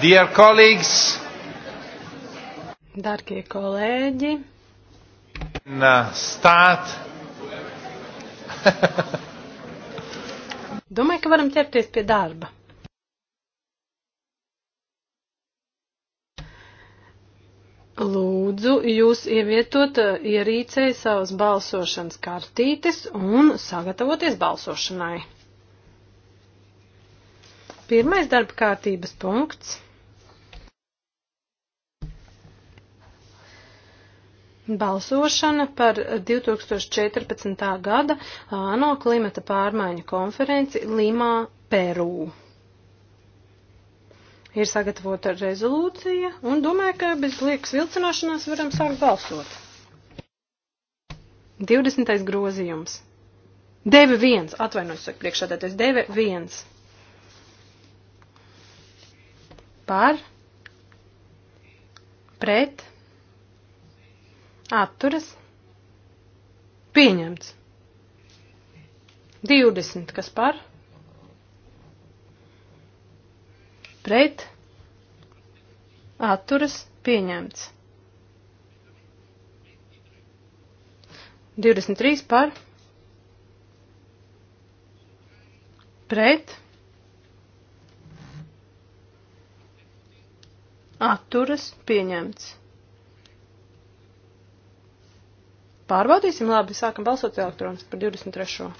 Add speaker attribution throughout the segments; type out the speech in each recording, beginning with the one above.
Speaker 1: Dear colleagues,
Speaker 2: Dargie kolēģi, uh, stāt. Domāju, ka varam ķerties pie darba. Lūdzu, jūs ievietot uh, ierīcē savas balsošanas kartītes un sagatavoties balsošanai. Pirmais darba kārtības punkts. Balsošana par 2014. gada ANO klimata pārmaiņu konferenci Limā, Peru ir sagatavota rezolūcija, un domāju, ka bez liekas vilcināšanās varam sākt balsot. 20. grozījums. 9.1. Atvainojos, saka priekšādātais. 9.1. par, pret, atturas, pieņemts. 20, kas par, pret, atturas, pieņemts. 23 par, pret, atturas, pieņemts atturas pieņemts. Pārbaudīsim, labi, sākam balsot elektroniski par 23.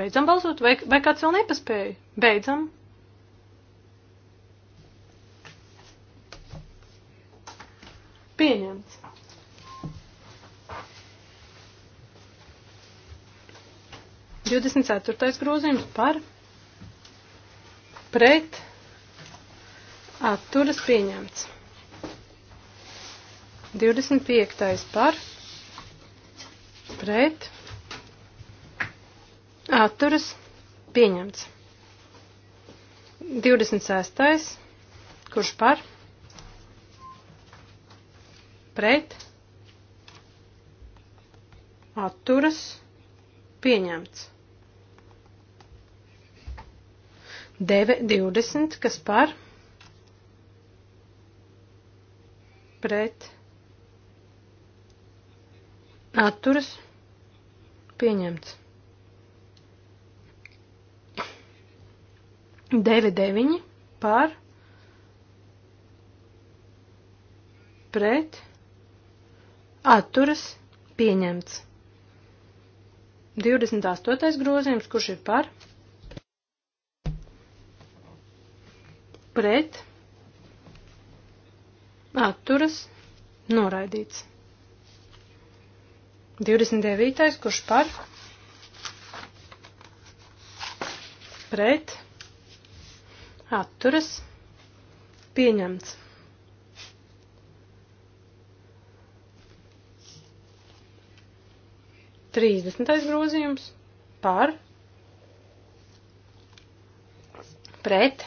Speaker 2: Beidzam balsot, vai, vai kāds vēl nepaspēja? Beidzam. Pieņemts. 24. grozījums par pret atturas pieņemts. 25. par pret atturas pieņemts. 26. kurš par pret atturas pieņemts. 920, kas par pret atturas pieņemts. 99 par pret atturas pieņemts. 28. grozījums, kurš ir par pret pret, atturas, noraidīts. 29. kurš par, pret, atturas, pieņemts. Trīsdesmitais grozījums par pret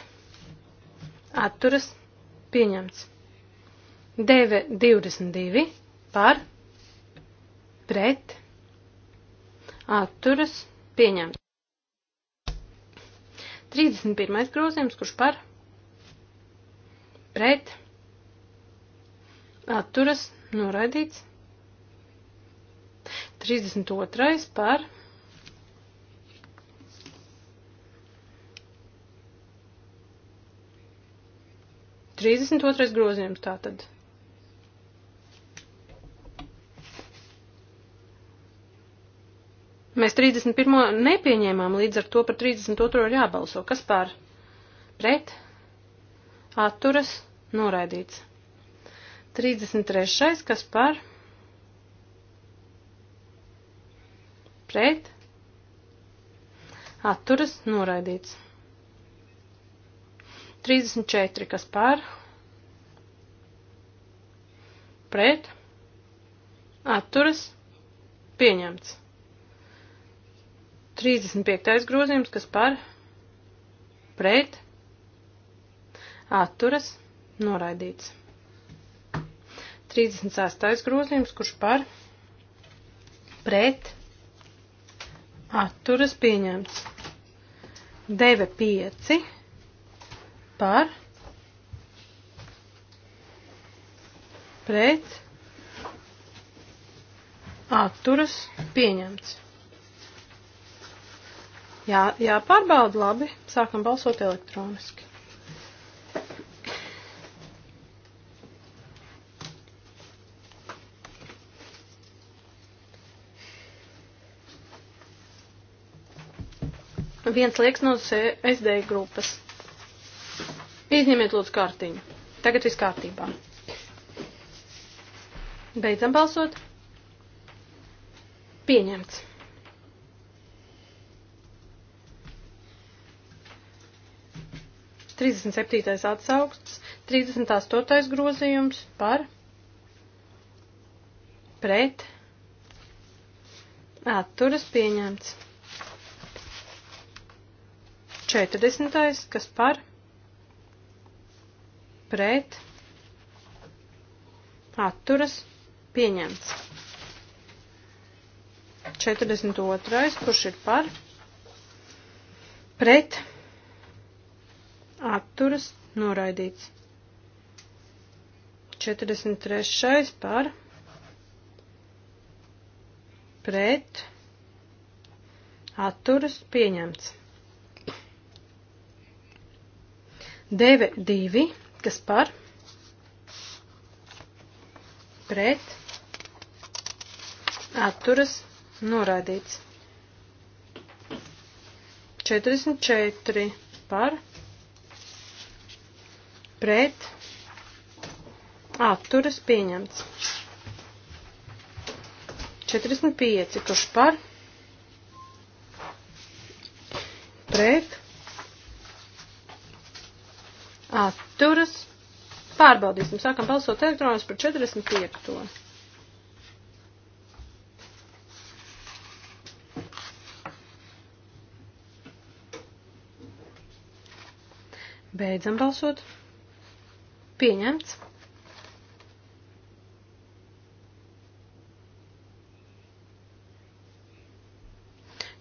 Speaker 2: atturas pieņemts. DV 22 par pret atturas pieņemts. 31. grozījums, kurš par pret atturas noraidīts. 32. par pret 32. grozījums tātad. Mēs 31. nepieņēmām, līdz ar to par 32. ir jābalso. Kas pār? Pret? Atturas? Noraidīts. 33. Kas pār? Pret? Atturas? Noraidīts. 34, kas par, pret, atturas, pieņemts. 35. grozījums, kas par, pret, atturas, noraidīts. 36. grozījums, kurš par, pret, atturas, pieņemts. 9, 5 par pret atturas pieņemts. Jā, jāpārbauda labi. Sākam balsot elektroniski. viens liekas no SD grupas. Izņemiet lūdzu kartiņu. Tagad viss kārtībā. Beidzam balsot. Pieņemts. Trīsdesmit septītais atsaukts, trīsdesmit astotais grozījums par pret atturas pieņemts. Četrdesmitais, kas par pret pret, atturas, pieņemts. 42. kurš ir par, pret, atturas, noraidīts. 43. par, pret, atturas, pieņemts. 9, 2 kas par, pret, atturas, noraidīts. 44 par, pret, atturas, pieņemts. 45, kurš par, pret, atturas. Pārbaudīsim, sākam balsot elektronis par 45. To. Beidzam balsot. Pieņemts.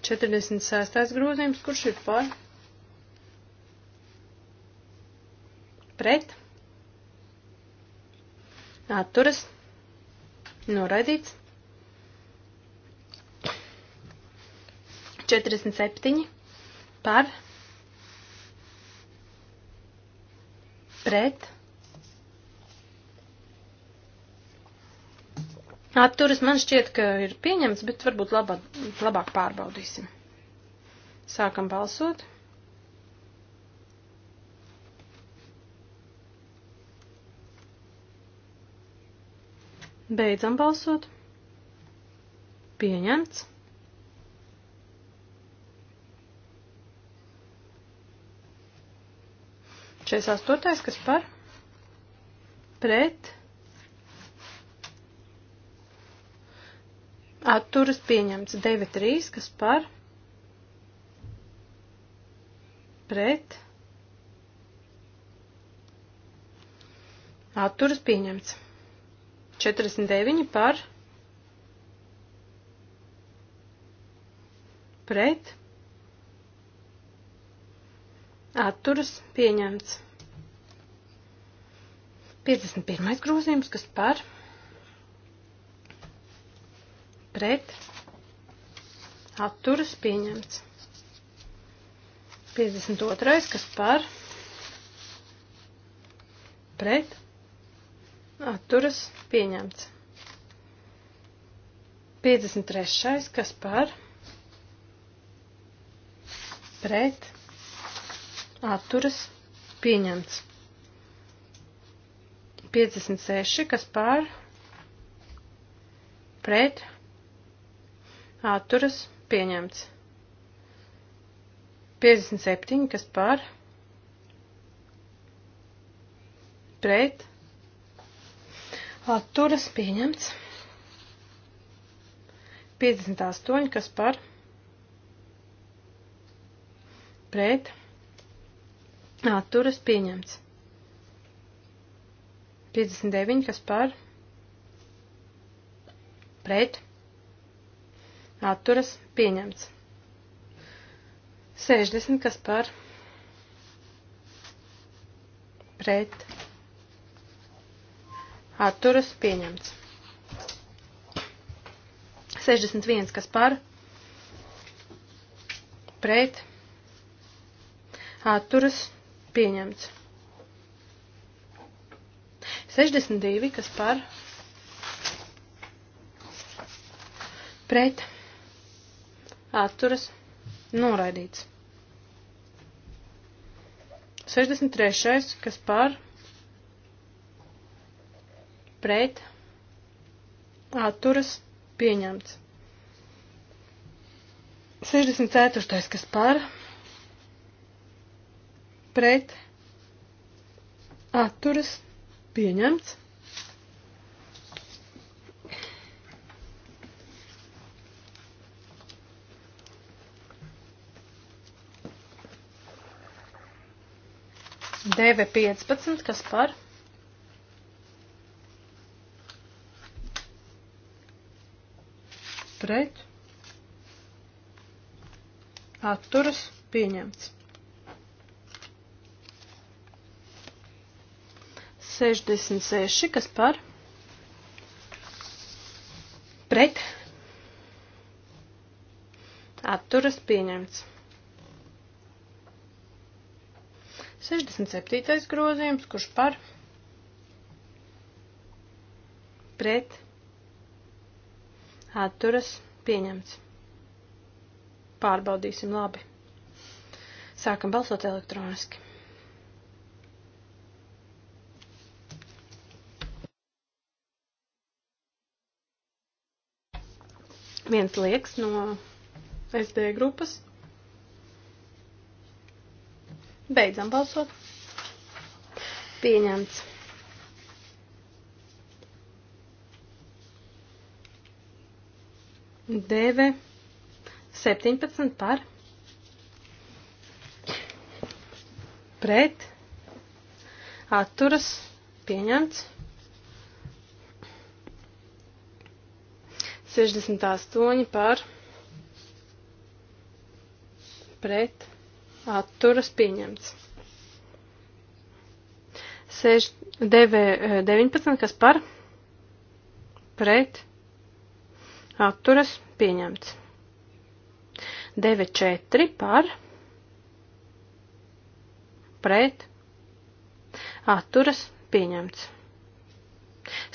Speaker 2: Četrdesmit sestais grozījums, kurš ir par? pret, atturas, noraidīts. 47 par, pret, atturas man šķiet, ka ir pieņemts, bet varbūt labāk, labāk pārbaudīsim. Sākam balsot. Beidzam balsot. Pieņemts. Šeis astotais, kas par? Pret. Atturas pieņemts. 9-3, kas par? Pret. Atturas pieņemts. 49 par pret atturas pieņemts. 51. grozījums, kas par pret atturas pieņemts. 52. kas par pret atturas pieņemts. 53. kas par pret atturas pieņemts. 56. kas par pret atturas pieņemts. 57. kas par pret atturas pieņemts. 58, kas par pret atturas pieņemts. 59, kas par pret atturas pieņemts. 60, kas par pret atturas pieņemts. 61, kas par, pret, atturas pieņemts. 62, kas par, pret, atturas noraidīts. 63, kas par, pret, pret, atturas, pieņemts. 64. kas par, pret, atturas, pieņemts. DV15, kas par? pret, atturas, pieņemts. 66, kas par, pret, atturas, pieņemts. 67. grozījums, kurš par, pret, atturas, pieņemts atturas pieņemts. Pārbaudīsim labi. Sākam balsot elektroniski. Viens liekas no SD grupas. Beidzam balsot. Pieņemts. DV 17 par pret atturas pieņemts 68 par pret atturas pieņemts. 6, 9, 19, kas par pret atturas pieņemts. 9-4 par pret atturas pieņemts.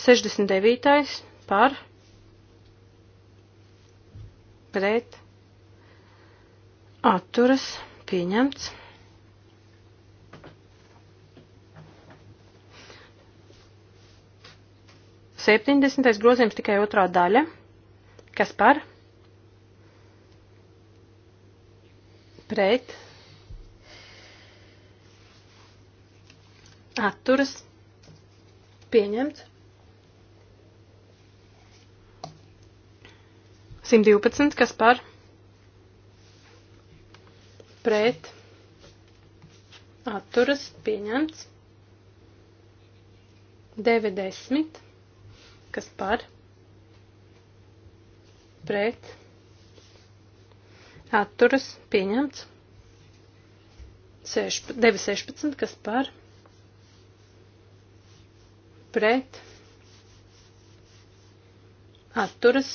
Speaker 2: 69. par pret atturas pieņemts. Septiņdesmitais grozījums tikai otrā daļa. Kas par? Pret. Atturas. Pieņemts. 112. Kas par? Pret. Atturas. Pieņemts. 90. Kas par? pret, atturas, pieņemts. 9.16, kas par, pret, atturas.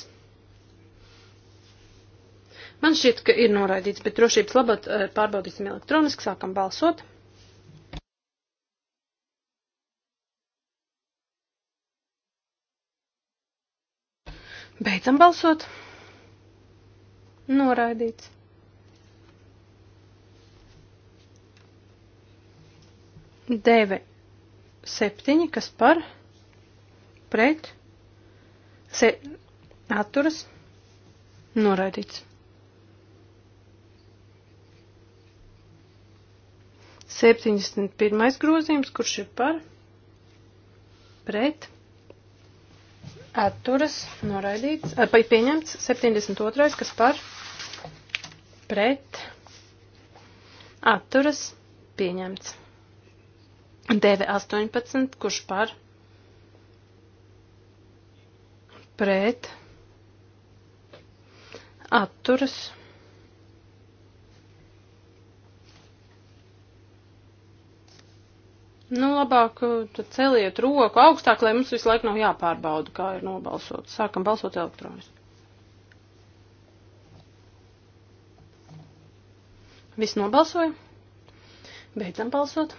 Speaker 2: Man šķiet, ka ir noraidīts, bet drošības labāk eh, pārbaudīsim elektroniski, sākam balsot. 9.16. Beidzam balsot. Noraidīts. Deve septiņi, kas par, pret, se, atturas, noraidīts. Septiņdesmit pirmais grozījums, kurš ir par, pret, atturas noraidīts, vai pieņemts 72. kas par pret atturas pieņemts. Deve 18, kurš par pret atturas pieņemts Nu, labāk uh, celiet roku augstāk, lai mums visu laiku nav jāpārbauda, kā ir nobalsot. Sākam balsot elektroniski. Viss nobalsoja. Beidzam balsot.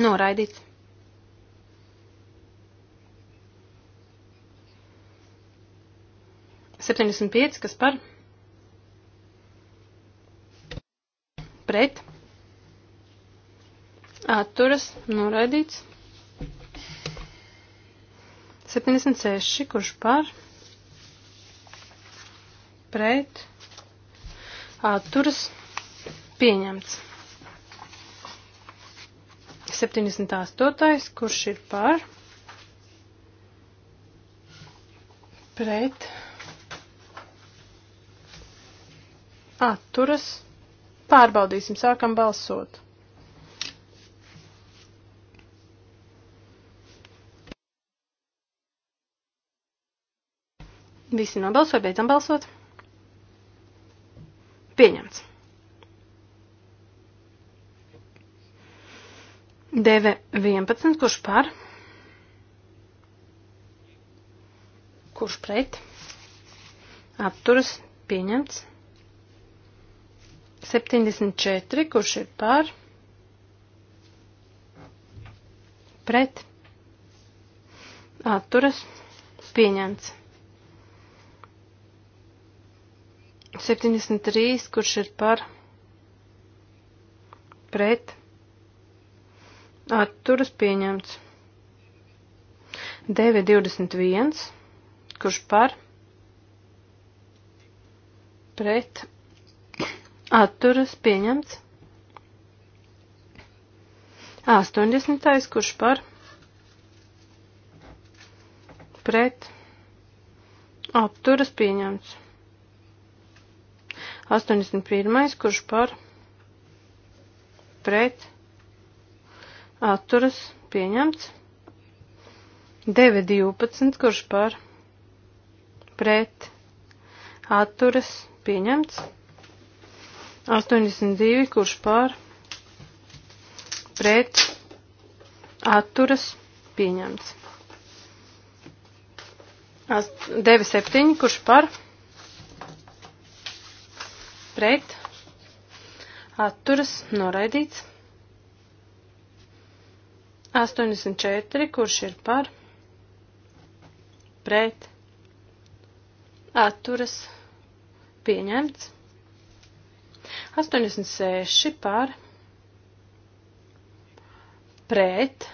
Speaker 2: Noraidīts. Septiņdesmit pieci, kas par? Pret atturas noraidīts. 76, kurš par, pret, atturas pieņemts. 78, kurš ir par, pret, atturas, pārbaudīsim, sākam balsot. Visi nobalsoja, beidzam balsot. Pieņemts. Deve 11, kurš par? Kurš pret? Apturas pieņemts. 74, kurš ir par? Pret? Atturas pieņemts. 73, kurš ir par pret atturas pieņemts. 921, kurš par pret atturas pieņemts. 80, kurš par pret atturas pieņemts. 81. kurš par pret atturas pieņemts. 9.12. kurš par pret atturas pieņemts. 82. kurš par pret atturas pieņemts. 9.7. kurš par pret pret, atturas, noraidīts. 84, kurš ir par, pret, atturas, pieņemts. 86 par, pret,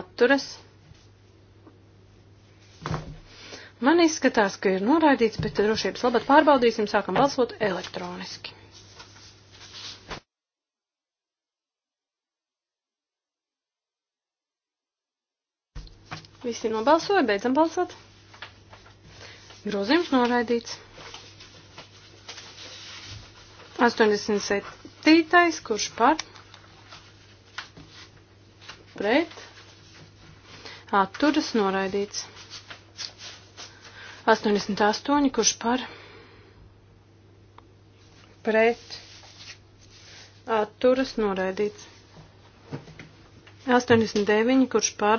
Speaker 2: atturas, pieņemts Man izskatās, ka ir noraidīts, bet drošības labad pārbaudīsim, sākam balsot elektroniski. Visi nobalsoja, beidzam balsot. Grozījums noraidīts. 87. kurš par? Pret. Atturas noraidīts. 88, kurš par pret atturas noraidīts. 89, kurš par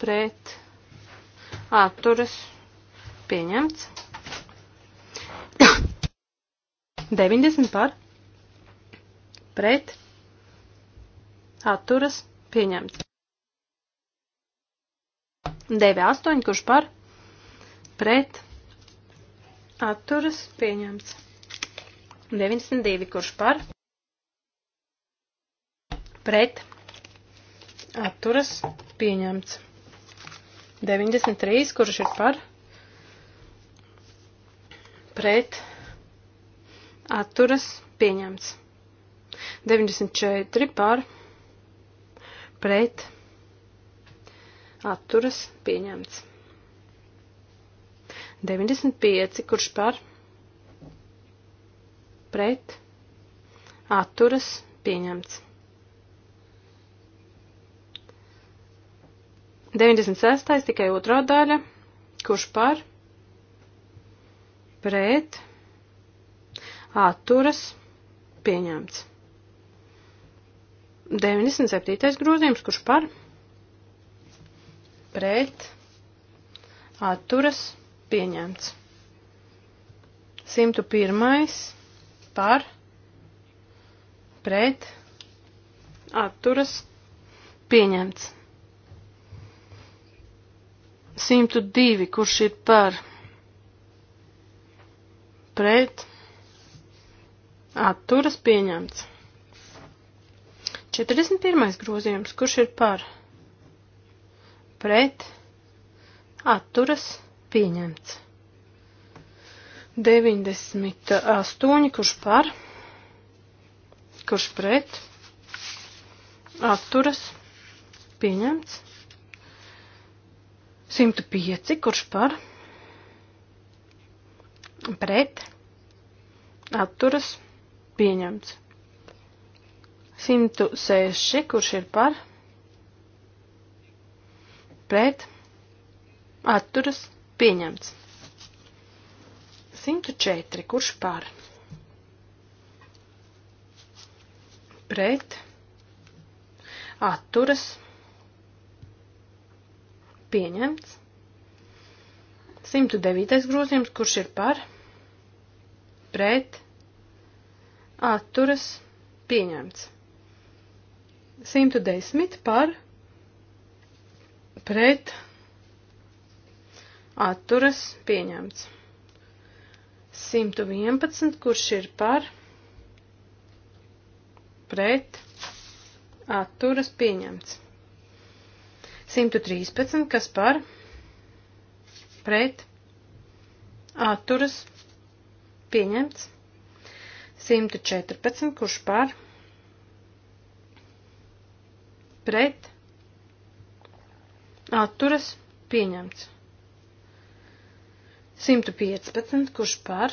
Speaker 2: pret atturas pieņemts. 90 par pret atturas pieņemts. 9, 8, kurš par pret pret atturas pieņemts. 92, kurš par pret atturas pieņemts. 93, kurš ir par pret atturas pieņemts. 94 par pret atturas pieņemts. 95, kurš par pret atturas pieņemts. 96. tikai otrā daļa, kurš par pret atturas pieņemts. 97. grozījums, kurš par pret atturas pieņemts pieņemts. 101. par, pret, atturas, pieņemts. 102. kurš ir par, pret, atturas, pieņemts. 41. grozījums, kurš ir par, pret, atturas, pieņemts pieņemts. 98, kurš par, kurš pret, atturas, pieņemts. 105, kurš par, pret, atturas, pieņemts. 106, kurš ir par, pret, atturas, pieņemts Pieņemts. 104. Kurš par? Pret. Atturas. Pieņemts. 109. grozījums, kurš ir par, pret, atturas, pieņemts. 110 par, pret, atturas atturas pieņemts. 111, kurš ir par, pret, atturas pieņemts. 113, kas par, pret, atturas pieņemts. 114, kurš par, pret, atturas pieņemts. 115, kurš par,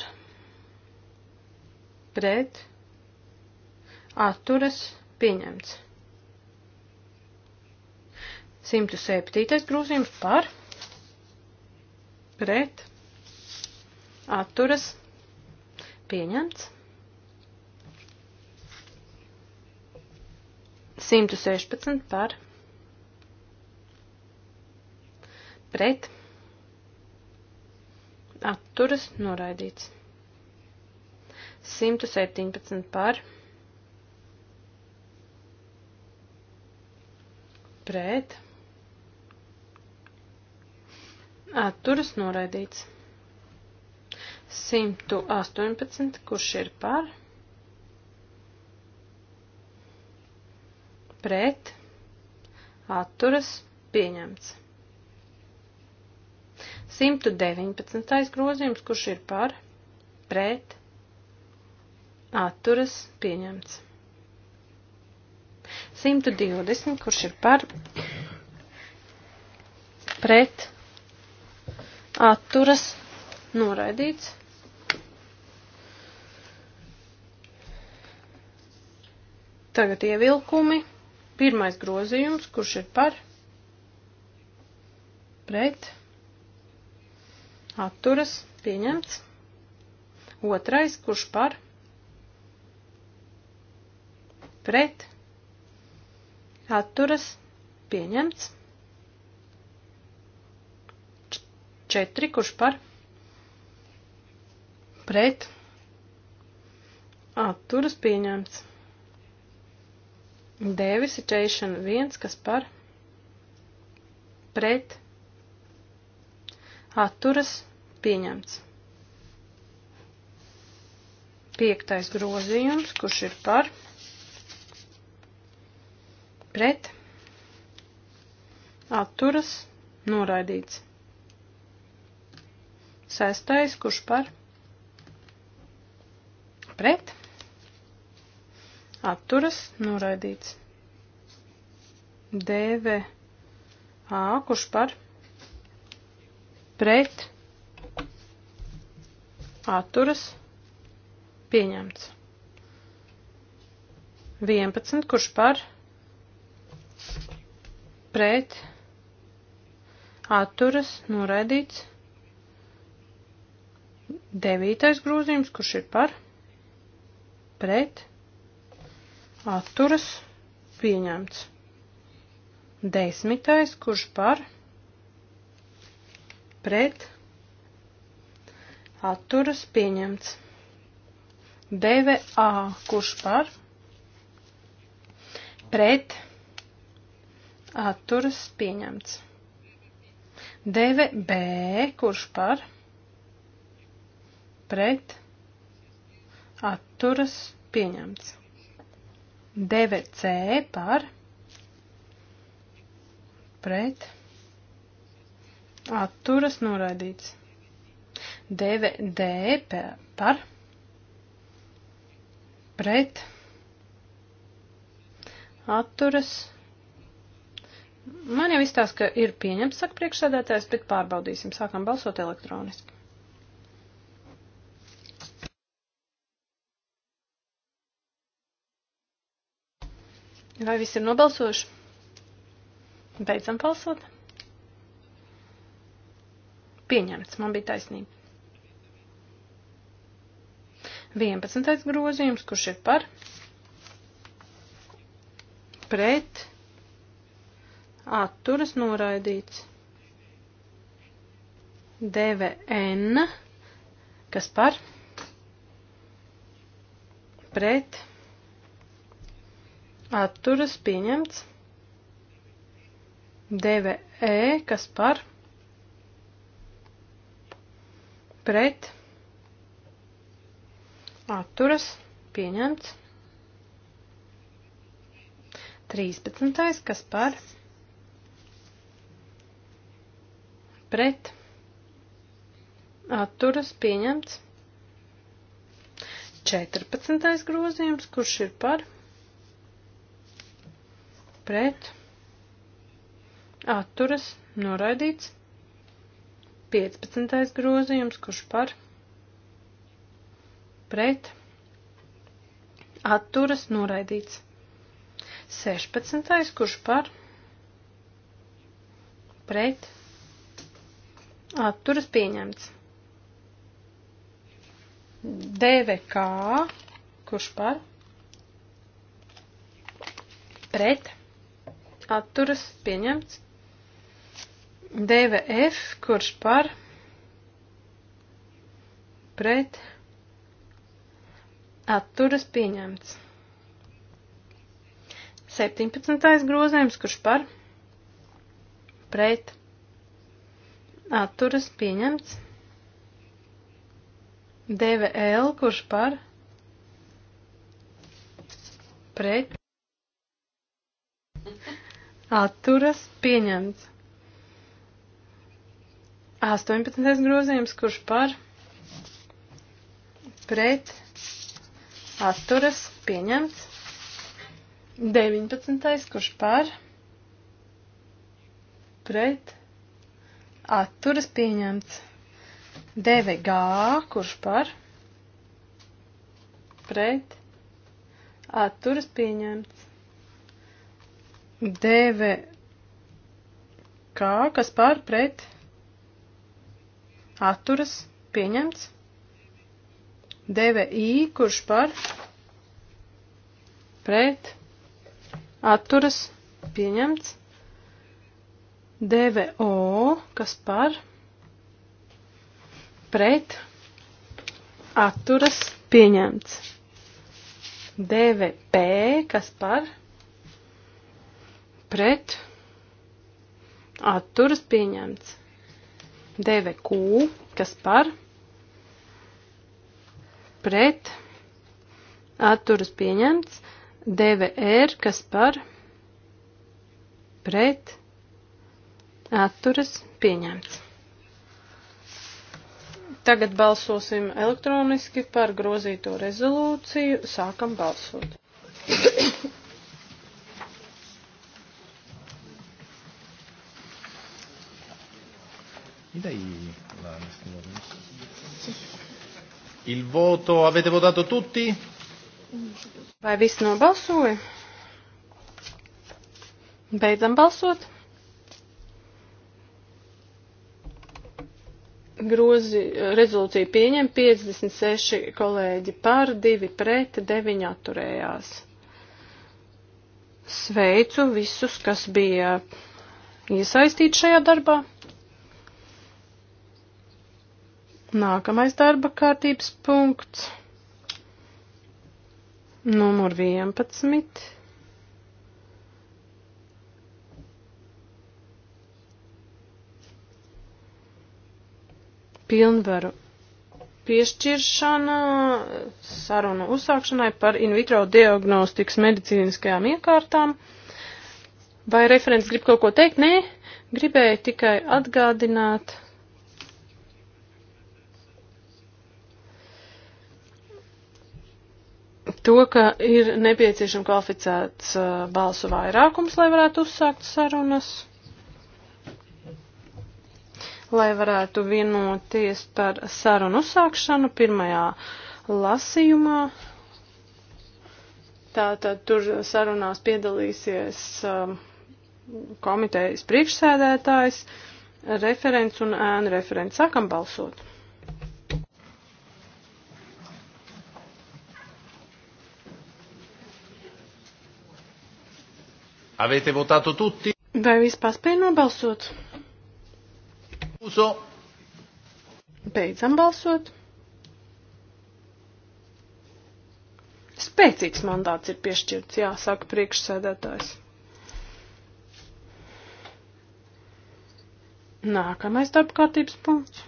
Speaker 2: pret, atturas, pieņemts. 107. grūzījums par, pret, atturas, pieņemts. 116 par, pret, atturas noraidīts. 117 par pret atturas noraidīts. 118, kurš ir par pret atturas pieņemts. 119. grozījums, kurš ir par, pret, atturas, pieņemts. 120, kurš ir par, pret, atturas, noraidīts. Tagad ievilkumi. Pirmais grozījums, kurš ir par, pret, atturas atturas, pieņemts. Otrais, kurš par, pret, atturas, pieņemts. Četri, kurš par, pret, atturas, pieņemts. Devis ir čeišana viens, kas par, pret, atturas, pieņemts Pieņemts. Piektais grozījums, kurš ir par? Pret. Atturas. Noraidīts. Sestais, kurš par? Pret. Atturas. Noraidīts. DVA, kurš par pret atturas pieņemts. 11, kurš par pret atturas noraidīts. 9. grozījums, kurš ir par pret atturas pieņemts. 10. kurš par pret atturas atturas pieņemts. DVA, kurš par, pret, atturas pieņemts. DVB, kurš par, pret, atturas pieņemts. DVC par, pret, atturas noraidīts. DVD par pret atturas. Man jau izstāsta, ka ir pieņemts, saka priekšsēdētājs, bet pārbaudīsim. Sākam balsot elektroniski. Vai viss ir nobalsojuši? Beidzam balsot. Pieņemts, man bija taisnība. 11. grozījums, kurš ir par, pret, atturas noraidīts. DVN, kas par, pret, atturas pieņemts. DVE, e. kas par, pret, atturas pieņemts atturas, pieņemts. 13. kas par pret atturas pieņemts. 14. grozījums, kurš ir par pret atturas noraidīts. 15. grozījums, kurš par pret pret atturas noraidīts. 16. kurš par pret atturas pieņemts. DVK, kurš par pret atturas pieņemts. DVF, kurš par pret atturas pieņemts atturas pieņemts. 17. grozējums, kurš par pret atturas pieņemts. DVL, kurš par pret atturas pieņemts. 18. grozījums, kurš par pret atturas pieņemts. 19. kurš par pret atturas pieņemts. 9G kurš par pret atturas pieņemts. 9K kas par pret atturas pieņemts. DVI, kurš par pret atturas pieņemts. DVO, kas par pret atturas pieņemts. DVP, kas par pret atturas pieņemts. DVQ, kas par pret pret, atturas pieņemts, DVR, kas par, pret, atturas pieņemts. Tagad balsosim elektroniski par grozīto rezolūciju. Sākam balsot. Bir de iyi. Allah'ın ismiyle. Il voto avete votato tutti? Vai visi nobalsoja? Beidzam balsot. Grozi rezolūcija pieņem 56 kolēģi par, 2 pret, 9 atturējās. Sveicu visus, kas bija iesaistīti šajā darbā. Nākamais darba kārtības punkts. Numur 11. Pilnvaru piešķiršana sarunu uzsākšanai par in vitro diagnostikas medicīniskajām iekārtām. Vai referents grib kaut ko teikt? Nē, gribēju tikai atgādināt to, ka ir nepieciešama kvalificēts uh, balsu vairākums, lai varētu uzsākt sarunas, lai varētu vienoties par sarunu uzsākšanu pirmajā lasījumā. Tātad tur sarunās piedalīsies um, komitejas priekšsēdētājs, referents un ēnu referents. Sākam balsot! Avete votato tutti? Vai vispār spēj nobalsot? Uso. Beidzam balsot. Spēcīgs mandāts ir piešķirts, jāsaka priekšsēdētājs. Nākamais darba kārtības punkts.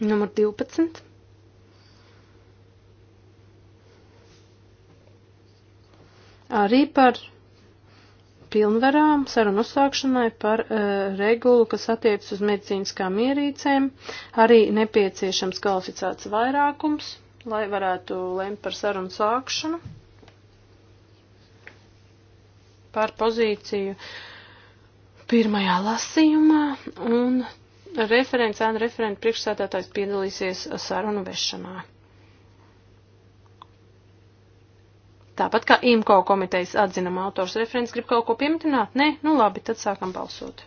Speaker 2: Numur 12. arī par pilnvarām sarunu uzsākšanai par uh, regulu, kas attiecas uz medicīniskām ierīcēm, arī nepieciešams kvalificēts vairākums, lai varētu lemt par sarunu sākšanu, par pozīciju pirmajā lasījumā, un referents un referenta priekšsēdētājs piedalīsies sarunu vešanā. Tāpat kā IMCO komitejas atzinama autors referents grib kaut ko pieminēt? Nē, nu labi, tad sākam balsot.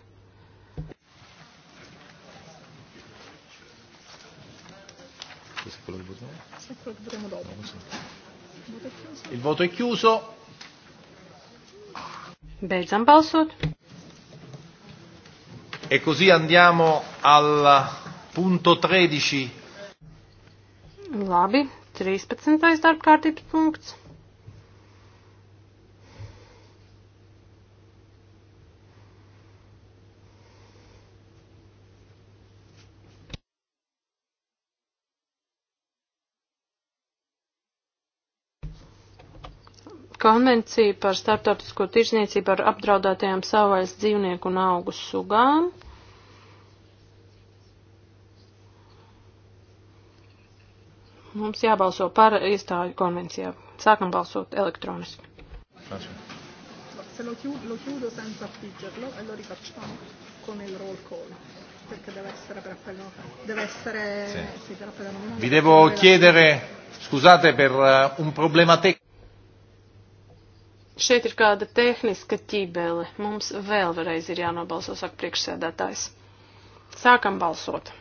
Speaker 2: Il voto è chiuso. Beidzam balsot.
Speaker 1: E così andiamo al punto 13.
Speaker 2: Labi, 13. darbkārtības punkts. konvencija par starptautisko tirzniecību ar apdraudētajām savvaļas dzīvnieku un augu sugām. Mums jābalso par iestāju konvencijā. Sākam balsot elektroniski.
Speaker 1: Se lo chiudo, lo chiudo senza affiggerlo e lo rifacciamo con il roll call perché deve essere per appello, deve essere sì.
Speaker 2: Sì, per appello Vi devo
Speaker 1: chiedere, scusate per uh, un problema tecnico.
Speaker 2: Šeit ir kāda tehniska ķībele. Mums vēl vēlreiz ir jānobalso, saka priekšsēdētājs. Sākam balsot.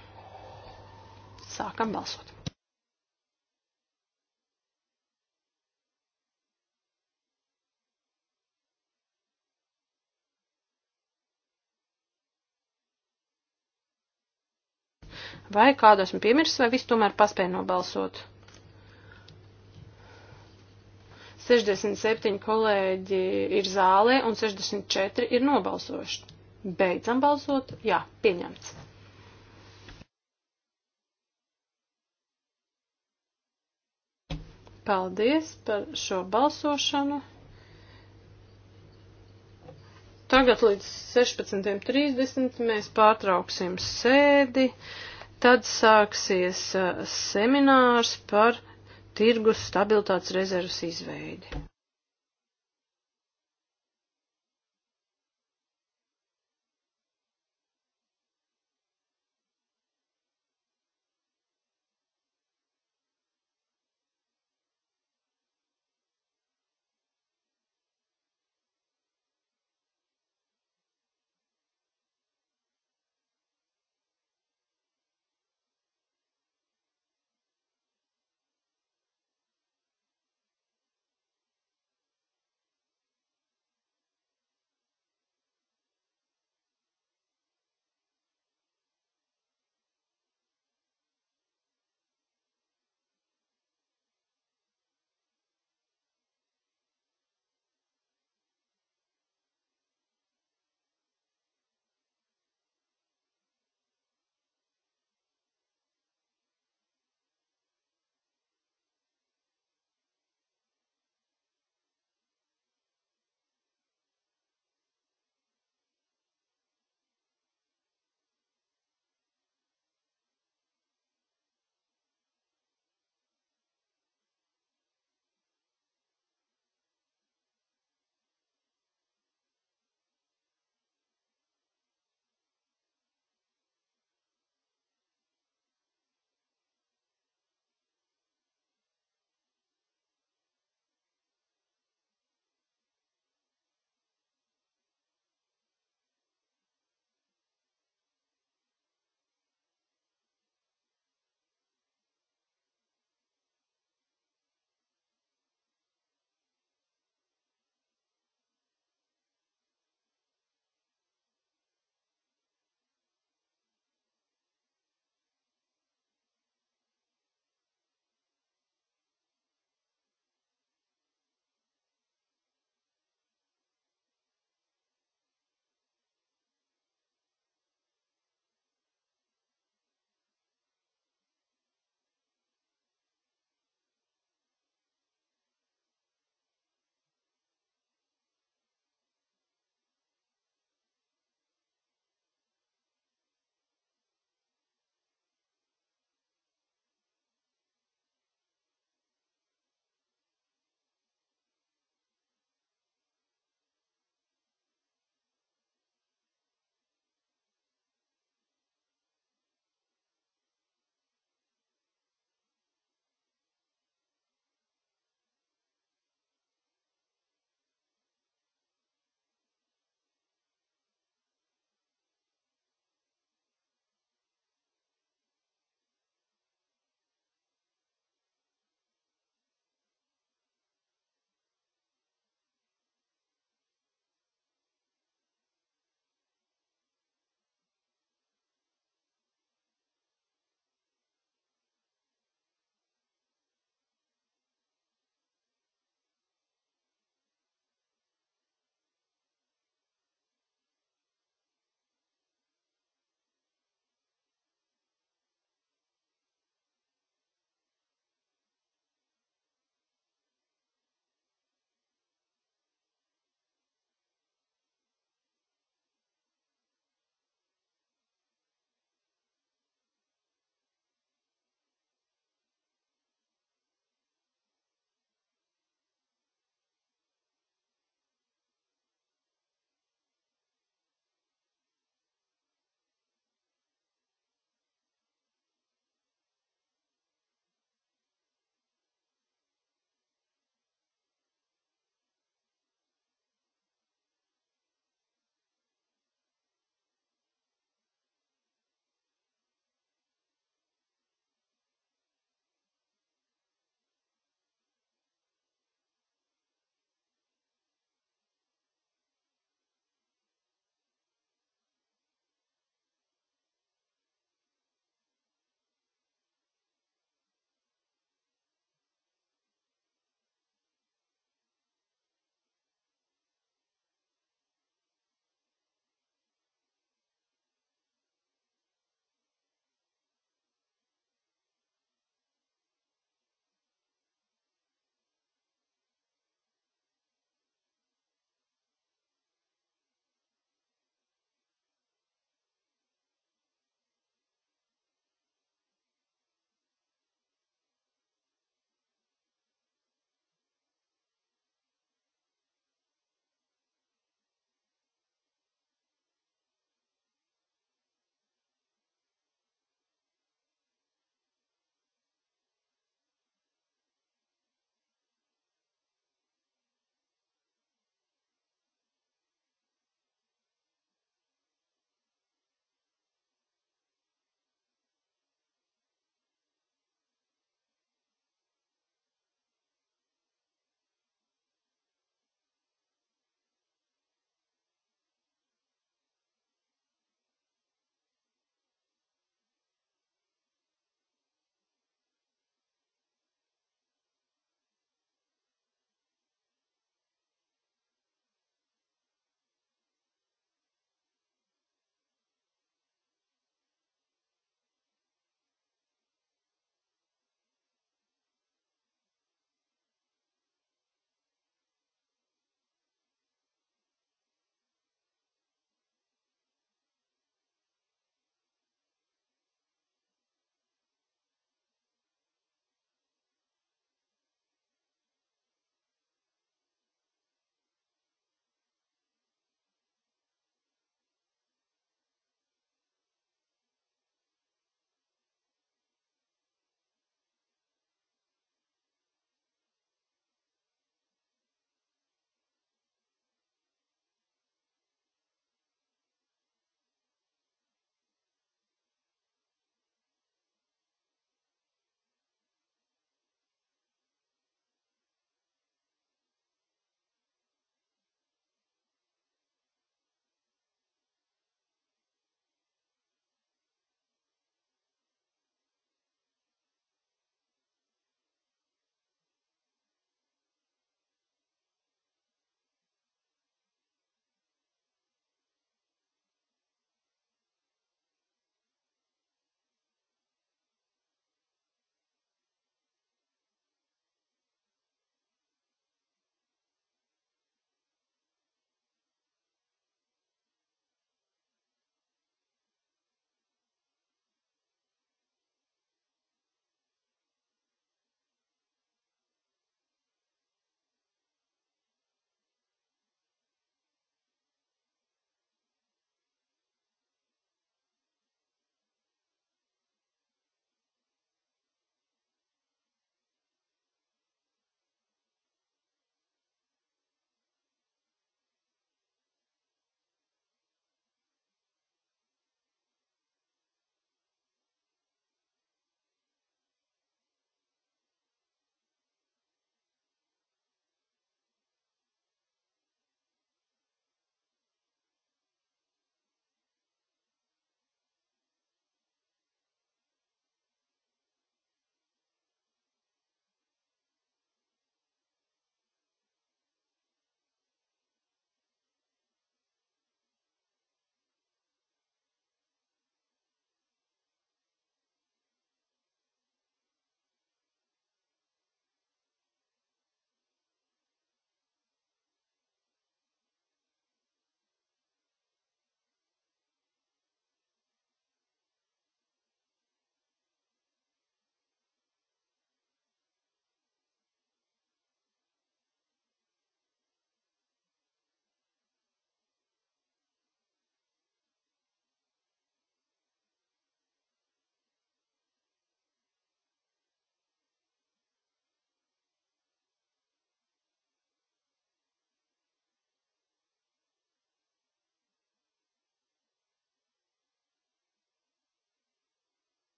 Speaker 2: Sākam balsot. Vai kādu esmu piemirsis, vai viss tomēr paspēja nobalsot? 67 kolēģi ir zālē un 64 ir nobalsojuši. Beidzam balsot? Jā, pieņemts. Paldies par šo balsošanu. Tagad līdz 16.30 mēs pārtrauksim sēdi, tad sāksies eh, seminārs par tirgus stabilitātes rezervas izveidi.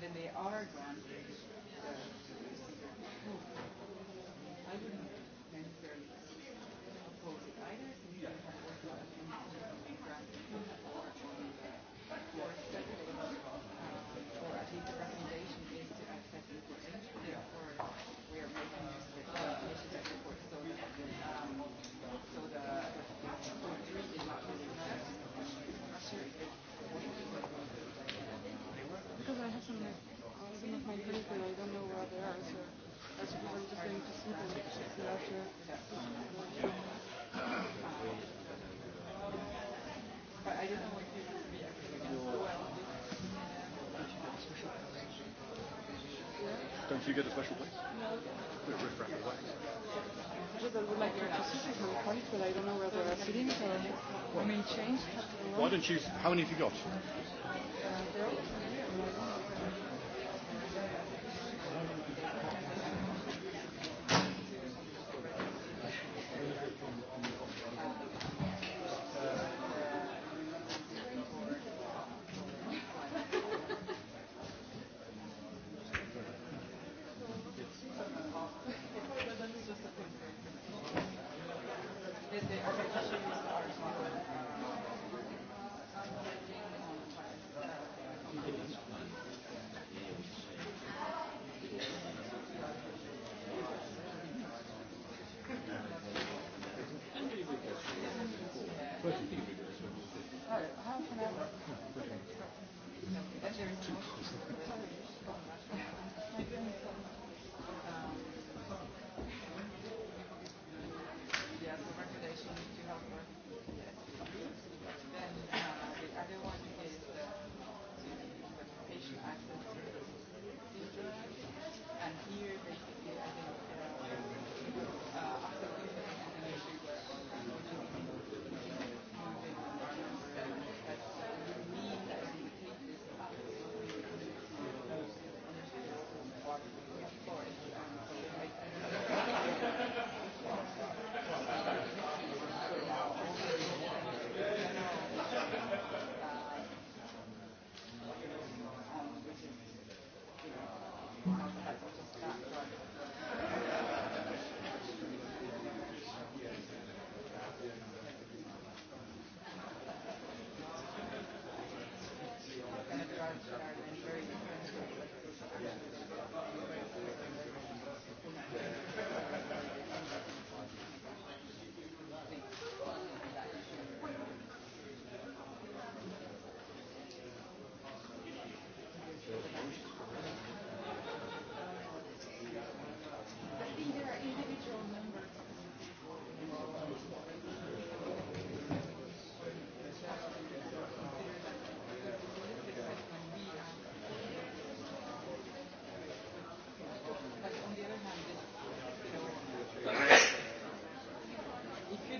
Speaker 1: than they are
Speaker 2: have some. I was in with my group and I don't know where they are, so I suppose I'm just going to see them after. But I didn't want people to be acting against the well. Don't you get a special place? No. We're riffraff away. Because I would like to sit with my colleagues, but I don't know where they are sitting, so I mean, change. Why don't you? How many have you got? Uh, they're all.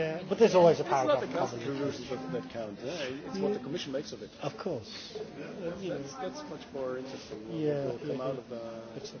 Speaker 1: Yeah, uh, but there's always a paragraph. It's not the council rules that, that count. Yeah, it's yeah. what the commission makes of it. Of course. Yeah, that's, yeah. that's, that's much more interesting.
Speaker 2: Yeah, what will come yeah. out of the. Exactly.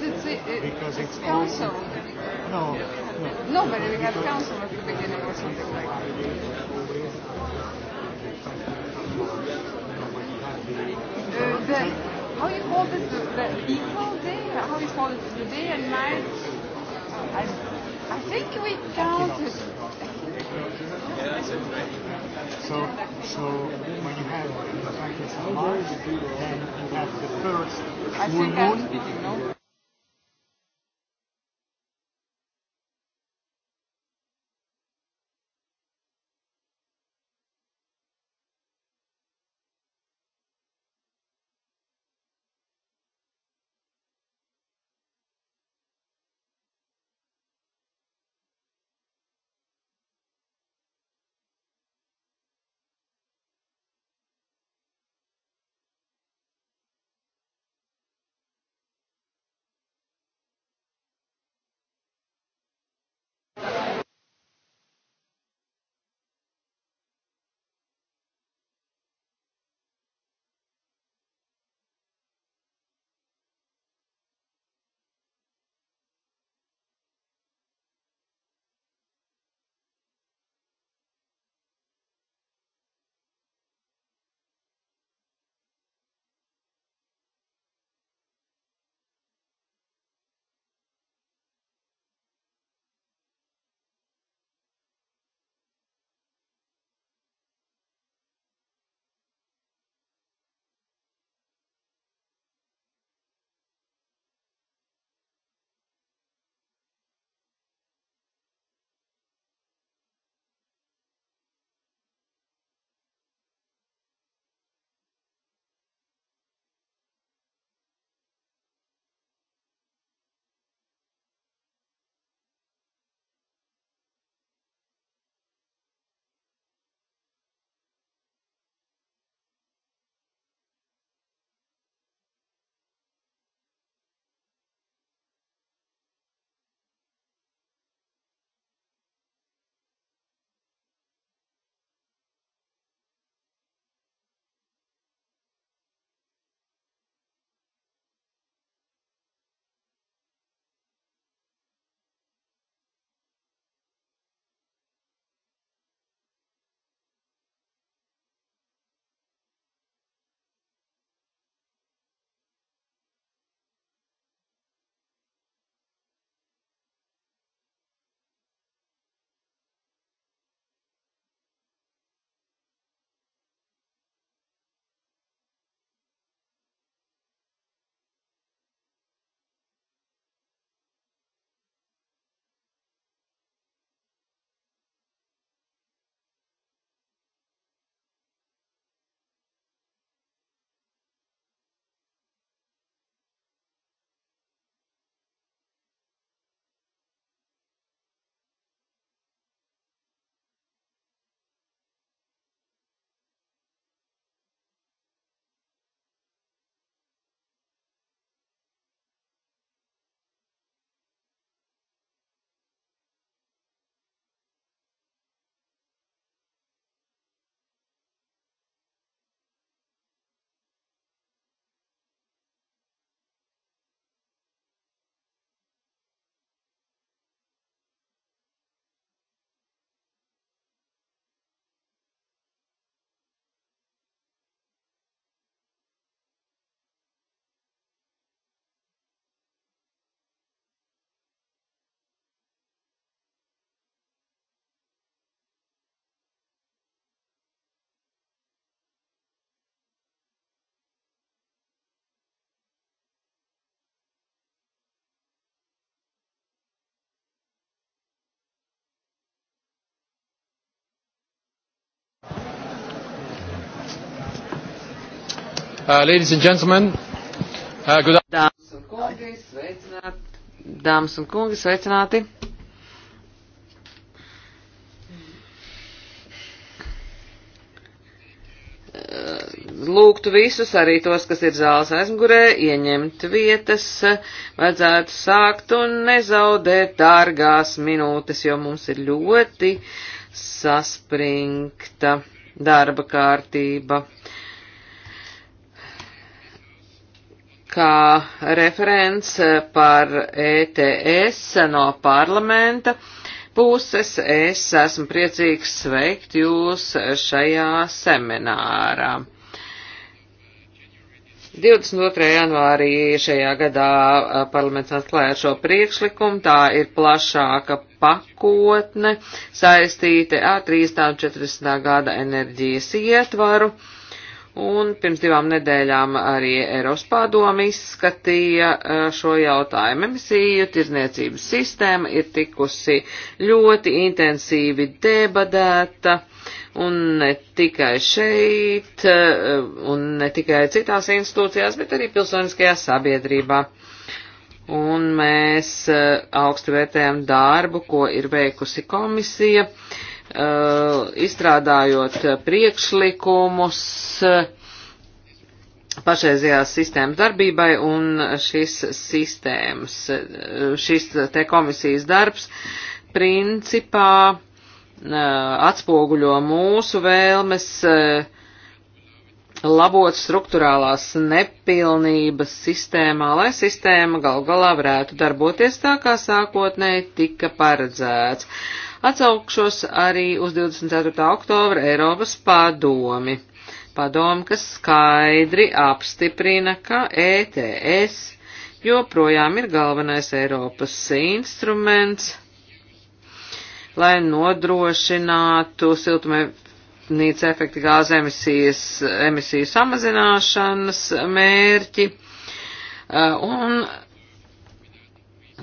Speaker 3: because it's, it, because it's, it's council.
Speaker 2: Only, no, no. No, but we have council at the beginning or something like that. Uh, the,
Speaker 1: how you call this the, the equal day? How you call
Speaker 2: it the day and night? I, I think we counted. So, so when you have the practice of Mars, then you have the first I full moon. Speaking, no?
Speaker 3: Uh, ladies and gentlemen, uh, good Dāmas un kungi, sveicināti! Uh, lūgtu visus, arī tos, kas ir zāles aizmugurē, ieņemt vietas, vajadzētu sākt un nezaudēt dārgās minūtes, jo mums ir ļoti saspringta darba kārtība. Uh, kā referents par ETS no parlamenta puses. Es esmu priecīgs sveikt jūs šajā seminārā. 22. janvārī šajā gadā parlaments atklāja šo priekšlikumu, tā ir plašāka pakotne saistīta ar 340. gada enerģijas ietvaru. Uh, Un pirms divām nedēļām arī Eiropas pārdomi izskatīja e, šo jautājumu. Emisiju tirzniecības sistēma ir tikusi ļoti intensīvi debadēta. Un ne tikai šeit, e, un ne tikai citās institūcijās, bet arī pilsoniskajā sabiedrībā. Un mēs e, augstu vērtējam darbu, ko ir veikusi komisija. Uh, Eh, izstrādājot priekšlikumus eh, pašreizējās sistēmas darbībai un šis sistēmas, eh, šis te komisijas darbs principā atspoguļo mūsu vēlmes labot struktūrālās nepilnības sistēmā, lai sistēma gal galā varētu darboties tā, kā sākotnēji tika paredzēts. Atsaukšos arī uz 24. oktobra Eiropas padomi. Padomi, kas skaidri apstiprina, ka ETS joprojām ir galvenais Eiropas instruments, lai nodrošinātu siltumnīca efekta gāzu emisijas, emisiju samazināšanas mērķi uh, un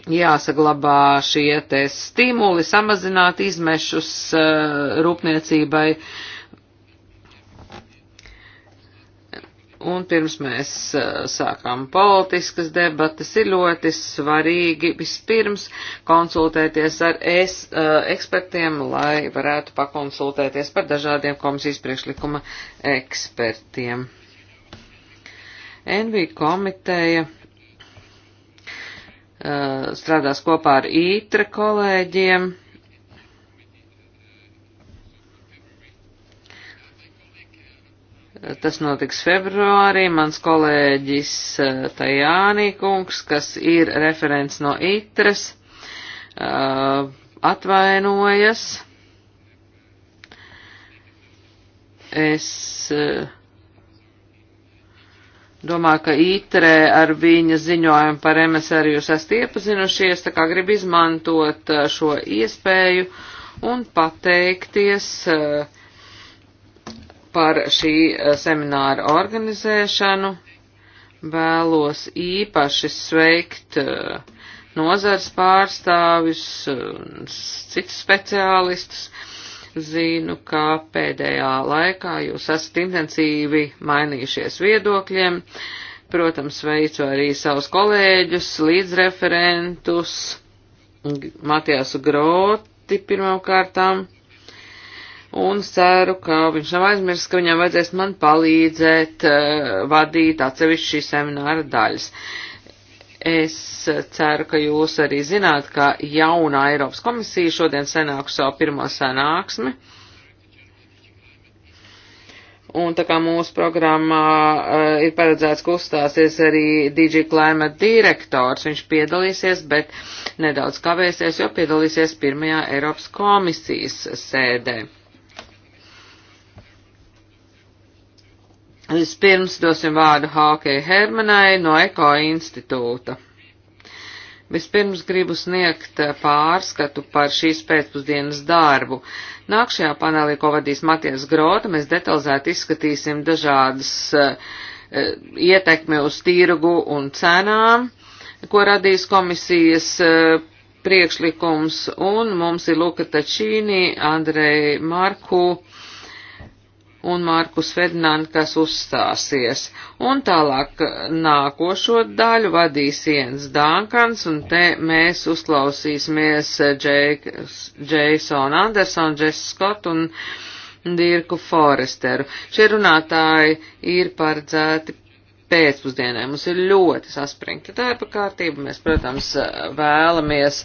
Speaker 3: jāsaglabā šie te stimuli, samazināt izmešus uh, rūpniecībai. Un pirms mēs uh, sākām politiskas debatas, ir ļoti svarīgi vispirms konsultēties ar es, uh, ekspertiem, lai varētu pakonsultēties par dažādiem komisijas priekšlikuma ekspertiem. NV komiteja Eh, strādās kopā ar ītra kolēģiem. Eh, tas notiks februārī. Mans kolēģis eh, Tajānī kungs, kas ir referents no ITRES, atvainojas. Es uh, Domāju, ka ITRE ar viņa ziņojumu par MSR jūs esat iepazinušies, tā kā grib izmantot uh, šo iespēju un pateikties uh, par šī uh, semināra organizēšanu. Vēlos īpaši sveikt nozars pārstāvis, citus speciālistus Zinu, ka pēdējā laikā jūs esat intensīvi mainījušies viedokļiem, protams, veicu arī savus kolēģus, līdzreferentus, Matiasu Groti pirmām kārtām, un ceru, ka viņš nav aizmirsis, ka viņam vajadzēs man palīdzēt uh, vadīt atsevišķi šī semināra daļas. Uh, Es ceru, ka jūs arī zināt, ka jaunā Eiropas komisija šodien senāku savu pirmo sanāksmi. Un tā kā mūsu programmā uh, ir paredzēts, ka uzstāsies arī DG Climate direktors, viņš piedalīsies, bet nedaudz kavēsies, jo piedalīsies pirmajā Eiropas komisijas sēdē. Vispirms dosim vārdu Hākei Hermanai no Eko institūta. Vispirms gribu sniegt eh, pārskatu par šīs pēcpusdienas darbu. Nākšajā panelī, ko vadīs Matijas Grota, mēs detalizēti izskatīsim dažādas uh, ietekmi uz tirgu un cenām, ko radīs komisijas uh, priekšlikums, un mums ir Luka Tačīni, Andrei Marku, un Markus Ferdinand, kas uzstāsies. Un tālāk eh, nākošo daļu vadīs Jens Dankans, un te mēs uzklausīsimies eh, Jason Anderson, Jess Scott un Dirku Foresteru. Šie runātāji ir paredzēti pēcpusdienai mums ir ļoti saspringta darba kārtība. Mēs, protams, vēlamies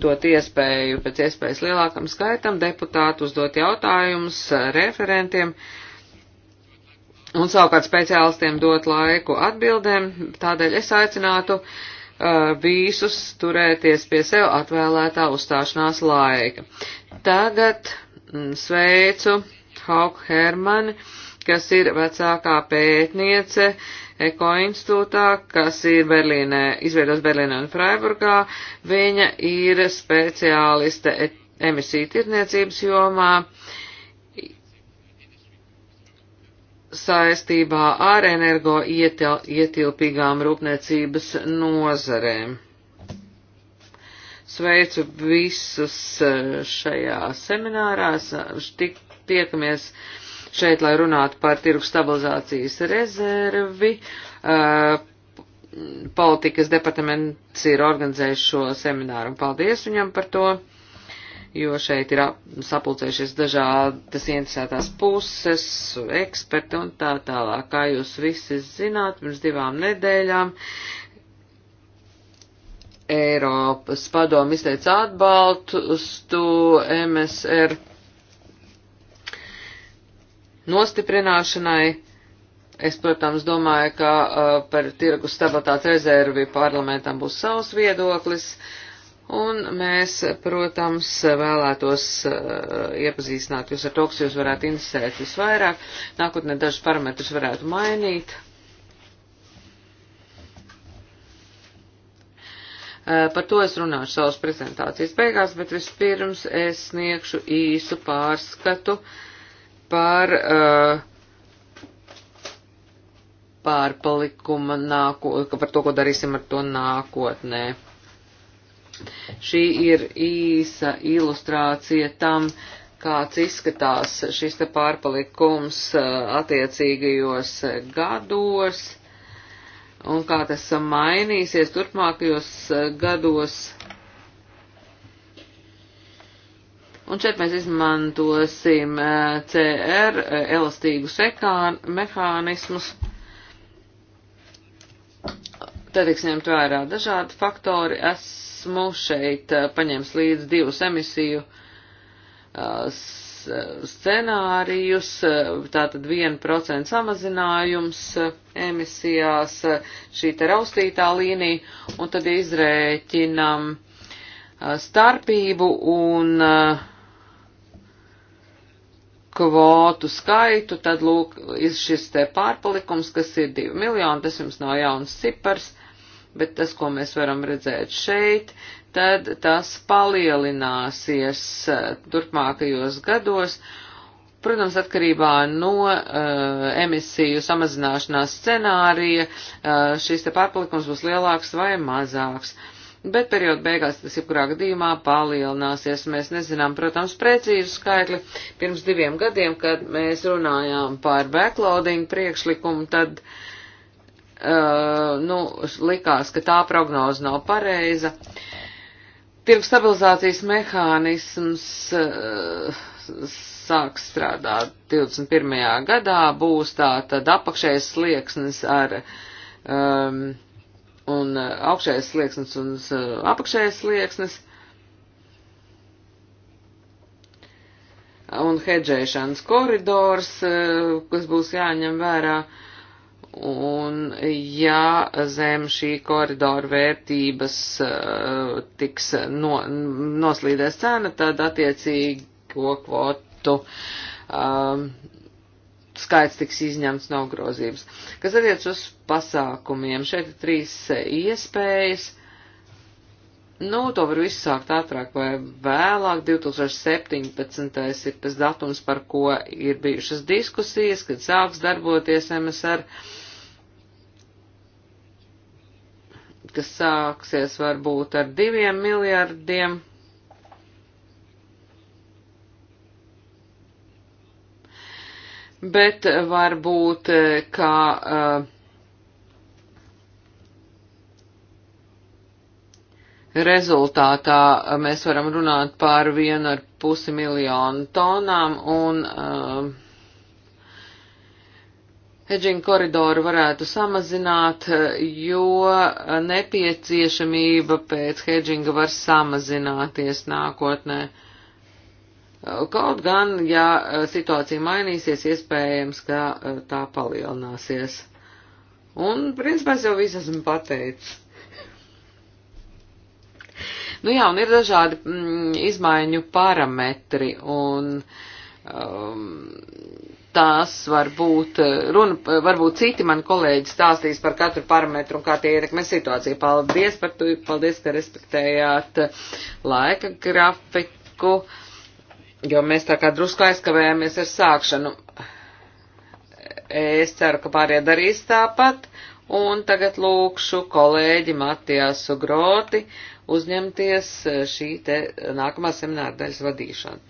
Speaker 3: dot iespēju pēc iespējas lielākam skaitam deputātu uzdot jautājumus referentiem un savukārt speciālistiem dot laiku atbildēm. Tādēļ es aicinātu uh, visus turēties pie sev atvēlētā uzstāšanās laika. Tagad mm, sveicu Hauk Hermani, kas ir vecākā pētniece Eko institūtā, kas ir Berlīnē, izveidos Berlīnē un Freiburgā. Viņa ir speciāliste e- emisiju tirniecības jomā saistībā ar energo ietil, ietilpīgām rūpniecības nozarēm. Sveicu visus eh, šajā seminārā, tiekamies šeit, lai runātu par tirgu stabilizācijas rezervi. Uh, politikas departaments ir organizējis šo semināru un paldies viņam par to, jo šeit ir sapulcējušies dažādas interesētās puses, eksperti un tā tālāk. Kā jūs visi zināt, pirms divām nedēļām Eiropas padomu izteica atbalstu MSR nostiprināšanai. Es, protams, domāju, ka uh, par tirgus stabilitātes rezervi parlamentam būs savs viedoklis, un mēs, protams, vēlētos uh, iepazīstināt jūs ar to, kas jūs varētu interesēt visvairāk. Nākotnē dažus parametrus varētu mainīt. Uh, par to es runāšu savas prezentācijas beigās, bet vispirms es sniegšu īsu pārskatu uh, par uh, pārpalikuma nākotnē, par to, ko darīsim ar to nākotnē. Šī ir īsa ilustrācija tam, kāds izskatās šis te pārpalikums uh, attiecīgajos gados un kā tas mainīsies turpmākajos eh, gados Un šeit mēs izmantosim eh, CR, eh, elastīgus mehānismus. Tad tiks ņemt vērā dažādi faktori. Esmu šeit eh, paņēmis līdz divus emisiju scenārijus, tātad 1% samazinājums emisijās, šī te raustītā līnija, un tad izrēķinam starpību un uh, kvotu skaitu, tad lūk, ir šis te pārpalikums, kas ir 2 miljoni, tas jums nav jauns cipars, bet tas, ko mēs varam redzēt šeit, tad tas palielināsies eh, turpmākajos gados. Protams, atkarībā no uh, emisiju samazināšanās scenārija uh, šis te pārpalikums būs lielāks vai mazāks. Uh, bet perioda beigās tas jebkurā gadījumā palielināsies. Mēs nezinām, protams, precīzu skaitli. Pirms diviem gadiem, kad mēs runājām par backloading priekšlikumu, tad, uh, nu, likās, ka tā prognoze nav pareiza. Tirgus stabilizācijas mehānisms uh, sāk strādāt 21. gadā, būs tā tad apakšējais slieksnis ar um, un uh, augšējais slieksnis un uh, apakšējais slieksnis. Un hedžēšanas koridors, uh, kas būs jāņem vērā. Un ja zem šī koridora vērtības tiks no, noslīdēs cena, tad attiecīgo kvotu um, skaits tiks izņemts no grozības. Kas attiec uz pasākumiem, šeit ir trīs eh, iespējas. Nu, to var visu sākt ātrāk vai vēlāk. 2017. ir tas datums, par ko ir bijušas diskusijas, kad sāks darboties MSR, kas sāksies varbūt ar diviem miljardiem bet varbūt, eh, ka uh, rezultātā eh, mēs varam runāt par vienu ar pusi miljonu tonām un uh, hedžinga koridoru varētu samazināt, jo nepieciešamība pēc hedžinga var samazināties nākotnē. Uh, Kaut gan, ja eh, situācija mainīsies, iespējams, ka eh, tā palielināsies. Un, principā, es jau visu esmu pateicis. Nu jā, un ir dažādi mm, izmaiņu parametri, un um, ehm, tās var būt, eh, runa, varbūt citi mani kolēģi stāstīs par katru parametru un kā tie ietekmē situāciju. Paldies par to, paldies, ka respektējāt laika grafiku. Uh, jo mēs tā kā drusku aizkavējāmies ar sākšanu. Es ceru, ka pārējie darīs tāpat, un tagad lūkšu kolēģi Matiasu Groti uzņemties šī te nākamā semināra daļas vadīšanu.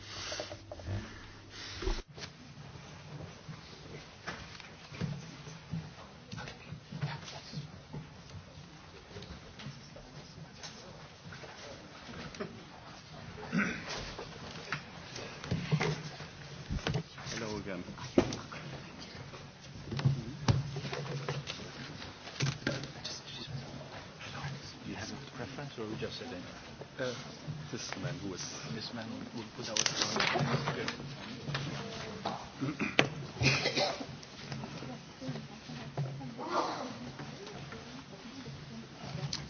Speaker 2: President. Uh, äh, this man who was. This man who put our.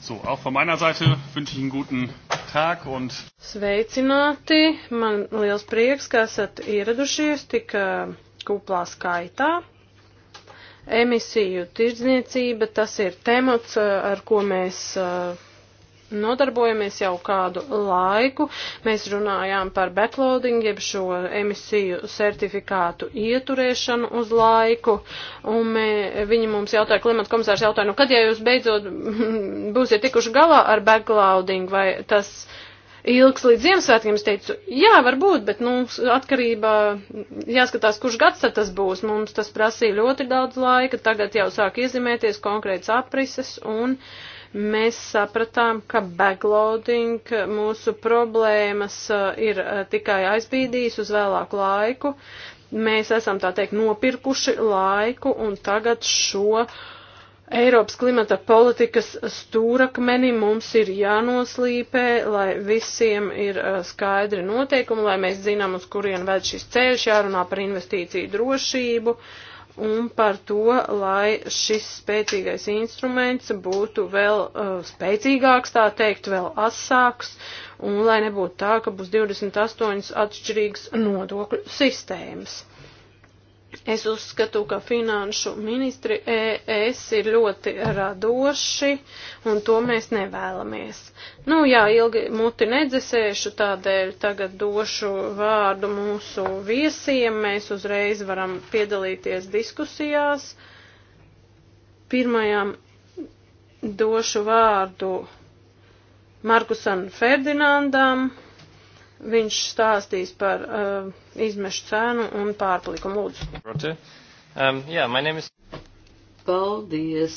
Speaker 2: So, auch von meiner Seite wünsche ich einen guten Tag und. Sveicināti! Man liels prieks, ka esat ieradušies tik kuplā skaitā emisiju tirdzniecība, tas ir temats, ar ko mēs nodarbojamies jau kādu laiku. Mēs runājām par backloading, jeb šo emisiju certifikātu ieturēšanu uz laiku, un mē, viņi mums jautāja, klimata komisārs jautāja, nu kad ja jūs beidzot būsiet tikuši galā ar backloading, vai tas ilgs līdz Ziemassvētkiem, es teicu, jā, varbūt, bet, nu, atkarībā jāskatās, kurš gads tad tas būs. Mums tas prasīja ļoti daudz laika, tagad jau sāk iezīmēties konkrēts aprises un uh, mēs sapratām, ka backloading mūsu problēmas uh, ir uh, tikai aizbīdījis uz vēlāku laiku. Mēs esam tā teikt nopirkuši laiku un tagad šo Eiropas klimata politikas stūrakmeni mums ir jānoslīpē, lai visiem ir uh, skaidri noteikumi, lai mēs zinām, uz kurien ved šis ceļš, jārunā par investīciju drošību. Uh, un par to, lai šis spēcīgais instruments būtu vēl uh, spēcīgāks, tā teikt, vēl asāks, un lai nebūtu tā, ka būs 28 atšķirīgas nodokļu sistēmas. Es uzskatu, ka finanšu ministri ES ir ļoti radoši, un to mēs nevēlamies. Nu, jā, ilgi muti nedzesēšu, tādēļ tagad došu vārdu mūsu viesiem. Mēs uzreiz varam piedalīties diskusijās. Pirmajam došu vārdu Markusam Ferdinandam. Viņš stāstīs par uh, izmešu cenu un pārpalikumu lūdzu. Roger. Um, yeah, my name is...
Speaker 3: Paldies.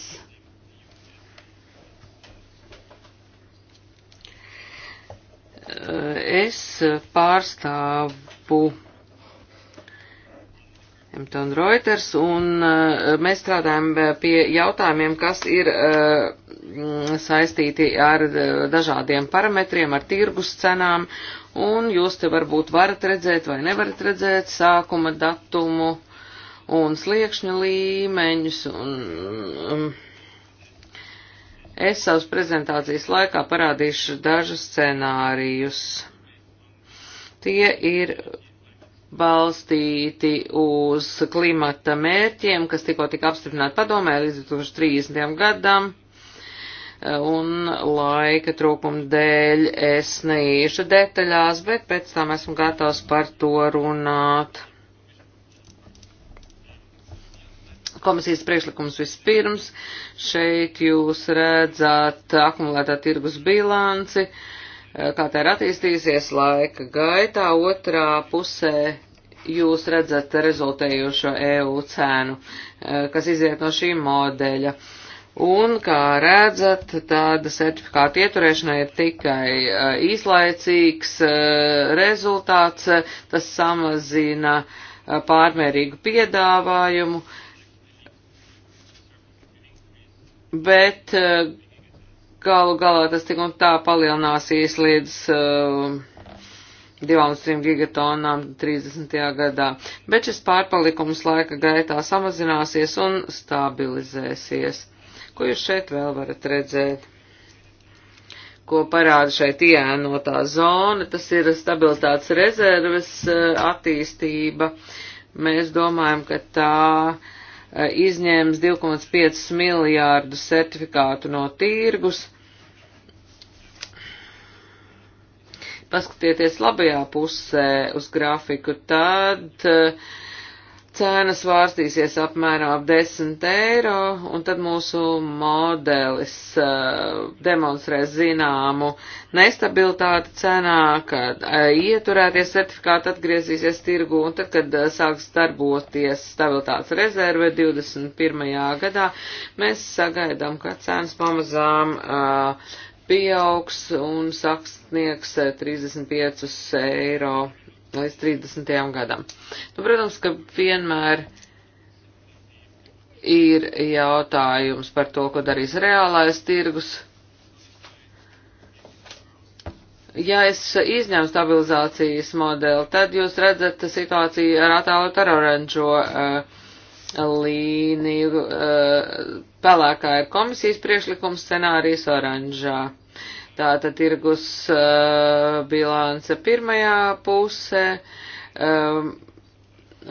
Speaker 3: Uh, es pārstāvu Hampton Reuters, un uh, mēs strādājam uh, pie jautājumiem, kas ir uh, saistīti ar uh, dažādiem parametriem, ar tirgus cenām un jūs te varbūt varat redzēt vai nevarat redzēt sākuma datumu un sliekšņu līmeņus. Un, um, es savas prezentācijas laikā parādīšu dažus scenārijus. Tie ir balstīti uz klimata mērķiem, kas tikko tika apstiprināti padomē līdz 2030. gadam un laika trūkuma dēļ es neiešu detaļās, bet pēc tam esmu gatavs par to runāt. Komisijas priekšlikums vispirms. Šeit jūs redzat akumulētā tirgus bilanci, kā tā ir attīstījusies laika gaitā. Otrā pusē jūs redzat rezultējošo EU cēnu, kas iziet no šī modeļa. Uh, Un, kā redzat, tāda certifikāta ieturēšana ir tikai uh, īslaicīgs uh, rezultāts, uh, tas samazina uh, pārmērīgu piedāvājumu, bet uh, galu galā tas tik un tā palielināsies līdz uh, 2,3 gigatonām 30. gadā, bet šis pārpalikums laika gaitā samazināsies un stabilizēsies ko jūs šeit vēl varat redzēt ko parāda šeit ienotā zona, tas ir stabilitātes rezerves e, attīstība. Mēs domājam, ka tā e, izņēms 2,5 miljārdu certifikātu no tirgus. Paskatieties labajā pusē uz grafiku, tad uh, cenas vārstīsies apmēram ap 10 eiro, un tad mūsu modelis uh, eh, demonstrēs zināmu nestabilitāti cenā, kad uh, ieturēties certifikāti atgriezīsies tirgu, un tad, kad uh, sāks darboties stabilitātes rezerve 21. gadā, mēs sagaidām, ka cenas pamazām uh, pieaugs un sasniegs 35 eiro līdz 30. gadam. Nu, protams, ka vienmēr ir jautājums par to, ko darīs reālais tirgus. Ja es izņemu stabilizācijas modeli, tad jūs redzat situāciju ar attēlot ar oranžo uh, eh, līniju. Uh, pelēkā ir komisijas priekšlikums scenārijs oranžā. Tāda tirgus uh, bilance pirmajā pusē. Um,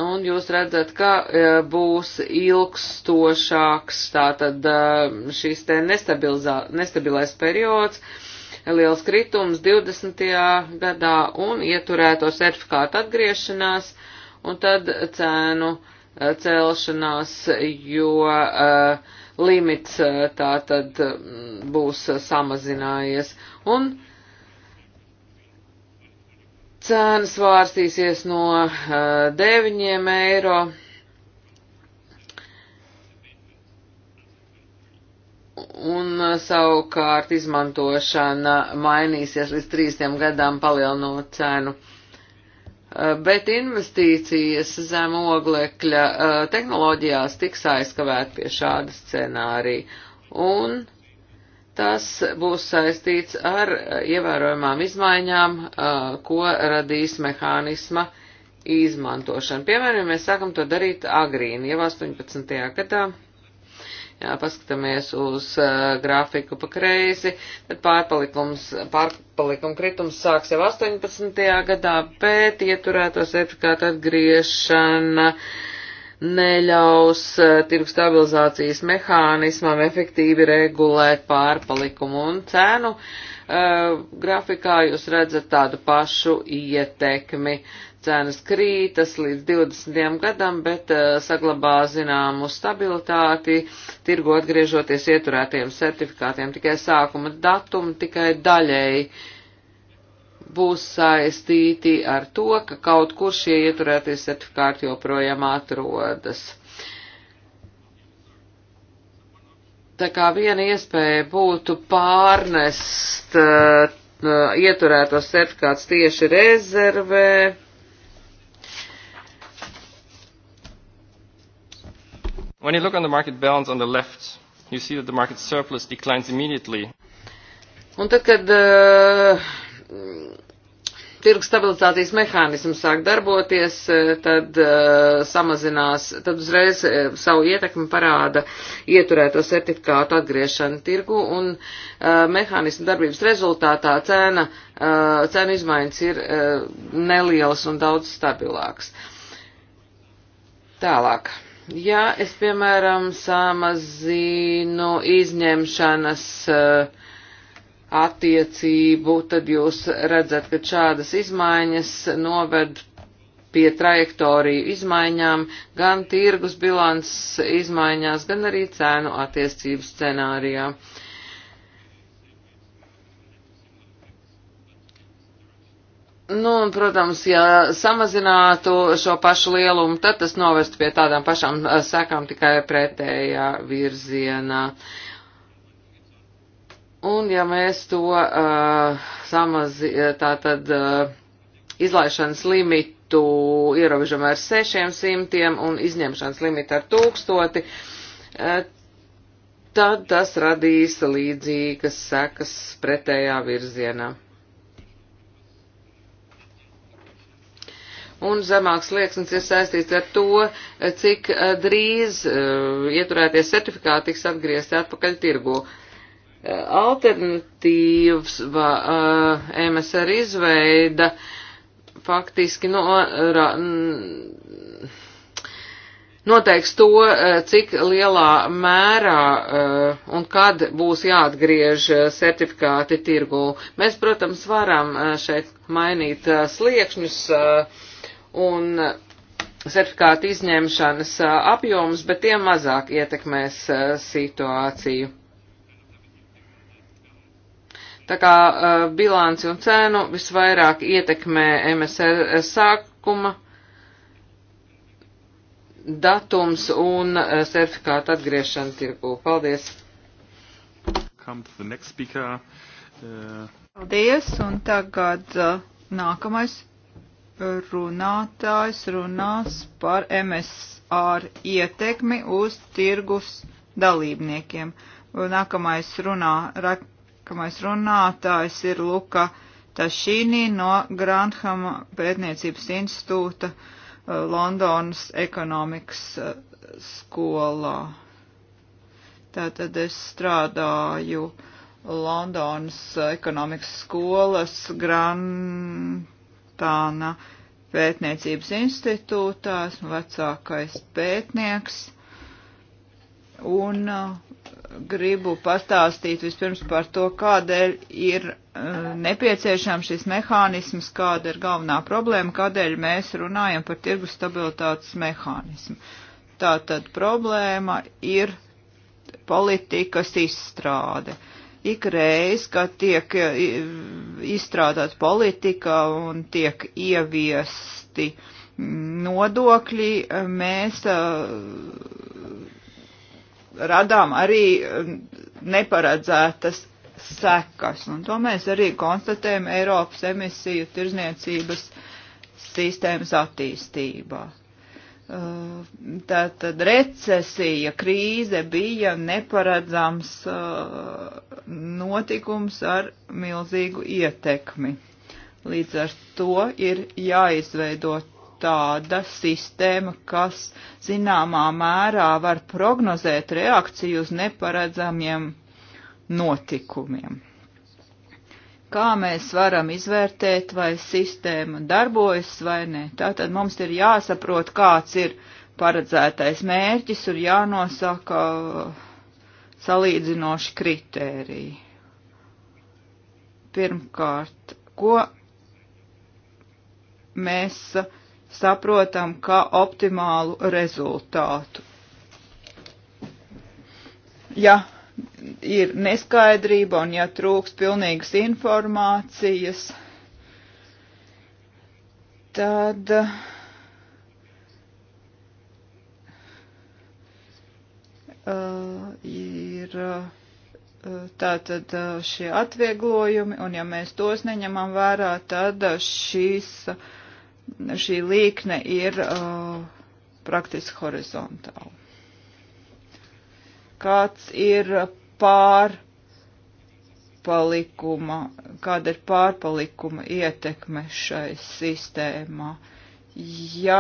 Speaker 3: un jūs redzat, ka uh, būs ilgstošāks tātad uh, šīs te nestabilais periods, liels kritums 20. gadā un ieturēto sertifikātu atgriešanās un tad cēnu uh, celšanās, jo uh, limits eh, tā tad eh, būs samazinājies. Un cenas vārstīsies no 9 eh, eiro. Un savukārt izmantošana mainīsies līdz 3 gadām palielinot cenu. Uh, Eh, bet investīcijas zem oglekļa eh, tehnoloģijās tiks aizkavēt pie šāda scenārija. Un tas būs saistīts ar eh, ievērojamām izmaiņām, ko radīs mehānisma izmantošana. Piemēram, ja mēs sākam to darīt agrīni, jau 18. gadā Jā, paskatāmies uz uh, grafiku pa kreisi, tad pārpalikums, pārpalikuma kritums sāks jau 18. gadā, bet ieturēto certifikātu atgriešana neļaus uh, tirgu stabilizācijas mehānismam efektīvi regulēt pārpalikumu un cenu. Uh, grafikā jūs redzat tādu pašu ietekmi. Uh, cenas krītas līdz 20. gadam, bet uh, saglabā zināmu stabilitāti, tirgu atgriežoties ieturētiem certifikātiem. Tikai sākuma datumi tikai daļēji būs saistīti ar to, ka kaut kur šie ieturētie certifikāti joprojām atrodas. Tā kā viena iespēja būtu pārnest uh, ieturētos certifikāts tieši rezervē,
Speaker 2: When you look on the market balance on the left, you see that the market surplus declines immediately.
Speaker 3: Un tad, kad uh, tirgus stabilizācijas mehānisms sāk darboties, eh, tad uh, samazinās, tad uzreiz uh, savu ietekmi parāda ieturēto sertifikātu atgriešanu tirgu, un uh, mehānismu darbības rezultātā cena, uh, cena izmaiņas ir uh, nelielas un daudz stabilākas. Tālāk. Ja es, piemēram, samazinu izņemšanas eh, attiecību, tad jūs redzat, ka šādas izmaiņas noved pie trajektoriju izmaiņām, gan tirgus bilants izmaiņās, gan arī cēnu attiecību scenārijā. Nu, un, protams, ja samazinātu šo pašu lielumu, tad tas novest pie tādām pašām eh, sekām tikai pretējā virzienā. Un, ja mēs to uh, samazi, eh, tā tad uh, izlaišanas limitu ierobežam ar 600 un izņemšanas limitu ar 1000, uh, tad tas radīs līdzīgas sekas pretējā virzienā. un zemāks liekas ir saistīts ar to, cik eh, drīz uh, ieturēties certifikāti tiks atgriezti atpakaļ tirgu. Eh, Alternatīvas uh, MSR izveida faktiski no, ra, noteiks to, cik lielā mērā uh, un kad būs jāatgriež certifikāti tirgu. Mēs, protams, varam šeit mainīt sliekšņus. Uh, un sertifikāta izņemšanas apjoms, bet tie mazāk ietekmēs situāciju. Tā kā bilanci un cēnu visvairāk ietekmē MSR sākuma datums un sertifikāta atgriešana tirgū. Paldies! Uh,
Speaker 1: Paldies, un tagad uh, nākamais runātājs runās par MSR ietekmi uz tirgus dalībniekiem. Nākamais, runā, nākamais runātājs ir Luka Tašīnī no Grandhama pētniecības institūta uh, Londonas ekonomikas uh, skolā. Tātad es strādāju Londonas ekonomikas skolas Grand Vatikāna pētniecības institūtā, esmu vecākais pētnieks un uh, gribu pastāstīt vispirms par to, kādēļ ir uh, nepieciešams šis mehānisms, kāda ir galvenā problēma, kādēļ mēs runājam par tirgus stabilitātes mehānismu. Tātad problēma ir politikas izstrāde. Uh, ik reiz, kad tiek e, izstrādāta politika un tiek ieviesti nodokļi, e, mēs e, radām arī neparedzētas sekas, un to mēs arī konstatējam Eiropas emisiju tirzniecības sistēmas attīstībā. Tātad recesija, krīze bija neparedzams uh, notikums ar milzīgu ietekmi. Līdz ar to ir jāizveido tāda sistēma, kas zināmā mērā var prognozēt reakciju uz neparedzamiem notikumiem kā mēs varam izvērtēt, vai sistēma darbojas vai nē. Tātad mums ir jāsaprot, kāds ir paredzētais mērķis un jānosaka salīdzinoši kritēriji. Pirmkārt, ko mēs saprotam kā optimālu rezultātu? Ja ir neskaidrība un ja trūks pilnīgas informācijas, tad uh, ir uh, tātad uh, šie atvieglojumi, un ja mēs tos neņemam vērā, tad uh, šīs, šī līkne ir uh, praktiski horizontāla. Kāds ir pārpalikuma, kāda ir pārpalikuma ietekme šai sistēmā. Ja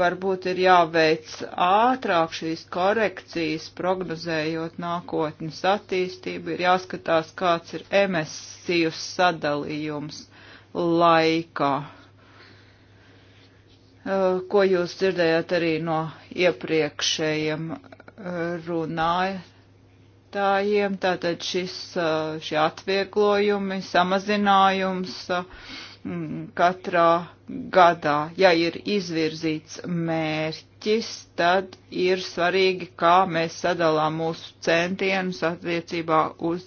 Speaker 1: varbūt ir jāveic ātrāk šīs korekcijas, prognozējot nākotnes attīstību, ir jāskatās, kāds ir emisiju sadalījums laikā. Uh, ko jūs dzirdējāt arī no iepriekšējiem uh, runājot iedzīvotājiem. Tātad šis, eh, šie atvieglojumi, samazinājums eh, mm, katrā gadā. Ja ir izvirzīts mērķis, tad ir svarīgi, kā mēs sadalām mūsu centienus attiecībā uz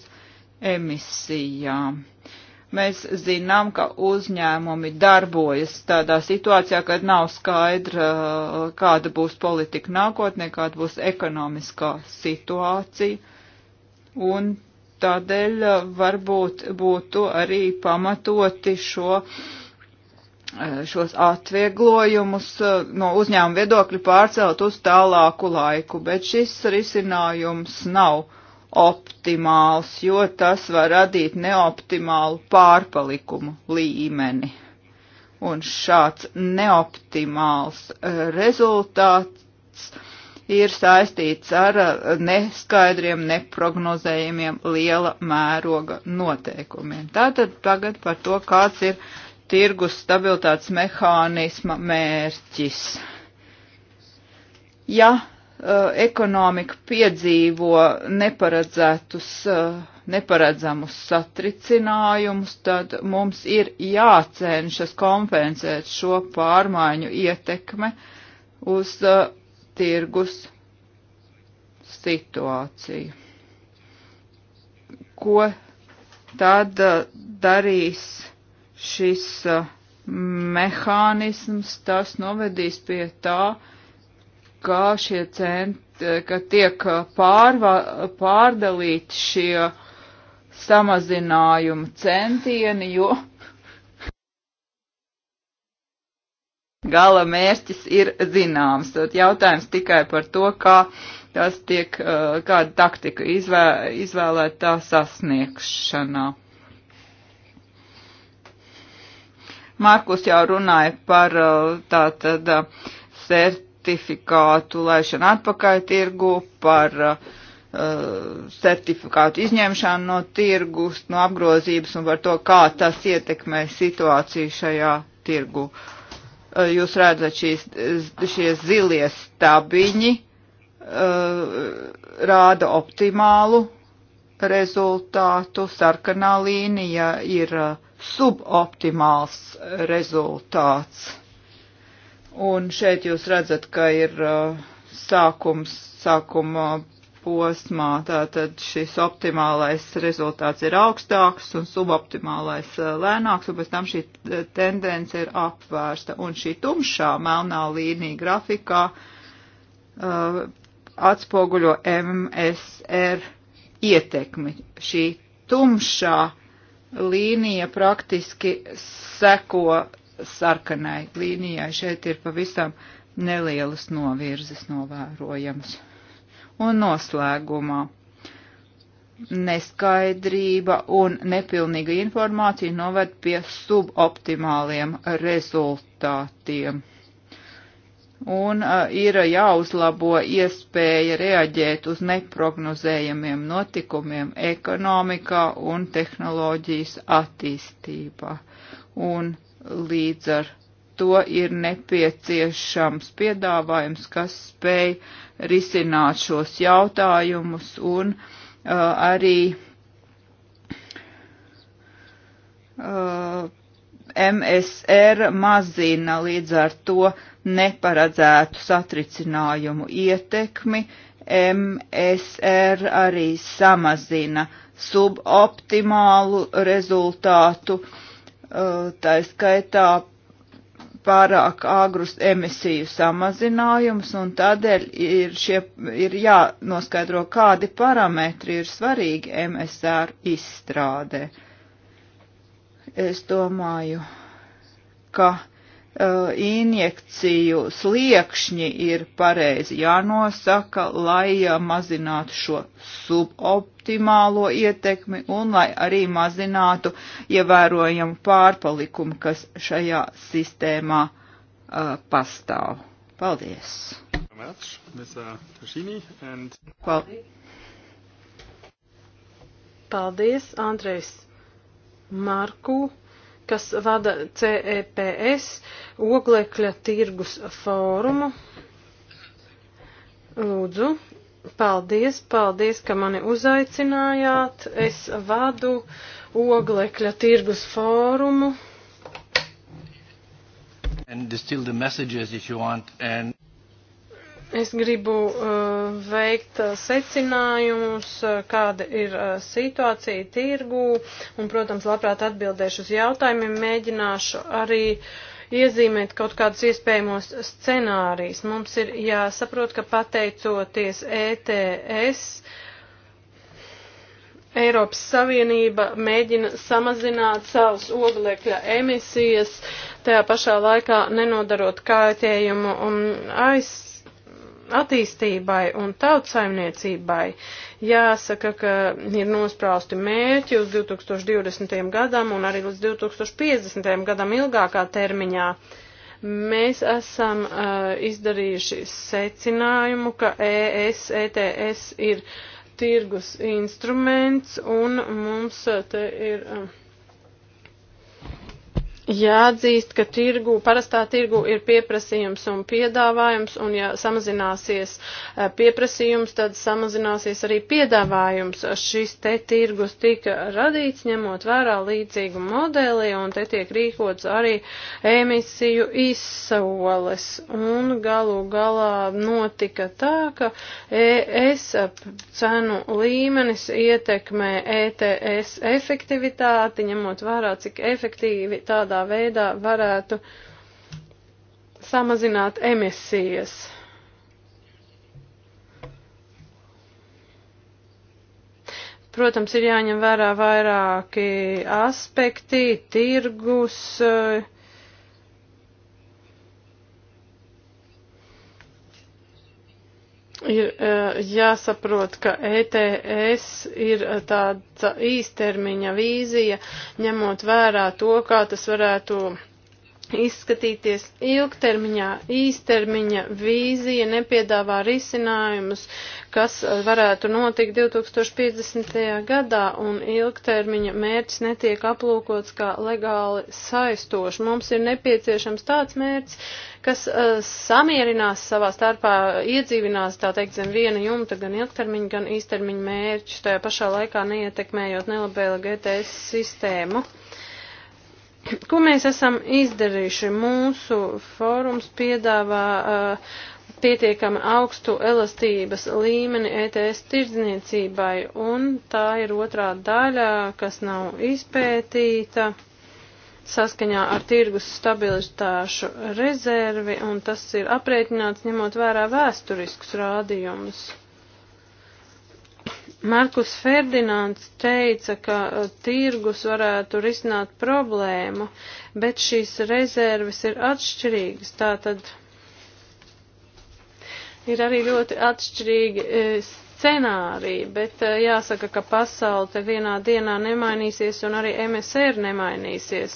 Speaker 1: emisijām. Mēs zinām, ka uzņēmumi darbojas tādā situācijā, kad nav skaidra, eh, kāda būs politika nākotnē, kāda būs ekonomiskā situācija Un tādēļ uh, varbūt būtu arī pamatoti šo, uh, šos atvieglojumus uh, no uzņēmuma viedokļa pārcelt uz tālāku laiku, bet šis risinājums nav optimāls, jo tas var radīt neoptimālu pārpalikumu līmeni. Un šāds neoptimāls rezultāts ir saistīts ar uh, neskaidriem, neprognozējumiem liela mēroga noteikumiem. Tātad tagad par to, kāds ir tirgus stabilitātes mehānisma mērķis. Ja uh, ekonomika piedzīvo neparedzētus, uh, neparedzamus satricinājumus, tad mums ir jācenšas kompensēt šo pārmaiņu ietekme uz uh, tirgus situāciju. Ko tad uh, darīs šis uh, mehānisms? Tas novedīs pie tā, ka šie centi, uh, ka tiek pārva, pārdalīti šie samazinājuma centieni, jo gala mērķis ir zināms. Tad jautājums tikai par to, kā tas tiek, uh, kāda taktika izvē, izvēlēt tā sasniegšanā. Markus jau runāja par uh, tātad uh, certifikātu laišanu atpakaļ tirgu, par uh, certifikātu izņemšanu no tirgus, no apgrozības un par to, kā tas ietekmē situāciju šajā tirgu. Uh, Eh, jūs redzat šīs, šie zilie stabiņi eh, rāda optimālu rezultātu, sarkanā līnija ir eh, suboptimāls rezultāts. Un šeit jūs redzat, ka ir sākums, sākuma posmā. Tātad šis optimālais rezultāts ir augstāks un suboptimālais eh, lēnāks, un pēc tam šī eh, tendence ir apvērsta. Un šī tumšā melnā līnija grafikā uh, atspoguļo MSR ietekmi. Šī tumšā līnija praktiski seko sarkanai līnijai. Šeit ir pavisam nelielas novirzes novērojams. Un noslēgumā neskaidrība un nepilnīga informācija noved pie suboptimāliem rezultātiem. Un uh, ir jāuzlabo iespēja reaģēt uz neprognozējamiem notikumiem ekonomikā un tehnoloģijas attīstībā. Un līdz ar to ir nepieciešams piedāvājums, kas spēj risināt šos jautājumus un uh, arī uh, MSR mazina līdz ar to neparedzētu satricinājumu ietekmi. MSR arī samazina suboptimālu rezultātu, uh, tā skaitā pārāk āgrus emisiju samazinājumus, un tādēļ ir, šie, ir jānoskaidro, kādi parametri ir svarīgi MSR izstrādē. Es domāju, ka Eh, injekciju sliekšņi ir pareizi jānosaka, lai eh, mazinātu šo suboptimālo ietekmi un lai arī mazinātu ievērojamu pārpalikumu, kas šajā sistēmā uh, pastāv.
Speaker 2: Paldies! Paldies, Andrejs Marku kas vada CEPS oglekļa tirgus fórumu. Lūdzu, paldies, paldies, ka mani uzaicinājāt. Es vadu oglekļa tirgus fórumu. And distill the messages if you want and Es gribu uh, veikt uh, secinājumus, uh, kāda ir uh, situācija tirgū, un, protams, labprāt atbildēšu uz jautājumiem, mēģināšu arī iezīmēt kaut kādus iespējamos scenārijus. Mums ir jāsaprot, ka pateicoties ETS, Eiropas Savienība mēģina samazināt savas oglekļa emisijas, tajā pašā laikā nenodarot kaitējumu un aizsardzību attīstībai un tautsaimniecībai. Jāsaka, ka ir nosprausti mērķi uz 2020. gadam un arī līdz 2050. gadam ilgākā termiņā. Mēs esam uh, izdarījuši secinājumu, ka ES, ETS ir tirgus instruments un mums uh, te ir. Uh, Jāatzīst, ka tirgu, parastā tirgu ir pieprasījums un piedāvājums, un ja samazināsies eh, pieprasījums, tad samazināsies arī piedāvājums. Šis te tirgus tika radīts, ņemot vērā līdzīgu modeli, un te tiek rīkots arī emisiju izsoles. Un galu galā notika tā, ka ES cenu līmenis ietekmē ETS efektivitāti, ņemot vērā, cik efektīvi tādā tādā veidā varētu samazināt emisijas. Protams, ir jāņem vērā vairāki aspekti, tirgus, uh, ir e, jāsaprot, ka ETS ir e, tāda īstermiņa vīzija, ņemot vērā to, kā tas varētu izskatīties ilgtermiņā, īstermiņa vīzija nepiedāvā risinājumus, kas varētu notikt 2050. gadā, un ilgtermiņa mērķis netiek aplūkots kā legāli saistošs. Mums ir nepieciešams tāds mērķis, kas uh, samierinās savā starpā, iedzīvinās, tā teikt, zem viena jumta gan ilgtermiņa, gan īstermiņa mērķus, tajā pašā laikā neietekmējot nelabēlu GTS e sistēmu. Uh, Ko mēs esam izdarījuši? Mūsu fórums piedāvā uh, pietiekami augstu elastības līmeni ETS tirdzniecībai, un tā ir otrā daļa, kas nav izpētīta saskaņā ar tirgus stabilitāšu rezervi, un tas ir aprēķināts ņemot vērā vēsturiskus rādījumus. Markus Ferdinands teica, ka uh, tirgus varētu risināt problēmu, bet šīs rezerves ir atšķirīgas. Tātad ir arī ļoti atšķirīgi uh, scenāriji, bet uh, jāsaka, ka pasaule te vienā dienā nemainīsies un arī MSR nemainīsies.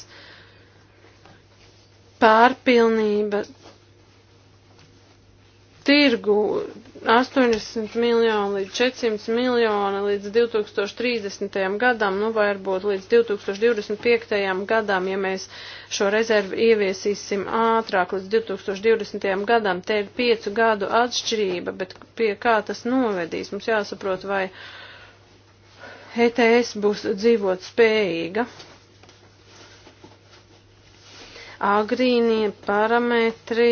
Speaker 2: Pārpilnība tirgu 80 miljonu līdz 400 miljonu līdz 2030. gadam, nu varbūt līdz 2025. gadam, ja mēs šo rezervu ieviesīsim ātrāk līdz 2020. gadam, te ir piecu gadu atšķirība, bet pie kā tas novedīs, mums jāsaprot, vai ETS būs dzīvot spējīga. Agrīnie parametri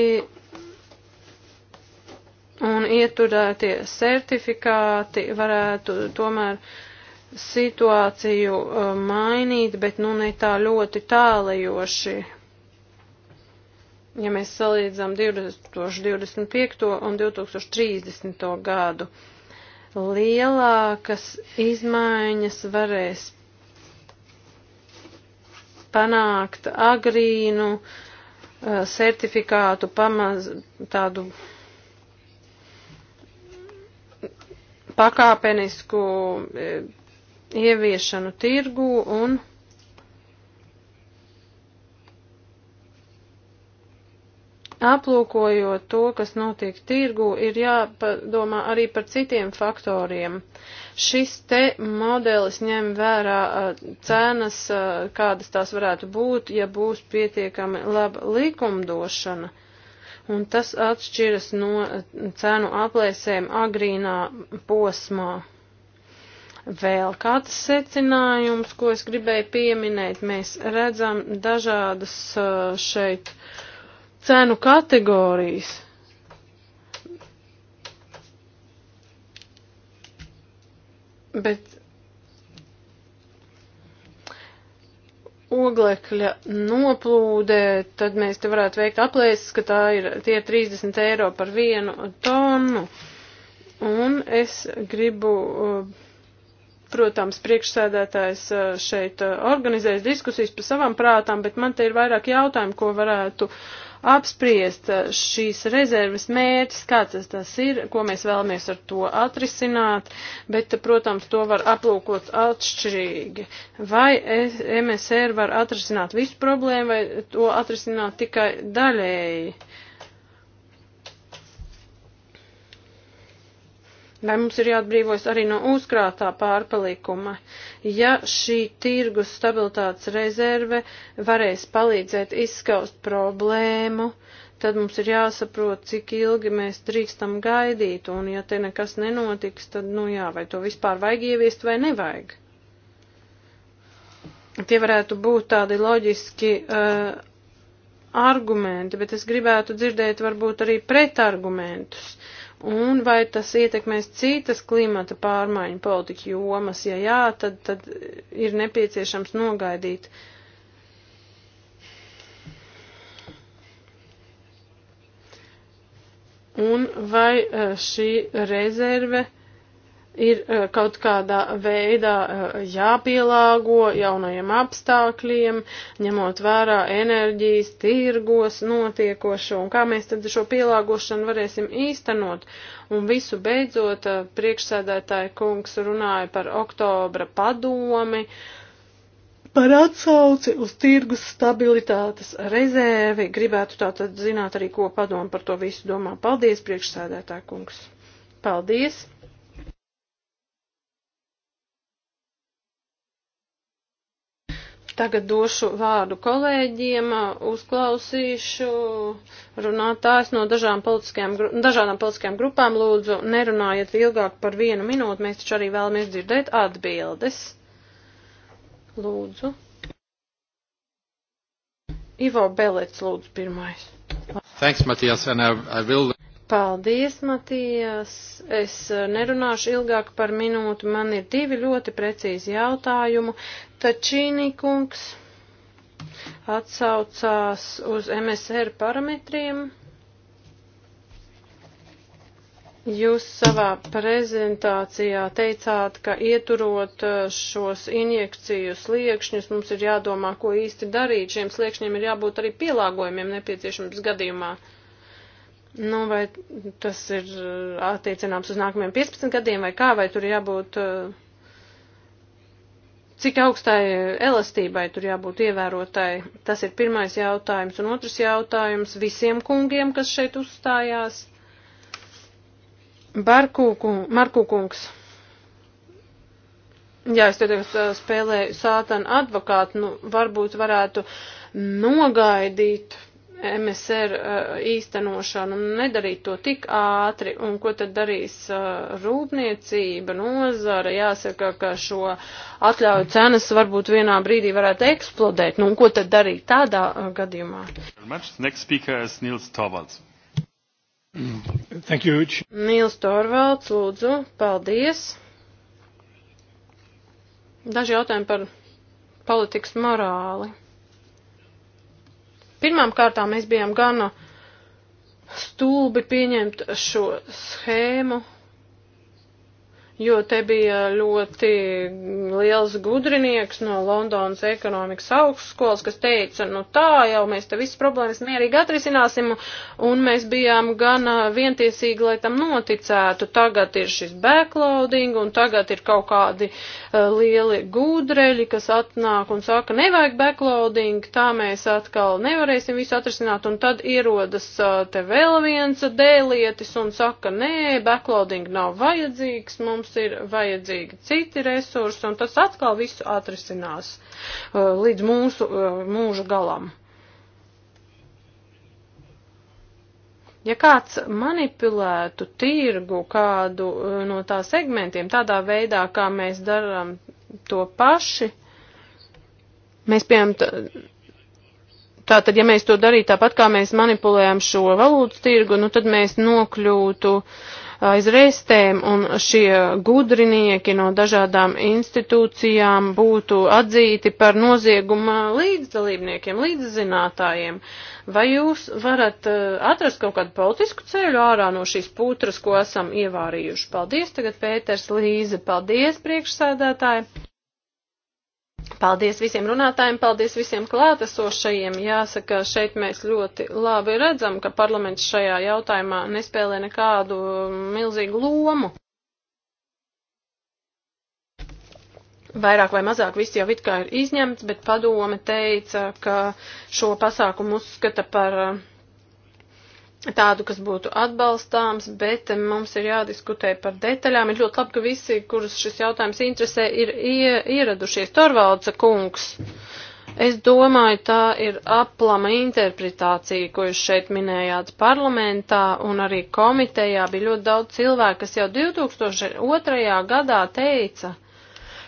Speaker 2: un ieturētie certifikāti varētu tomēr situāciju uh, mainīt, bet nu ne tā ļoti tālajoši. Ja mēs salīdzam 2025. un 2030. gadu, lielākas izmaiņas varēs panākt agrīnu uh, certifikātu pamaz tādu pakāpenisku e, ieviešanu tirgu un aplūkojot to, kas notiek tirgu, ir jāpadomā arī par citiem faktoriem. Šis te modelis ņem vērā e, cenas, e, kādas tās varētu būt, ja būs pietiekami laba likumdošana un tas atšķiras no eh, cenu aplēsēm agrīnā posmā. Vēl kāds secinājums, ko es gribēju pieminēt, mēs redzam dažādas eh, šeit cenu kategorijas. Bet oglekļa noplūde, tad mēs te varētu veikt aplēses, ka tā ir tie 30 eiro par vienu tonu. Un es gribu, eh, protams, priekšsēdētājs eh, šeit eh, organizēs diskusijas par savām prātām, bet man te ir vairāk jautājumu, ko varētu uh, apspriest uh, šīs rezerves mērķis, kāds tas, tas ir, ko mēs vēlamies ar to atrisināt, bet, protams, to var aplūkot atšķirīgi. Vai MSR var atrisināt visu problēmu, vai to atrisināt tikai daļēji? Vai mums ir jāatbrīvojas arī no uzkrātā pārpalikuma? Ja šī tirgus stabilitātes rezerve varēs palīdzēt izskaust problēmu, tad mums ir jāsaprot, cik ilgi mēs drīkstam gaidīt, un ja te nekas nenotiks, tad, nu jā, vai to vispār vajag ieviest vai nevajag. Tie varētu būt tādi loģiski uh, argumenti, bet es gribētu dzirdēt varbūt arī pretargumentus. Uh, un vai tas ietekmēs citas klimata pārmaiņu politiku jomas. Ja jā, tad, tad ir nepieciešams nogaidīt. Un vai eh, šī rezerve ir e, kaut kādā veidā e, jāpielāgo jaunajiem apstākļiem, ņemot vērā enerģijas, tirgos notiekošo, un kā mēs tad šo pielāgošanu varēsim īstenot. Un visu beidzot, e, priekšsēdētāja kungs runāja par oktobra padomi, par atsauci uz tirgus stabilitātes rezervi. Gribētu tātad zināt arī, ko padomu par to visu domā. Paldies, priekšsēdētāja kungs! Paldies! Tagad došu vārdu kolēģiem, uzklausīšu runātājs no dažām politiskajām, dažādām politiskajām grupām. Lūdzu, nerunājiet ilgāk par vienu minūti, mēs taču arī vēlamies dzirdēt atbildes. Lūdzu. Ivo Belets, lūdzu, pirmais. Thanks, Matijas, and I, I will. Paldies, Matijas. Es eh, nerunāšu ilgāk par minūtu. Man ir divi ļoti precīzi jautājumu. Tačīnī kungs atsaucās uz MSR parametriem. Jūs savā prezentācijā teicāt, ka ieturot eh, šos injekciju sliekšņus, mums ir jādomā, ko īsti darīt. Šiem sliekšņiem ir jābūt arī pielāgojumiem nepieciešams gadījumā. Uh, Nu, vai tas ir uh, attiecināms uz nākamajiem 15 gadiem vai kā, vai tur jābūt, uh, cik augstai elastībai tur jābūt ievērotai? Tas ir pirmais jautājums. Un otrs jautājums visiem kungiem, kas šeit uzstājās. Barkūkung, Markūkungs. Jā, es tagad uh, spēlēju sātana advokātu, nu, varbūt varētu nogaidīt MSR uh, īstenošanu un nedarīt to tik ātri, un ko tad darīs uh, rūpniecība, nozara, jāsaka, ka šo atļauju cenas varbūt vienā brīdī varētu eksplodēt, nu un ko tad darīt tādā uh, gadījumā? Thank you. Nils Torvalds, lūdzu, paldies. Daži jautājumi par politikas morāli. Pirmām kārtām mēs bijām gana stulbi pieņemt šo schēmu jo te bija ļoti liels gudrinieks no Londonas ekonomikas augstskolas, kas teica, nu tā jau mēs te visas problēmas mierīgi atrisināsim, un mēs bijām gan vientiesīgi, lai tam noticētu. Tagad ir šis backloading, un tagad ir kaut kādi uh, lieli gudreļi, kas atnāk un saka, nevajag backloading, tā mēs atkal nevarēsim visu atrisināt, un tad ierodas uh, te vēl viens dēlietis un saka, nē, backloading nav vajadzīgs mums mums ir vajadzīgi citi resursi, un tas atkal visu atrisinās uh, līdz mūsu uh, mūža galam. Ja kāds manipulētu tirgu kādu uh, no tā segmentiem tādā veidā, kā mēs darām to paši, mēs piemēram. Tātad, ja mēs to darītu tāpat, kā mēs manipulējam šo valūtu tirgu, nu tad mēs nokļūtu uh, aiz restēm, un šie gudrinieki no dažādām institūcijām būtu atzīti par nozieguma līdzdalībniekiem, līdzzinātājiem. Vai jūs varat eh, atrast kaut kādu politisku ceļu ārā no šīs putras, ko esam ievārījuši? Paldies tagad, Pēters Līze, paldies priekšsēdētāji! Paldies visiem runātājiem, paldies visiem klātesošajiem. Jāsaka, šeit mēs ļoti labi redzam, ka parlaments šajā jautājumā nespēlē nekādu milzīgu lomu. Vairāk vai mazāk viss jau it kā ir izņemts, bet padome teica, ka šo pasākumu uzskata par uh, tādu, kas būtu atbalstāms, bet mums ir jādiskutē par detaļām. Ir ļoti labi, ka visi, kurus šis jautājums interesē, ir ieradušies. Torvaldsa kungs, es domāju, tā ir aplama interpretācija, ko jūs šeit minējāt parlamentā un arī komitejā. Bija ļoti daudz cilvēku, kas jau 2002. gadā teica,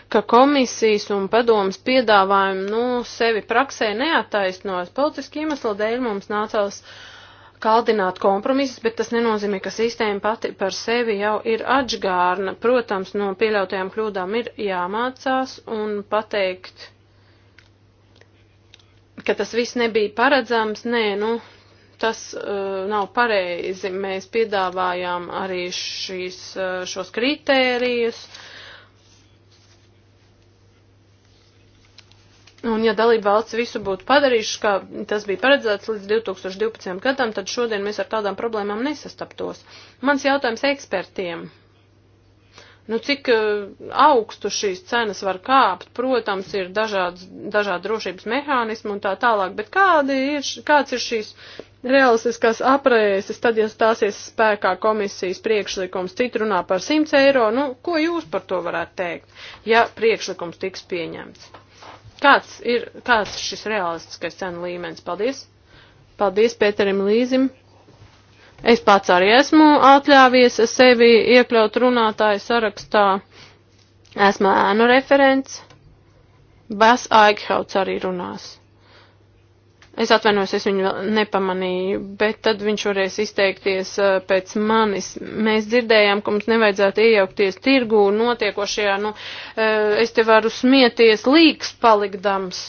Speaker 2: ka komisijas un padomas piedāvājumi, nu, sevi praksē neattaisnos. Politiski iemesli dēļ mums nācās. Uh, kaldināt kompromisus, bet tas nenozīmē, ka sistēma pati par sevi jau ir atžgārna. Protams, no pieļautajām kļūdām ir jāmācās un pateikt, ka tas viss nebija paredzams. Nē, nu, tas uh, nav pareizi. Mēs piedāvājām arī šīs, uh, šos kritērijus. Uh, Un ja dalība valsts visu būtu padarījuši, kā tas bija paredzēts līdz 2012. gadam, tad šodien mēs ar tādām problēmām nesastaptos. Mans jautājums ekspertiem. Nu, cik eh, augstu šīs cenas var kāpt? Protams, ir dažādas, dažādi drošības mehānismi un tā tālāk, bet kādi ir, kāds ir šīs realistiskās aprēses, tad, ja stāsies spēkā komisijas priekšlikums, citi runā par 100 eiro, nu, ko jūs par to varētu teikt, ja priekšlikums tiks pieņemts? Kāds ir kāds šis realistiskais cenu līmenis? Paldies! Paldies Pēterim Līzim! Es pats arī esmu atļāvies sevi iekļaut runātāju sarakstā. Esmu ēnu referents. Bas Aighauts arī runās. Es atvainojos, es viņu nepamanīju, bet tad viņš varēs izteikties pēc manis. Mēs dzirdējām, ka mums nevajadzētu iejaukties tirgū notiekošajā, nu, es te varu smieties līgs palikdams.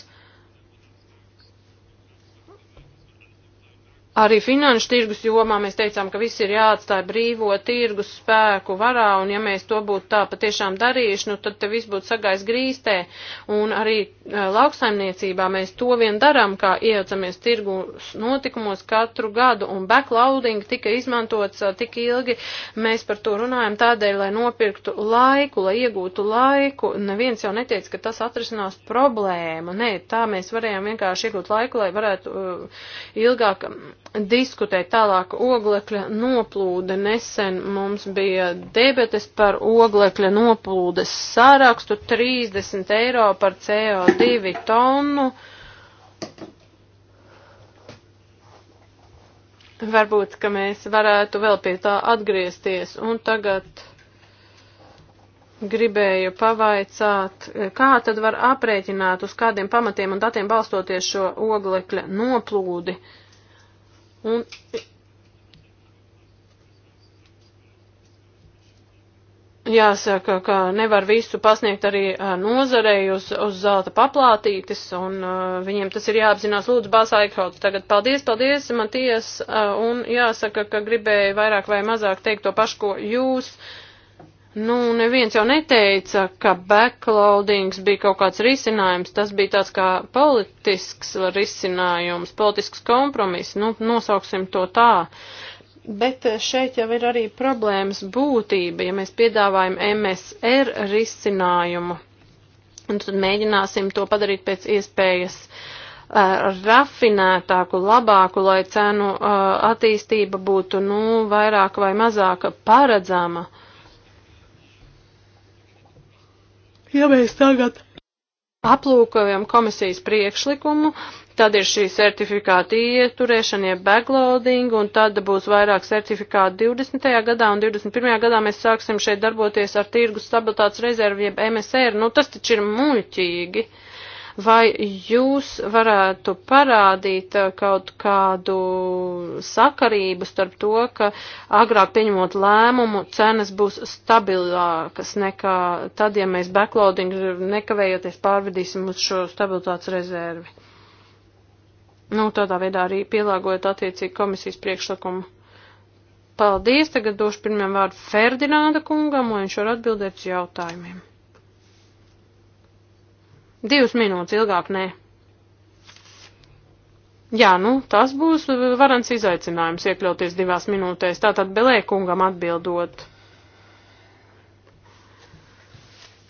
Speaker 2: Arī finanšu tirgus jomā mēs teicām, ka viss ir jāatstāj brīvo tirgus spēku varā, un ja mēs to būtu tā patiešām darījuši, nu tad te viss būtu sagājis grīstē, un arī uh, lauksaimniecībā mēs to vien darām, kā iejaucamies tirgus notikumos katru gadu, un backloading tika izmantots uh, tik ilgi, mēs par to runājam tādēļ, lai nopirktu laiku, lai iegūtu laiku, neviens jau neteica, ka tas atrisinās problēmu, nē, tā mēs varējām vienkārši iegūt laiku, lai varētu uh, ilgāk diskutēt tālāk oglekļa noplūde. Nesen mums bija debetes par oglekļa noplūdes sārakstu 30 eiro par CO2 tonu. Varbūt, ka mēs varētu vēl pie tā atgriezties. Un tagad gribēju pavaicāt, kā tad var aprēķināt, uz kādiem pamatiem un datiem balstoties šo oglekļa noplūdi. Uh, Un jāsaka, ka nevar visu pasniegt arī nozarei uz, uz zelta paplātītes, un uh, viņiem tas ir jāapzinās. Lūdzu, Bāsā Eikhauts, tagad paldies, paldies, Matijas, uh, un jāsaka, ka gribēju vairāk vai mazāk teikt to pašu, ko jūs. Uh, Nu, neviens jau neteica, ka backloadings bija kaut kāds risinājums, tas bija tāds kā politisks risinājums, politisks kompromiss, nu, nosauksim to tā. Bet šeit jau ir arī problēmas būtība, ja mēs piedāvājam MSR risinājumu, un tad mēģināsim to padarīt pēc iespējas uh, rafinētāku, labāku, lai cenu uh, attīstība būtu, nu, vairāk vai mazāk paredzama. Uh, Ja mēs tagad aplūkojam komisijas priekšlikumu, tad ir šī certifikāta ieturēšana, jeb backloading, un tad būs vairāk certifikātu 20. gadā, un 21. gadā mēs sāksim šeit darboties ar tirgus stabilitātes rezervu, jeb MSR. Nu, tas taču ir muļķīgi. Uh, Vai jūs varētu parādīt uh, kaut kādu sakarību starp to, ka agrāk pieņemot lēmumu cenas būs stabilākas nekā tad, ja mēs backloading nekavējoties pārvedīsim uz šo stabilitātes rezervi? Nu, tādā veidā arī pielāgojot attiecīgi komisijas priekšlikumu. Paldies, tagad došu pirmiem vārdu Ferdinanda kungam, lai viņš var atbildēt uz jautājumiem. Divas minūtes ilgāk nē. Jā, nu, tas būs uh, varans izaicinājums iekļauties divās minūtēs. Tātad Belēkungam atbildot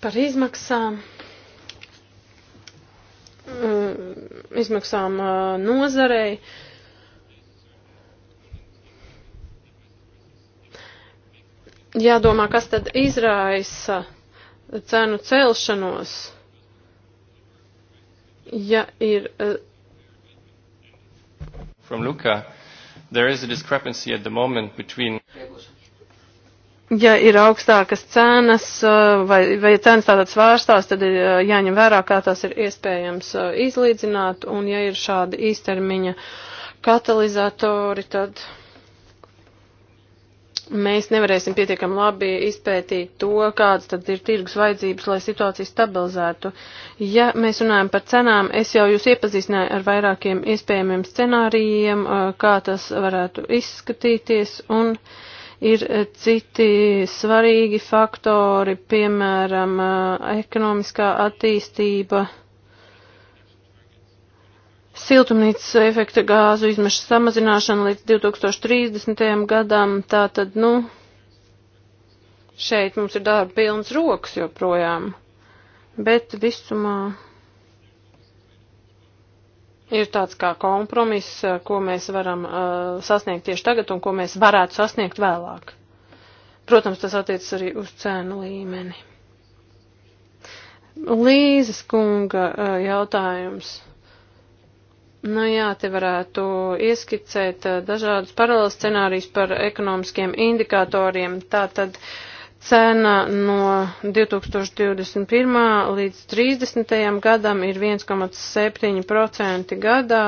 Speaker 2: par izmaksām uh, izmaksām uh, nozarei. Jādomā, kas tad izraisa cenu celšanos. Ja ir. Uh, From Luca, there is a discrepancy at the moment between. Ja ir augstākas cenas eh, vai, vai cenas tātad svārstās, tad ir eh, jāņem vērā, kā tās ir iespējams izlīdzināt, un ja ir šādi īstermiņa katalizatori, tad mēs nevarēsim pietiekam labi izpētīt to, kādas tad ir tirgus vajadzības, lai situāciju stabilizētu. Ja mēs runājam par cenām, es jau jūs iepazīstināju ar vairākiem iespējamiem scenārijiem, kā tas varētu izskatīties, un ir citi svarīgi faktori, piemēram, ekonomiskā attīstība siltumnīcas efekta gāzu izmešu samazināšana līdz 2030. gadam. Tātad, nu, šeit mums ir darba pilns rokas joprojām, bet visumā ir tāds kā kompromiss, ko mēs varam uh, sasniegt tieši tagad un ko mēs varētu sasniegt vēlāk. Protams, tas attiecas arī uz cēnu līmeni. Līzes kunga uh, jautājums. Nu jā, te varētu ieskicēt eh, dažādus paralēlus scenārijus par ekonomiskiem indikatoriem. Tātad cena no 2021. līdz 30. gadam ir 1,7% gadā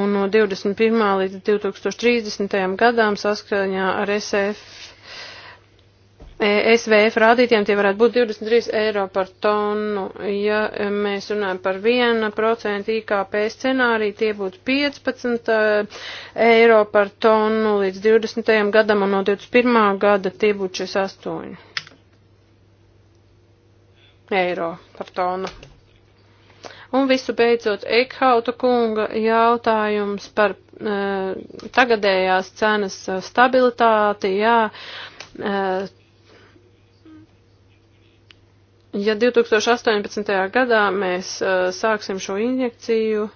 Speaker 2: un no 21. līdz 2030. gadam saskaņā ar SF E SVF rādītiem tie varētu būt 23 eiro par tonu. Ja mēs runājam par 1% IKP scenāriju, tie būtu 15 e, eiro par tonu līdz 20. gadam un no 21. gada tie būtu 68 eiro par tonu. Un visu beidzot Eikhauta kunga jautājums par e, tagadējās cenas stabilitāti, jā, e, Ja 2018. gadā mēs uh, sāksim šo injekciju,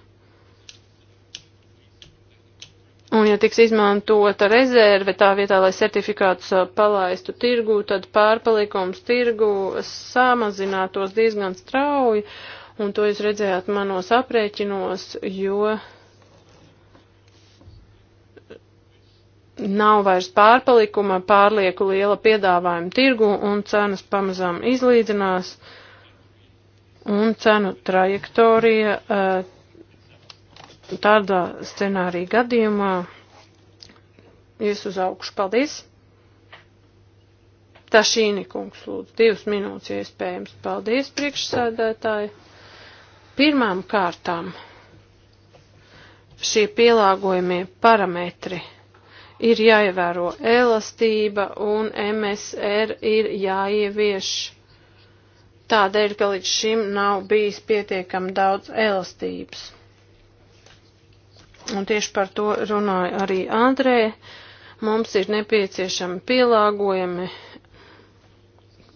Speaker 2: un ja tiks izmantota rezerve tā vietā, lai certifikātus uh, palaistu tirgu, tad pārpalikums tirgu samazinātos diezgan strauji, un to jūs redzējāt manos aprēķinos, jo. Uh, nav vairs pārpalikuma, pārlieku liela piedāvājuma tirgu un cenas pamazām izlīdzinās un cenu trajektorija eh, tādā scenārija gadījumā ies uz augšu. Paldies! Tašīni kungs lūdzu, divas minūtes iespējams. Paldies, priekšsēdētāji. Pirmām kārtām šie pielāgojumie parametri ir jāievēro elastība un MSR ir jāievieš. Tādēļ, ka līdz šim nav bijis pietiekam daudz elastības. Un tieši par to runāja arī Andrē. Mums ir nepieciešami pielāgojami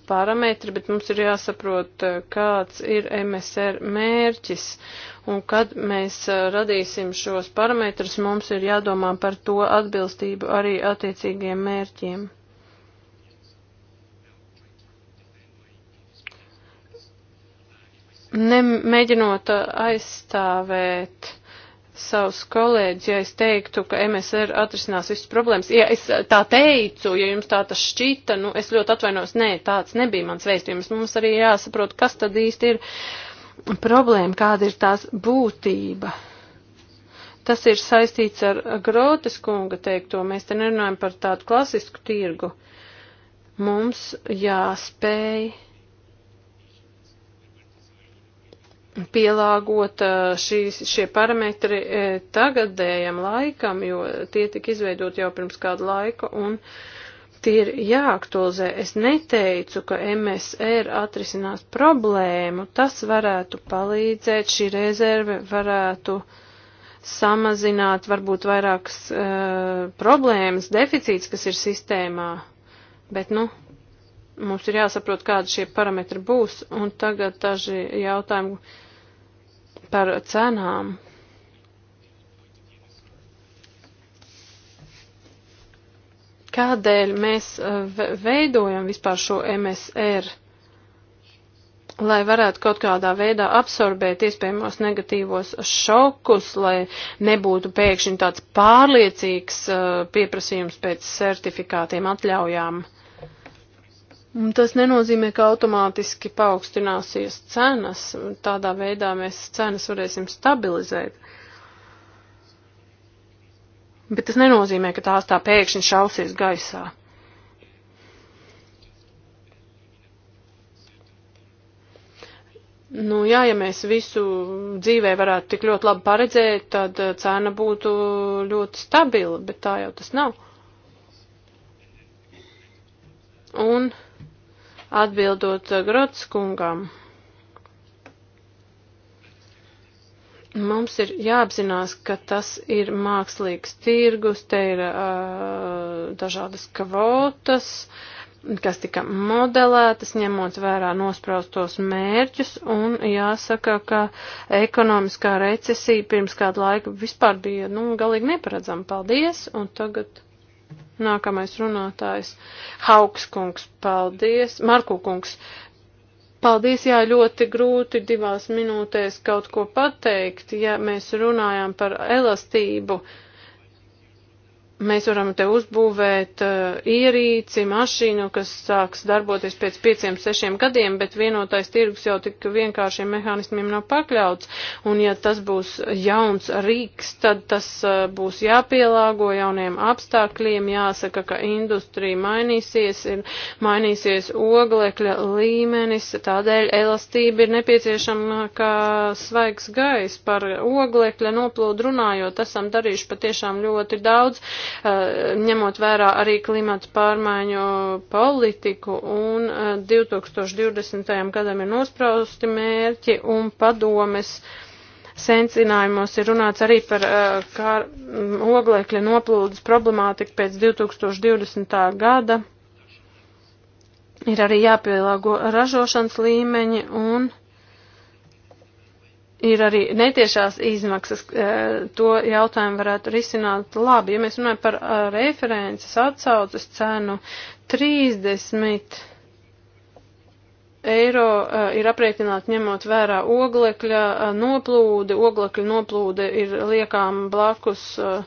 Speaker 2: parametri, bet mums ir jāsaprot, eh, kāds ir MSR mērķis. Un kad mēs eh, radīsim šos parametrus, mums ir jādomā par to atbilstību arī attiecīgiem mērķiem. Nemēģinot eh, aizstāvēt savus kolēģus, ja es teiktu, ka MSR atrisinās visas problēmas. Ja es tā teicu, ja jums tā tas šķita, nu es ļoti atvainos, nē, tāds nebija mans vēstījums. Mums arī jāsaprot, kas tad īsti ir problēma, kāda ir tās būtība. Tas ir saistīts ar Grotes kunga teikto, mēs te nerunājam par tādu klasisku tirgu. Mums jāspēj pielāgot šīs, šie parametri tagadējam laikam, jo tie tika izveidot jau pirms kādu laiku un tie ir jāaktualizē. Es neteicu, ka MSR atrisinās problēmu, tas varētu palīdzēt, šī rezerve varētu samazināt varbūt vairākas uh, problēmas, deficīts, kas ir sistēmā. Bet, nu, mums ir jāsaprot, kādi šie parametri būs, un tagad daži jautājumi par cenām. Kādēļ mēs uh, veidojam vispār šo MSR, lai varētu kaut kādā veidā absorbēt iespējamos negatīvos šokus, lai nebūtu pēkšņi tāds pārliecīgs uh, pieprasījums pēc certifikātiem atļaujām? Mm, tas nenozīmē, ka automātiski paaugstināsies cenas, tādā veidā mēs cenas varēsim stabilizēt. Bet tas nenozīmē, ka tās tā pēkšņi šausies gaisā. Nu, jā, ja mēs visu dzīvē varētu tik ļoti labi paredzēt, tad eh, cena būtu ļoti stabila, bet tā jau tas nav. Un Atbildot uh, Grots kungam, mums ir jāapzinās, ka tas ir mākslīgs tirgus, te ir uh, dažādas kvotas, kas tika modelētas, ņemot vērā nospraustos mērķus, un jāsaka, ka ekonomiskā recesija pirms kādu laiku vispār bija, nu, galīgi neparedzama. Paldies, un tagad Nākamais runātājs - Haukskungs, paldies. Markukungs, Paldies, jā, ļoti grūti divās minūtēs kaut ko pateikt, ja mēs runājam par elastību. Uh, mēs varam te uzbūvēt uh, ierīci, mašīnu, kas sāks darboties pēc pieciem, sešiem gadiem, bet vienotais tirgus jau tik vienkāršiem mehānismiem nav pakļauts. Un ja tas būs jauns rīks, tad tas uh, būs jāpielāgo jauniem apstākļiem. Jāsaka, ka industrija mainīsies, ir mainīsies oglekļa līmenis, tādēļ elastība ir nepieciešama kā svaigs gais par oglekļa noplūdu runājot. Esam darījuši patiešām ļoti daudz Uh, ņemot vērā arī klimata pārmaiņu politiku un 2020. Uh, gadam ir nosprausti mērķi un padomes sencinājumos ir runāts arī par uh, kā, oglekļa noplūdes problemātiku pēc 2020. gada. Ir arī jāpielāgo ražošanas līmeņi un ir arī netiešās izmaksas, e, to jautājumu varētu risināt labi. Ja mēs runājam par e, references atsaucas cenu 30 eiro e, ir aprēķināti ņemot vērā oglekļa noplūde, oglekļa noplūde ir liekām blakus uh,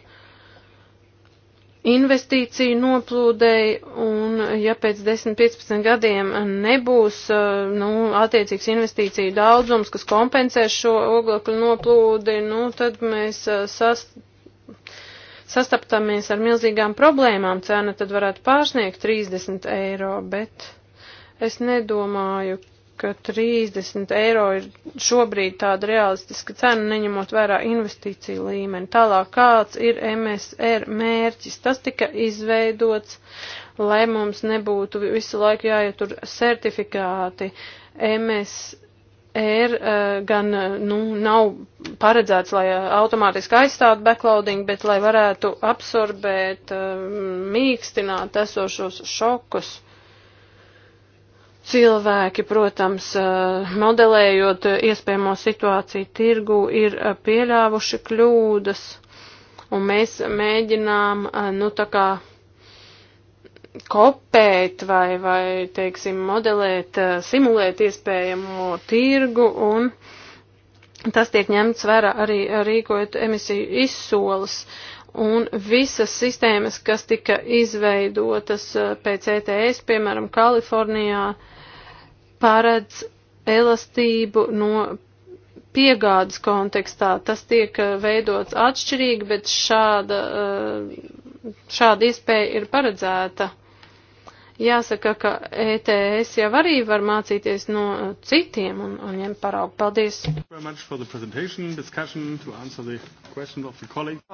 Speaker 2: investīciju noplūdei, un ja pēc 10-15 gadiem nebūs eh, nu, attiecīgs investīciju daudzums, kas kompensēs šo oglekļu noplūdi, nu, tad mēs eh, sast, sastaptamies ar milzīgām problēmām. Cena tad varētu pārsniegt 30 eiro, bet es nedomāju, ka 30 eiro ir šobrīd tāda realistiska cena, neņemot vērā investīciju līmeni. Tālāk, kāds ir MSR mērķis? Tas tika izveidots, lai mums nebūtu visu laiku jāietur certifikāti. MSR eh, gan eh, nu, nav paredzēts, lai eh, automātiski aizstātu backloading, bet lai varētu absorbēt, mīkstināt esošos šokus cilvēki, protams, eh, modelējot iespējamo situāciju tirgu, ir eh, pieļāvuši kļūdas, un mēs mēģinām, eh, nu, tā kā kopēt vai, vai, teiksim, modelēt, simulēt iespējamo tirgu, un tas tiek ņemts vērā arī rīkojot emisiju izsoles un visas sistēmas, kas tika izveidotas pēc ETS, piemēram, Kalifornijā, uh, paredz elastību no piegādes kontekstā. Tas tiek eh, veidots atšķirīgi, bet šāda, eh, šāda iespēja ir paredzēta. Jāsaka, ka ETS jau arī var mācīties no eh, citiem un, un ņemt paraugu. Paldies!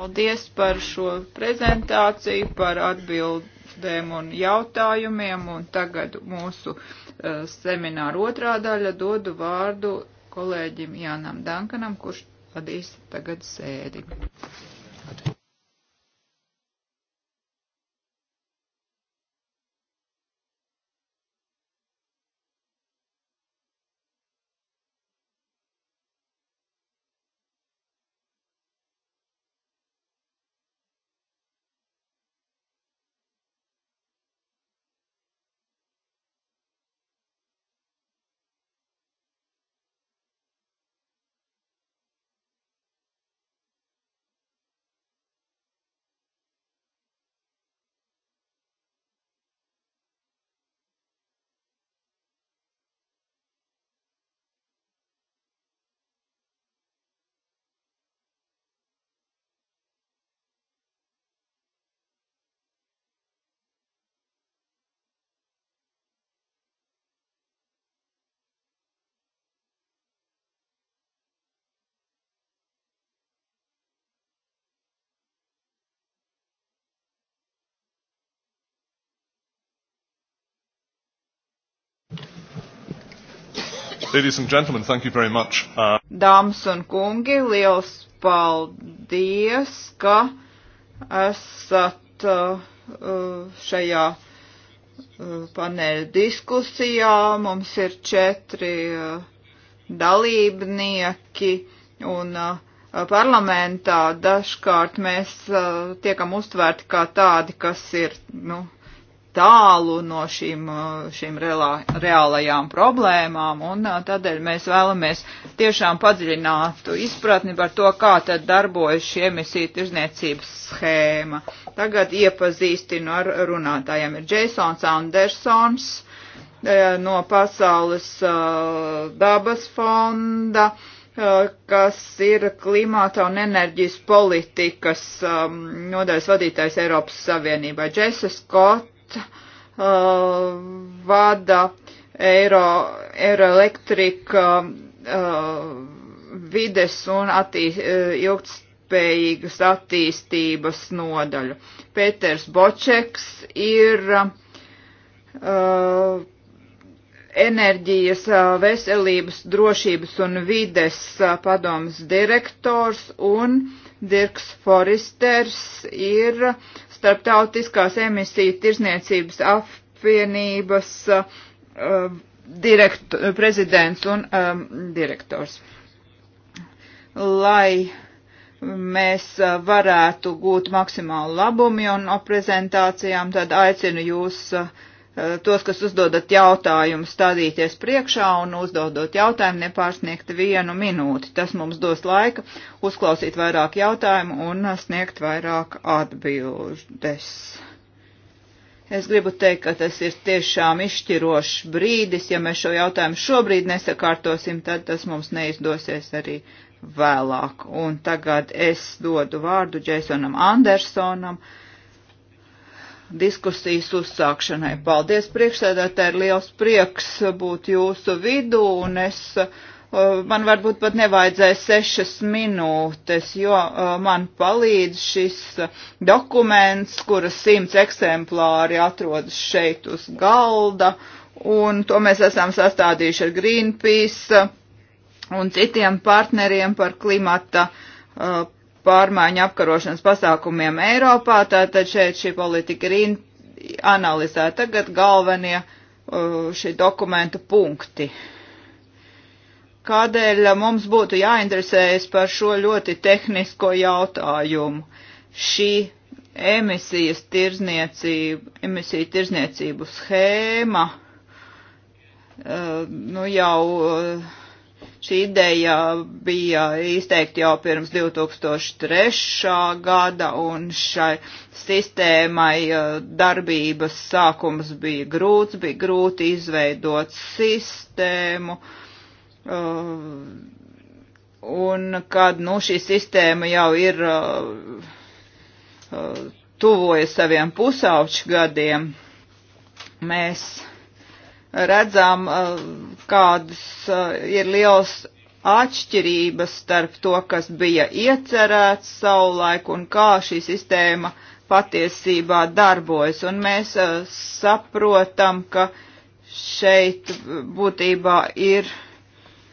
Speaker 1: Paldies par šo prezentāciju, par atbildi atbildēm un jautājumiem, un tagad mūsu uh, semināru otrā daļa dodu vārdu kolēģim Jānam Dankanam, kurš vadīs tagad sēdi.
Speaker 2: Atpēc.
Speaker 1: Ladies and gentlemen, thank you very much. Uh... Dāmas un kungi, liels paldies, ka esat uh, uh, šajā uh, paneļa diskusijā. Mums ir četri uh, dalībnieki un uh, parlamentā dažkārt mēs uh, tiekam uztvērti kā tādi, kas ir, nu, tālu no šīm, šīm relā, reālajām problēmām, un tādēļ mēs vēlamies tiešām padziļinātu izpratni par to, kā tad darbojas šī emisiju tirzniecības schēma. Tagad iepazīstinu ar runātājiem. Ir Jasons Andersons no Pasaules dabas fonda kas ir klimāta un enerģijas politikas um, nodaļas vadītājs Eiropas Savienībā. Džesa Skot uh, vada Eiro, Eiro elektrika uh, uh, vides un attī, uh, ilgtspējīgas attīstības nodaļu. Pēters Bočeks ir uh, enerģijas, uh, veselības, drošības un vides uh, padomas direktors un Dirks Foristers ir starptautiskās emisiju tirzniecības apvienības uh, direkt, prezidents un um, direktors. Lai mēs uh, varētu gūt maksimālu labumu no prezentācijām, tad aicinu jūs uh, Eh, tos, kas uzdodat jautājumu, stādīties priekšā un uzdodot jautājumu nepārsniegt vienu minūti. Tas mums dos laika uzklausīt vairāk jautājumu un eh, sniegt vairāk atbildes. Es gribu teikt, ka tas ir tiešām izšķirošs brīdis. Ja mēs šo jautājumu šobrīd nesakārtosim, tad tas mums neizdosies arī vēlāk. Un tagad es dodu vārdu Jasonam Andersonam diskusijas uzsākšanai. Paldies priekšsēdētāji, ir liels prieks būt jūsu vidū, un es, uh, man varbūt pat nevajadzēja sešas minūtes, jo uh, man palīdz šis uh, dokuments, kura simts eksemplāri atrodas šeit uz galda, un to mēs esam sastādījuši ar Greenpeace un citiem partneriem par klimata pārmaiņu apkarošanas pasākumiem Eiropā, tātad šeit šī politika ir analizēta. Tagad galvenie uh, šī dokumenta punkti. Kādēļ uh, mums būtu jāinteresējas par šo ļoti tehnisko jautājumu? Šī emisijas tirzniecību, emisiju tirzniecību schēma, uh, nu jau Šī ideja bija izteikta jau pirms 2003. gada, un šai sistēmai uh, darbības sākums bija grūts, bija grūti izveidot sistēmu. Uh, un kad nu, šī sistēma jau ir uh, tuvoja saviem pusauču gadiem, mēs redzam, uh, kādas uh, ir liels atšķirības starp to, kas bija iecerēts savulaik un kā šī sistēma patiesībā darbojas. Un mēs uh, saprotam, ka šeit būtībā ir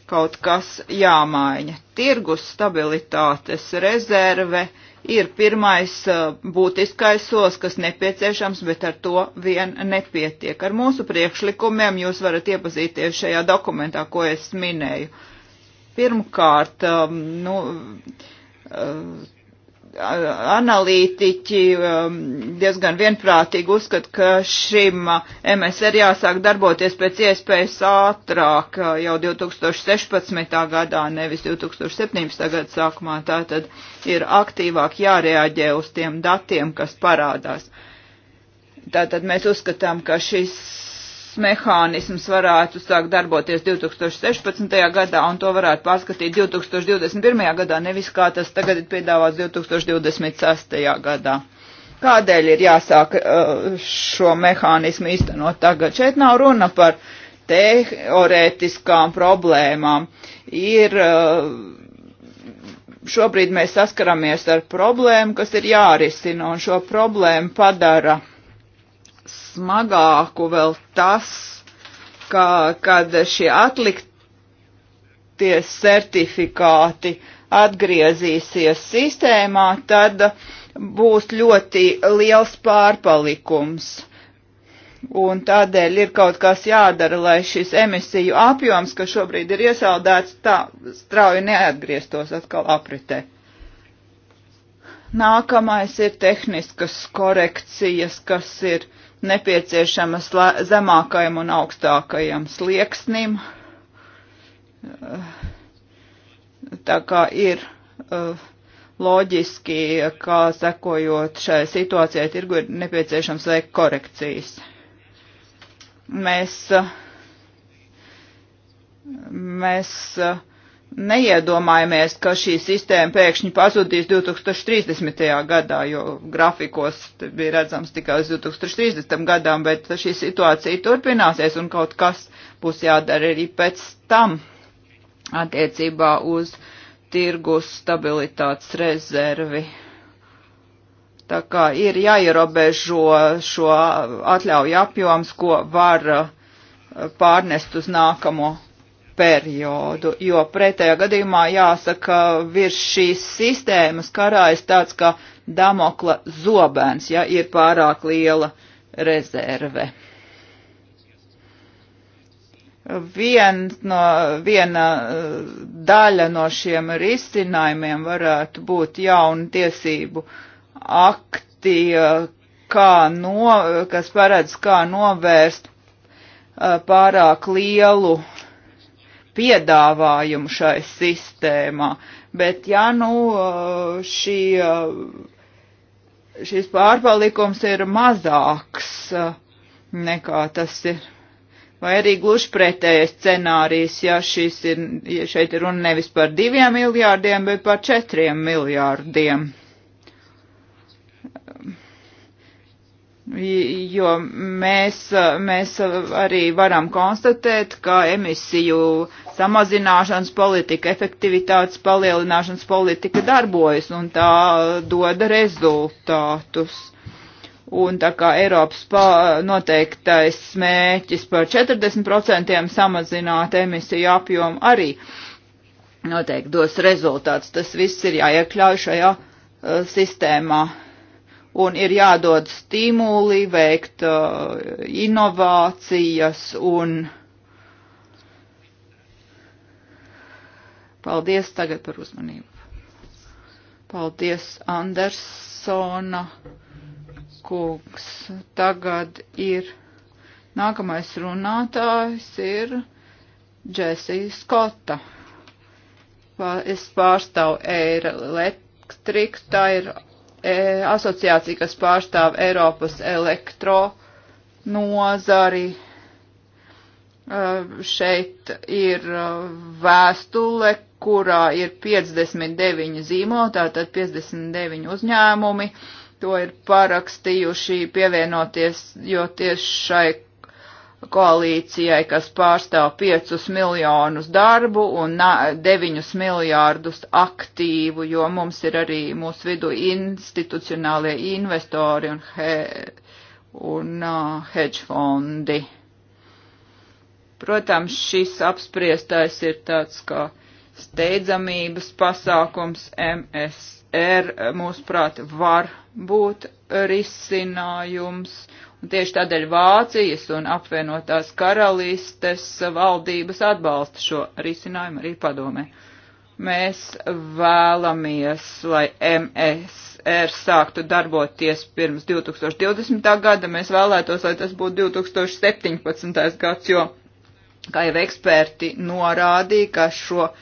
Speaker 1: kaut kas jāmaiņa. Tirgus stabilitātes rezerve uh, ir pirmais uh, būtiskais solis, kas nepieciešams, bet ar to vien nepietiek. Ar mūsu priekšlikumiem jūs varat iepazīties šajā dokumentā, ko es minēju. Pirmkārt, um, nu, uh, analītiķi um, diezgan vienprātīgi uzskata, ka šim uh, MSR jāsāk darboties pēc iespējas ātrāk uh, jau 2016. gadā, nevis 2017. gada sākumā. Tātad ir aktīvāk jāreaģē uz tiem datiem, kas parādās. Tātad mēs uzskatām, ka šis mehānisms varētu sākt darboties 2016. gadā un to varētu pārskatīt 2021. gadā, nevis kā tas tagad ir piedāvāts 2026. gadā. Kādēļ ir jāsāk uh, šo mehānismu īstenot tagad? Šeit nav runa par teorētiskām problēmām. Ir uh, šobrīd mēs saskaramies ar problēmu, kas ir jārisina, un šo problēmu padara smagāku vēl tas, ka, kad šie atliktie certifikāti atgriezīsies sistēmā, tad būs ļoti liels pārpalikums. Un tādēļ ir kaut kas jādara, lai šis emisiju apjoms, kas šobrīd ir iesaldēts, tā strauji neatgrieztos atkal apritē. Nākamais ir tehniskas korekcijas, kas ir nepieciešamas zemākajam un augstākajam slieksnim. Tā kā ir eh, loģiski, kā sekojot šai situācijai, tirgu ir nepieciešams veikt korekcijas. Mēs, eh, mēs eh, neiedomājamies, ka šī sistēma pēkšņi pazudīs 2030. gadā, jo grafikos bija redzams tikai uz 2030. gadām, bet šī situācija turpināsies un kaut kas būs jādara arī pēc tam attiecībā uz tirgus stabilitātes rezervi. Tā kā ir jāierobežo šo atļauju apjoms, ko var uh, pārnest uz nākamo periodu, jo pretējā gadījumā jāsaka, virs šīs sistēmas karājas tāds kā Damokla zobens, ja ir pārāk liela rezerve. Vien no, viena eh, daļa no šiem risinājumiem varētu būt jauna tiesību akti, eh, kā no, kas paredz, kā novērst eh, pārāk lielu uh, piedāvājumu šai sistēmā, bet ja nu šī, šis pārpalikums ir mazāks nekā tas ir. Vai arī gluži pretējais scenārijs, ja, šis ir, ja šeit ir runa nevis par diviem miljārdiem, bet par četriem miljārdiem. Um jo mēs, mēs arī varam konstatēt, ka emisiju samazināšanas politika, efektivitātes palielināšanas politika darbojas un tā doda rezultātus. Un tā kā Eiropas noteiktais smēķis par 40% samazināt emisiju apjomu arī noteikti dos rezultāts. Tas viss ir jāiekļauj šajā uh, sistēmā un ir jādod stimuli veikt uh, inovācijas un. Paldies tagad par uzmanību. Paldies, Andersona kungs. Tagad ir nākamais runātājs ir Džesija Skota. Es pārstāvu Eira Lektrik, tā ir E, asociācija, kas pārstāv Eiropas elektro nozari. E, šeit ir e, vēstule, kurā ir 59 zīmoli, tātad 59 uzņēmumi. To ir parakstījuši pievienoties, jo tieši šai koalīcijai, kas pārstāv 5 miljonus darbu un 9 miljārdus aktīvu, jo mums ir arī mūsu vidu institucionālie investori un, he, un uh, hedge fondi. Protams, šis apspriestais ir tāds kā steidzamības pasākums MSR, mūsuprāt, var būt risinājums Tieši tādēļ Vācijas un apvienotās karalistes valdības atbalsta šo risinājumu arī padomē. Mēs vēlamies, lai MSR sāktu darboties pirms 2020. gada, mēs vēlētos, lai tas būtu 2017. gads, jo, kā jau eksperti norādīja, ka šo uh,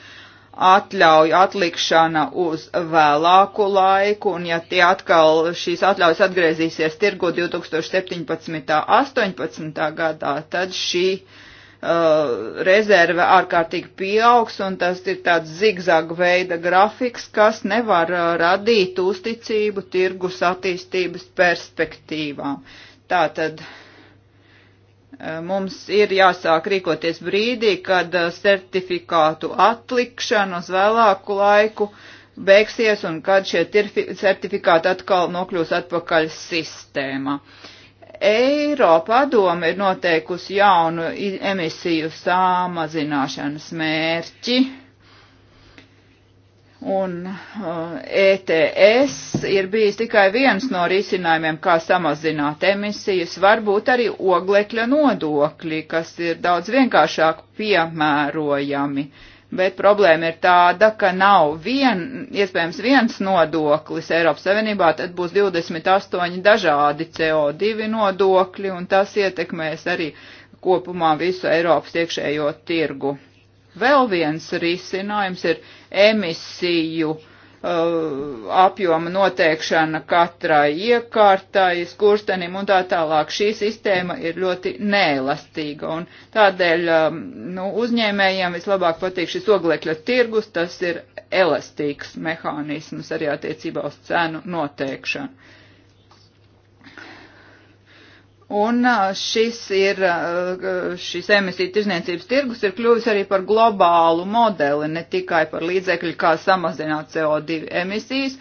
Speaker 1: atļauju atlikšana uz vēlāku laiku, un ja tie atkal šīs atļaujas atgriezīsies tirgu 2017. 18. gadā, tad šī uh, rezerve ārkārtīgi pieaugs, un tas ir tāds zigzagu veida grafiks, kas nevar uh, radīt uzticību tirgus attīstības perspektīvām. Tātad. tad Eh, mums ir jāsāk rīkoties brīdī, kad eh, certifikātu atlikšana uz vēlāku laiku beigsies un kad šie certifikāti atkal nokļūs atpakaļ sistēmā. Eiropa padome ir noteikusi jaunu emisiju samazināšanas mērķi un uh, ETS ir bijis tikai viens no risinājumiem, kā samazināt emisijas, varbūt arī oglekļa nodokļi, kas ir daudz vienkāršāk piemērojami. Bet problēma ir tāda, ka nav vien, iespējams viens nodoklis Eiropas Savienībā, tad būs 28 dažādi CO2 nodokļi, un tas ietekmēs arī kopumā visu Eiropas iekšējo tirgu. Vēl viens risinājums ir emisiju uh, apjoma noteikšana katrai iekārtai, skurstenim un tā tālāk. Šī sistēma ir ļoti neelastīga un tādēļ um, nu, uzņēmējiem vislabāk patīk šis oglekļa tirgus, tas ir elastīgs mehānisms arī attiecībā uz cenu noteikšanu. Un šis ir, šis emisiju tirzniecības tirgus ir kļuvis arī par globālu modeli, ne tikai par līdzekļu, kā samazināt CO2 emisijas.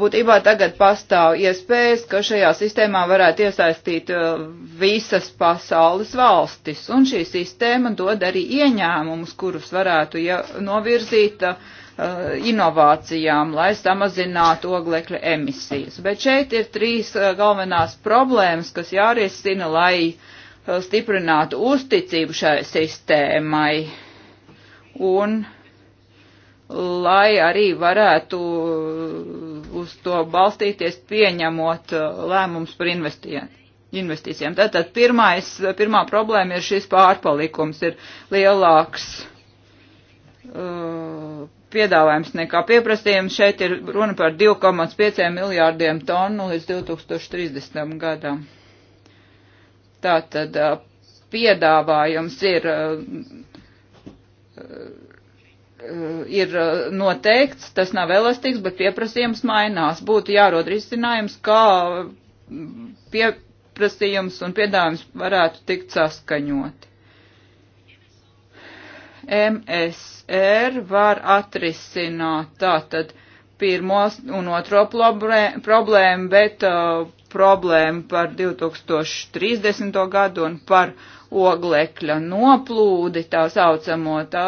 Speaker 1: Būtībā tagad pastāv iespējas, ka šajā sistēmā varētu iesaistīt visas pasaules valstis, un šī sistēma dod arī ieņēmumus, kurus varētu ja, novirzīt uh, Eh, inovācijām, lai samazinātu oglekļa emisijas. Bet šeit ir trīs eh, galvenās problēmas, kas jārisina, lai eh, stiprinātu uzticību šai sistēmai un lai arī varētu uz to balstīties pieņemot lēmums par investīciju investīcijām. Tātad pirmais, pirmā problēma ir šis pārpalikums, ir lielāks uh, piedāvājums nekā pieprasījums. Šeit ir runa par 2,5 miljārdiem tonu līdz 2030. gadam. Tātad piedāvājums ir, ir noteikts, tas nav elastīgs, bet pieprasījums mainās. Būtu jārod risinājums, kā pieprasījums un piedāvājums varētu tikt saskaņoti. MS ECR var atrisināt tātad pirmo un otro problēmu, bet uh, problēmu par 2030. gadu un par oglekļa noplūdi, tā saucamo, tā,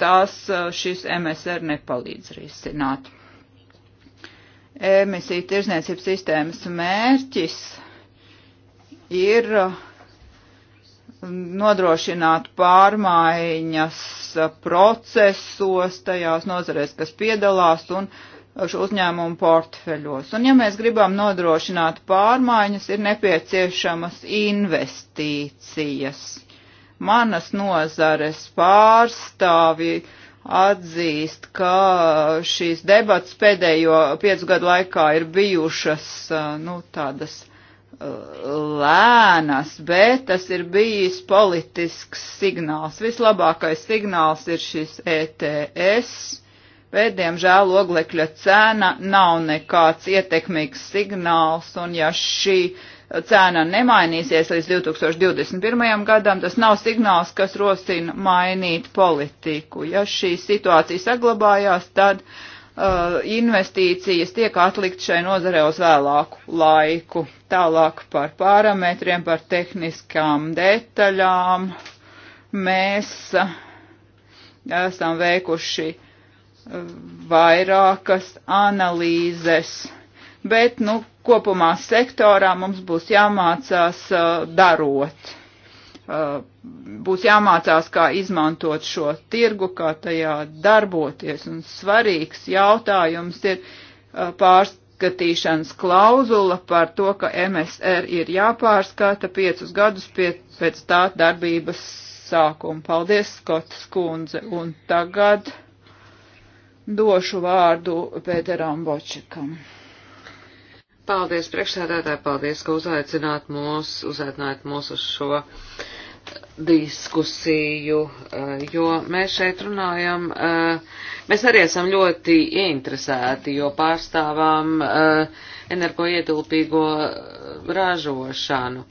Speaker 1: tās uh, šis MSR nepalīdz risināt. Emisiju tirzniecības sistēmas mērķis ir uh, nodrošināt pārmaiņas procesos tajās nozarēs, kas piedalās un šo uzņēmumu portfeļos. Un ja mēs gribam nodrošināt pārmaiņas, ir nepieciešamas investīcijas. Manas nozares pārstāvji atzīst, ka šīs debats pēdējo piecu gadu laikā ir bijušas, nu, tādas lēnas, bet tas ir bijis politisks signāls. Vislabākais signāls ir šis ETS, bet, diemžēl, oglekļa cena nav nekāds ietekmīgs signāls, un ja šī cena nemainīsies līdz 2021. gadam, tas nav signāls, kas rosina mainīt politiku. Ja šī situācija saglabājās, tad uh, Uh, investīcijas tiek atlikt šai nozarei uz vēlāku laiku. Tālāk par parametriem, par tehniskām detaļām. Mēs esam veikuši vairākas analīzes, bet, nu, kopumā sektorā mums būs jāmācās uh, darot Uh, būs jāmācās, kā izmantot šo tirgu, kā tajā darboties. Un svarīgs jautājums ir uh, pārskatīšanas klauzula par to, ka MSR ir jāpārskata piecus gadus pie, pēc tā darbības sākuma. Paldies, Skotas kundze. Un tagad došu vārdu Pēteram Bočikam.
Speaker 3: Paldies, priekšsēdētāji, paldies, ka uzaicināt mūs, uzaicināt mūs uz šo uh, diskusiju, eh, jo mēs šeit runājam, eh, mēs arī esam ļoti ieinteresēti, jo pārstāvām eh, energoietilpīgo ražošanu.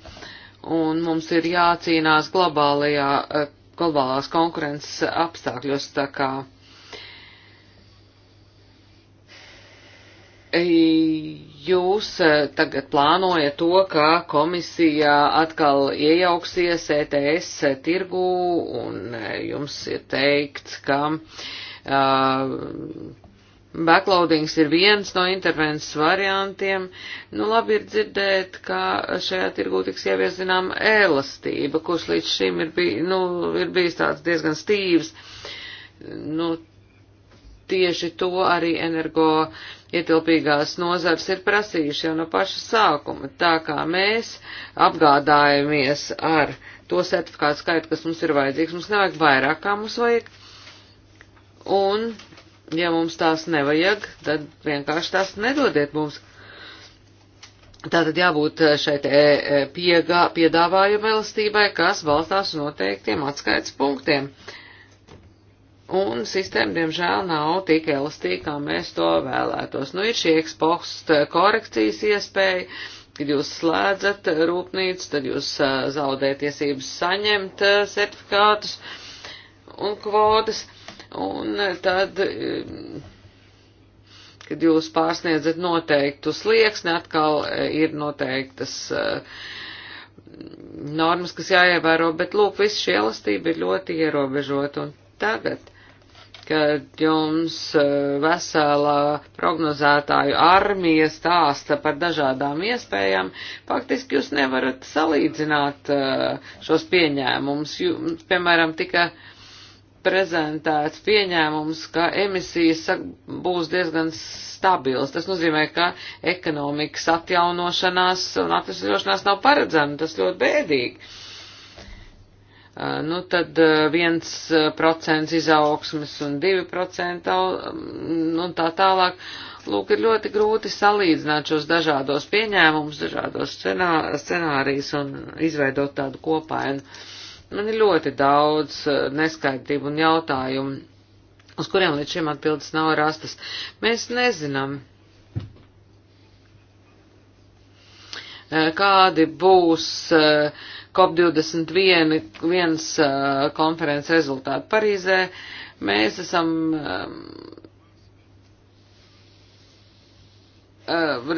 Speaker 3: Un mums ir jācīnās globālajā, globālās konkurences apstākļos, tā kā Ei, Jūs e, tagad plānojat to, ka komisija atkal iejauksies ETS tirgū un e, jums ir teikts, ka uh, backloadings ir viens no intervences variantiem. Nu labi ir dzirdēt, ka šajā tirgū tiks ieviezinām elastība, kurš līdz šim ir, bij, nu, ir bijis tāds diezgan stīvs. Nu, tieši to arī energo. Uh, ietilpīgās nozars ir prasījuši jau no paša sākuma, tā kā mēs apgādājamies ar to certifikātu skaitu, kas mums ir vajadzīgs, mums nevajag vairāk, kā mums vajag, un, ja mums tās nevajag, tad vienkārši tās nedodiet mums. Tātad jābūt šai e, e, piegā, piedāvājuma elastībai, kas balstās noteiktiem atskaits punktiem. Uh, Un sistēma, diemžēl, nav tik elastīga, kā mēs to vēlētos. Nu, ir šī ekspost korekcijas iespēja, kad jūs slēdzat rūpnīcu, tad jūs zaudējat tiesības saņemt certifikātus un kvotas, un tad, kad jūs pārsniedzat noteiktu slieksni, atkal ir noteiktas normas, kas jāievēro, bet, lūk, viss šī elastība ir ļoti ierobežota. Un tagad kad jums eh, veselā prognozētāju armija stāsta par dažādām iespējām, faktiski jūs nevarat salīdzināt eh, šos pieņēmumus. Jums, piemēram, tika prezentēts pieņēmums, ka emisijas būs diezgan stabils. Tas nozīmē, ka ekonomikas atjaunošanās un atvesļošanās nav paredzama. Tas ļoti bēdīgi Eh, nu tad 1% eh, eh, izaugsmes un 2% un mm, nu, tā tālāk. Lūk, ir ļoti grūti salīdzināt šos dažādos pieņēmumus, dažādos scenā, scenārijus un izveidot tādu kopainu. Man ir ļoti daudz neskaidrību un jautājumu, uz kuriem līdz šim atbildes nav rastas. Mēs nezinām, Eh, kādi būs eh, COP21 eh, konferences rezultāti Parīzē. Mēs esam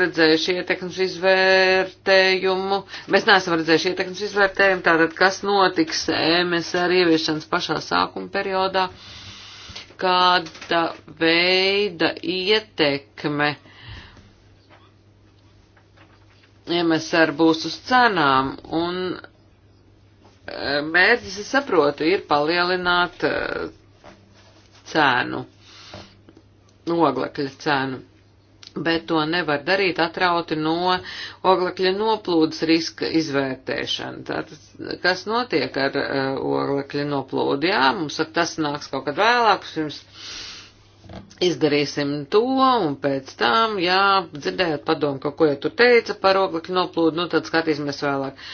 Speaker 3: redzējuši ietekmes izvērtējumu. Mēs neesam redzējuši ietekmes izvērtējumu, tātad kas notiks MSR ieviešanas pašā sākuma periodā, kāda veida ietekme uh, iemesar būs uz cenām, un e, mērķis, es saprotu, ir palielināt e, cēnu, oglekļa cēnu, bet to nevar darīt atrauti no oglekļa noplūdes riska izvērtēšana. Tātad, kas notiek ar uh, oglekļa noplūdu? Jā, mums tas nāks kaut kad vēlāk, pirms. Jums Izdarīsim to, un pēc tam, jā, dzirdējot padomu, ka ko jau tur teica par oglekļu noplūdu, nu tad skatīsimies vēlāk.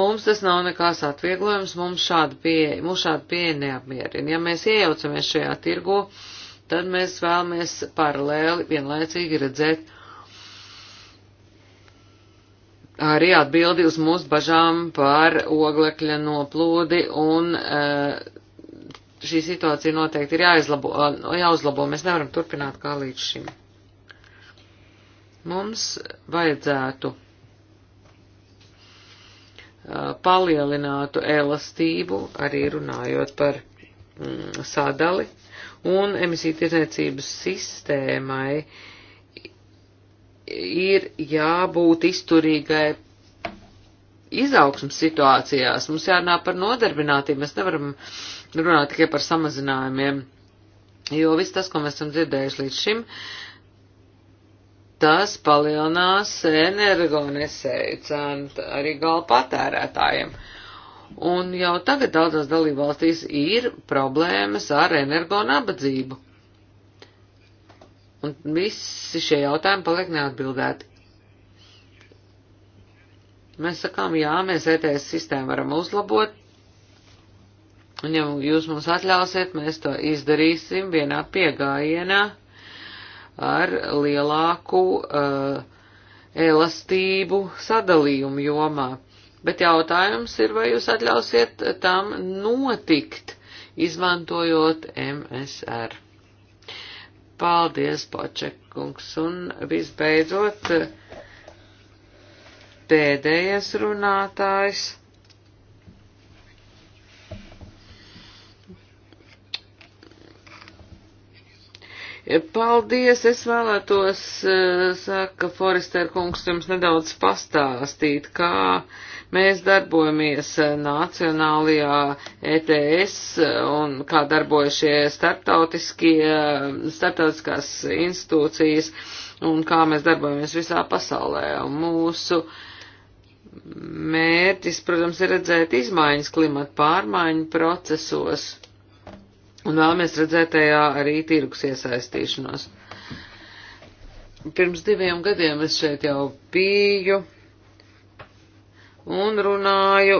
Speaker 3: Mums tas nav nekās atvieglojums, mums šāda pieeja, mums šāda pieeja neapmierina. Ja mēs iejaucamies šajā tirgu, tad mēs vēlamies paralēli vienlaicīgi redzēt arī atbildi uz mūsu bažām par oglekļa noplūdi un uh, šī situācija noteikti ir jāizlabo, jāuzlabo. Mēs nevaram turpināt kā līdz šim. Mums vajadzētu palielinātu elastību, arī runājot par mm, sadali, un emisiju tirniecības sistēmai ir jābūt izturīgai izaugsmas situācijās. Mums jārunā par nodarbinātību, mēs nevaram uh, runā tikai par samazinājumiem, jo viss tas, ko mēs esam dzirdējuši līdz šim, tas palielinās energonesēju cenu arī gala patērētājiem. Un jau tagad daudzās dalībvalstīs ir problēmas ar energonabadzību. Un visi šie jautājumi paliek neatbildēti. Mēs sakām, jā, mēs ETS sistēmu varam uzlabot, Un ja jūs mums atļausiet, mēs to izdarīsim vienā piegājienā ar lielāku uh, elastību sadalījumu jomā. Bet jautājums ir, vai jūs atļausiet tam notikt, izmantojot MSR. Paldies, Počekungs. Un visbeidzot, pēdējais runātājs Paldies, es vēlētos, eh, saka Forester kungs, jums nedaudz pastāstīt, kā mēs darbojamies nacionālajā ETS un kā darbojas šie starptautiskie, starptautiskās institūcijas un kā mēs darbojamies visā pasaulē. Un mūsu mērķis, protams, ir redzēt izmaiņas klimata pārmaiņu procesos un vēlamies redzēt tajā arī tirgus iesaistīšanos. Pirms diviem gadiem es šeit jau biju un runāju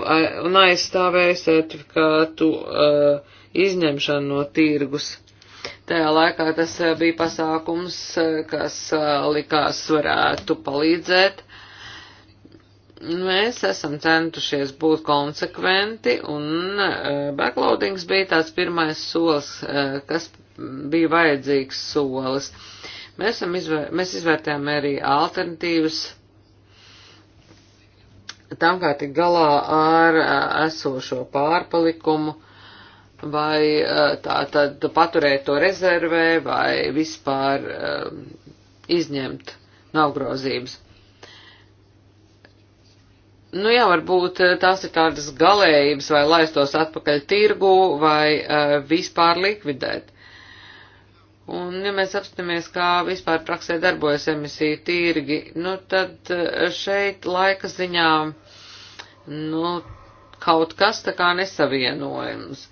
Speaker 3: un aizstāvēju certifikātu uh, izņemšanu no tirgus. Tajā laikā tas bija pasākums, kas likās varētu palīdzēt Mēs esam centušies būt konsekventi, un eh, backloadings bija tāds pirmais solis, eh, kas bija vajadzīgs solis. Mēs, izvēr mēs izvērtējām arī alternatīvas tam, kā tik galā ar eh, esošo pārpalikumu, vai tā tad paturēt to rezervē, vai vispār izņemt no grozības. Nu jā, varbūt eh, tās ir tādas galējības, vai laistos atpakaļ tirgu, vai uh, vispār likvidēt. Un, ja mēs apstāmies, kā vispār praksē darbojas emisiju tirgi, nu tad eh, šeit laika ziņā, nu, kaut kas tā kā nesavienojums.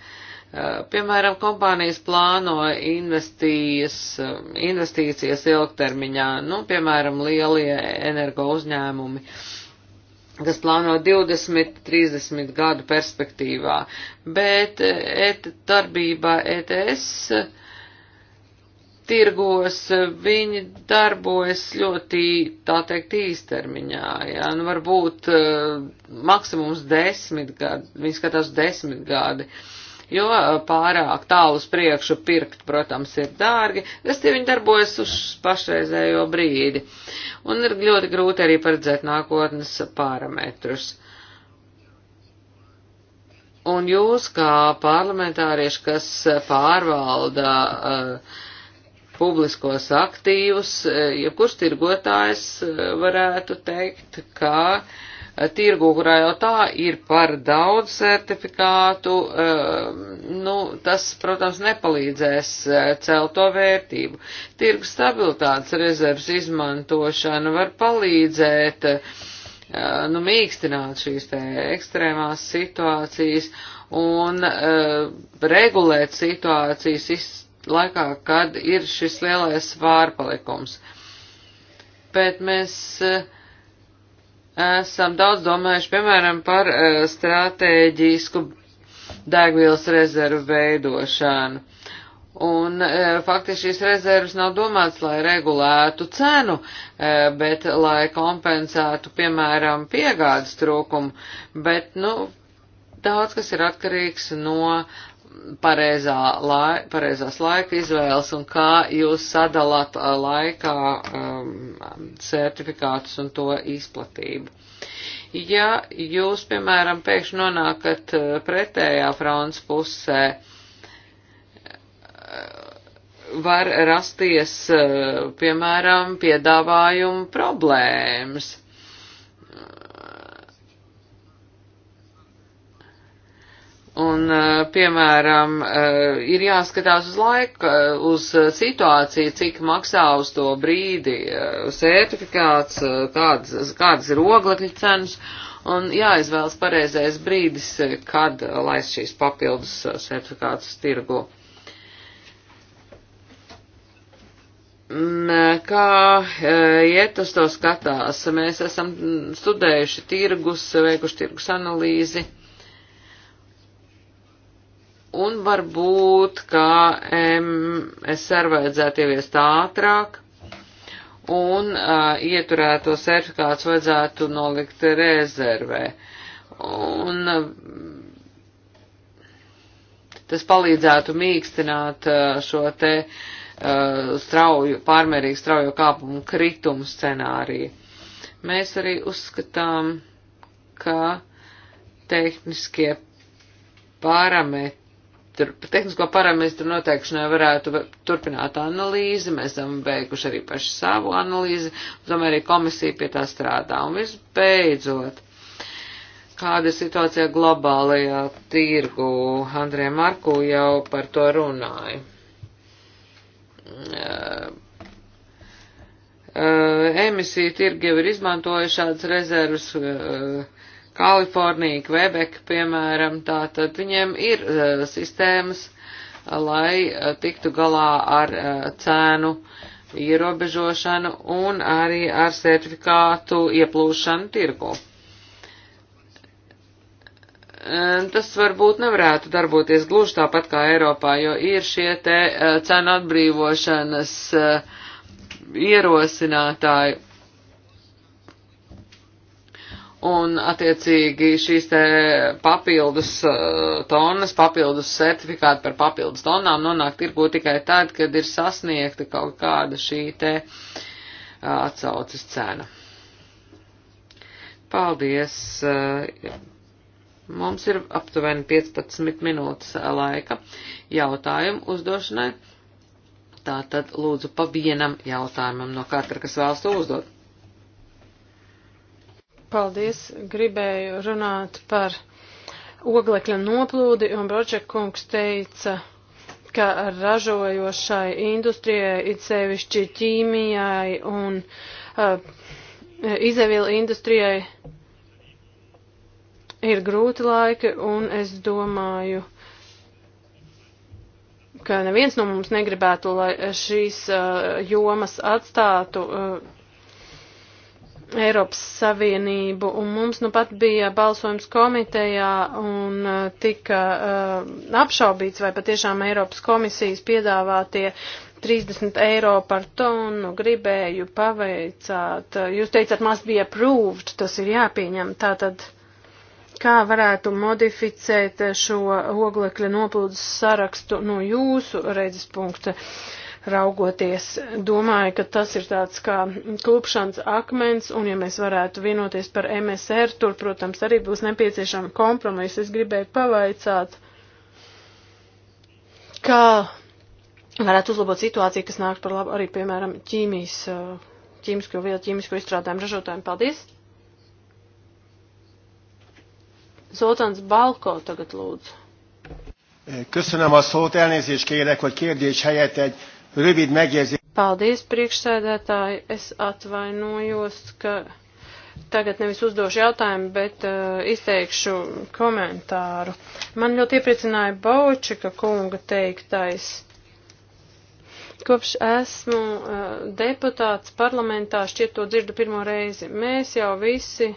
Speaker 3: Uh, piemēram, kompānijas plāno investīcijas ilgtermiņā, nu, piemēram, lielie energo uzņēmumi. Uh, kas plāno 20, 30 gadu perspektīvā, bet eh, et, darbībā ETS tirgos viņi darbojas ļoti, tā teikt, īstermiņā, jā, nu varbūt uh, maksimums desmit gadi, viņi skatās desmit gadi. Uh, jo uh, pārāk tālu uz priekšu pirkt, protams, ir dārgi, rasti viņi darbojas uz pašreizējo brīdi, un ir ļoti grūti arī paredzēt nākotnes parametrus. Un jūs, kā parlamentārieši, kas pārvalda uh, publiskos aktīvus, uh, jebkurš ja tirgotājs uh, varētu teikt, ka uh, tirgu, kurā jau tā ir par daudz certifikātu, um, nu, tas, protams, nepalīdzēs uh, celt to vērtību. Tirgu stabilitātes rezerves izmantošana var palīdzēt, uh, nu, mīkstināt šīs te ekstrēmās situācijas un uh, regulēt situācijas laikā, kad ir šis lielais vārpalikums. Bet mēs uh, esam daudz domājuši, piemēram, par e, stratēģisku degvielas rezervu veidošanu. Un e, faktiski šīs rezervas nav domāts, lai regulētu cenu, e, bet lai kompensētu, piemēram, piegādes trūkumu, bet, nu, daudz kas ir atkarīgs no pareizā lai, pareizās laika izvēles un kā jūs sadalāt uh, laikā um, certifikātus un to izplatību. Ja jūs, piemēram, pēkšņi nonākat uh, pretējā fronts pusē, uh, var rasties, piemēram, piedāvājumu problēmas Un, eh, piemēram, eh, ir jāskatās uz laiku, eh, uz situāciju, cik maksā uz to brīdi sertifikāts, kādas, kādas ir oglekļa cenas, un jāizvēlas pareizais brīdis, kad laist šīs papildus sertifikātus tirgu. kā ietas to skatās. Mēs esam studējuši tirgus, veikuši tirgus analīzi Un varbūt, ka MSR vajadzētu ieviest ātrāk un uh, ieturēto sertifikāts vajadzētu nolikt rezervē. Un uh, tas palīdzētu mīkstināt uh, šo te uh, strauju, pārmērīgi straujo kāpumu kritumu scenāriju. Mēs arī uzskatām, ka tehniskie parametri Turp, tehnisko parametru noteikšanai varētu turpināt analīzi, mēs esam beiguši arī pašu savu analīzi, domāju, arī komisija pie tā strādā. Un visbeidzot, kāda ir situācija globālajā tirgu, Andrē Marku jau par to runāja. Uh, uh, emisiju tirgi jau ir izmantojuši šādas rezervas. Uh, Kalifornija, Kvebeka, piemēram, tā tad viņiem ir uh, sistēmas, lai uh, tiktu galā ar uh, cēnu ierobežošanu un arī ar sertifikātu ieplūšanu tirgu. Tas varbūt nevarētu darboties gluži tāpat kā Eiropā, jo ir šie te cenu atbrīvošanas ierosinātāji Un, attiecīgi, šīs te papildus uh, tonnas, papildus certifikāti par papildus tonnām nonāk tirgu tikai tad, kad ir sasniegta kaut kāda šī te uh, atsaucas cena. Paldies! Uh, mums ir aptuveni 15 minūtes laika jautājumu uzdošanai. Tātad lūdzu pa vienam jautājumam no katra, kas vēlas to uzdot.
Speaker 2: Paldies, gribēju runāt par oglekļa noplūdi, un Bročekungs teica, ka ražojošai industrijai, it sevišķi ķīmijai un uh, izēvielu industrijai, ir grūti laiki, un es domāju, ka neviens no mums negribētu, lai šīs uh, jomas atstātu. Uh, Eiropas Savienību, un mums nu pat bija balsojums komitejā un uh, tika uh, apšaubīts, vai patiešām Eiropas komisijas piedāvātie 30 eiro par tonu gribēju paveicāt. Uh, jūs teicat, must be approved, tas ir jāpieņem. Tātad, kā varētu modificēt šo oglekļa noplūdes sarakstu no jūsu redzes punkta? Uh, raugoties. Domāju, ka tas ir tāds kā klupšanas akmens, un ja mēs varētu vienoties par MSR, tur, protams, arī būs nepieciešama kompromisa. Es gribēju pavaicāt, kā varētu uzlabot situāciju, kas nāk par labu arī, piemēram, ķīmijas, eh, ķīmisko vielu, ķīmisko izstrādājumu ražotājiem. Paldies! Zoltāns Balko tagad lūdzu.
Speaker 1: Köszönöm a szót, elnézést kérek, hogy kérdés
Speaker 2: helyett egy Rövid megjegyzés. Paldies, priekšsēdētāji. Es atvainojos, ka tagad nevis uzdošu jautājumu, bet uh, izteikšu komentāru. Man ļoti iepriecināja Baučika kunga teiktais. Kopš esmu uh, deputāts parlamentā, šķiet to dzirdu pirmo reizi. Mēs jau visi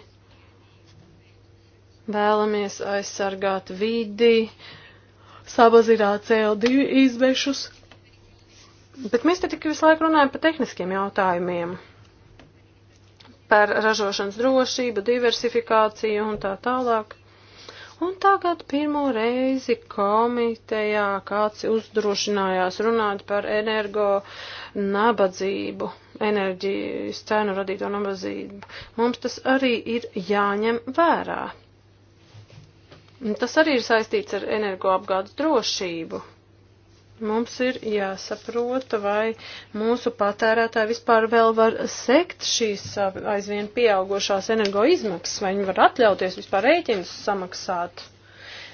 Speaker 2: vēlamies aizsargāt vidi, sabazināt CO2 izbešus. Bet mēs te tik visu laiku runājam par tehniskiem jautājumiem, par ražošanas drošību, diversifikāciju un tā tālāk. Un tagad pirmo reizi komitejā kāds uzdrošinājās runāt par energo nabadzību, enerģijas cenu radīto nabadzību. Mums tas arī ir jāņem vērā. Tas arī ir saistīts ar energoapgādes drošību. Mums ir jāsaprota, vai mūsu patērētāji vispār vēl var sekt šīs aizvien pieaugošās energoizmaksas, vai viņi var atļauties vispār rēķinus samaksāt.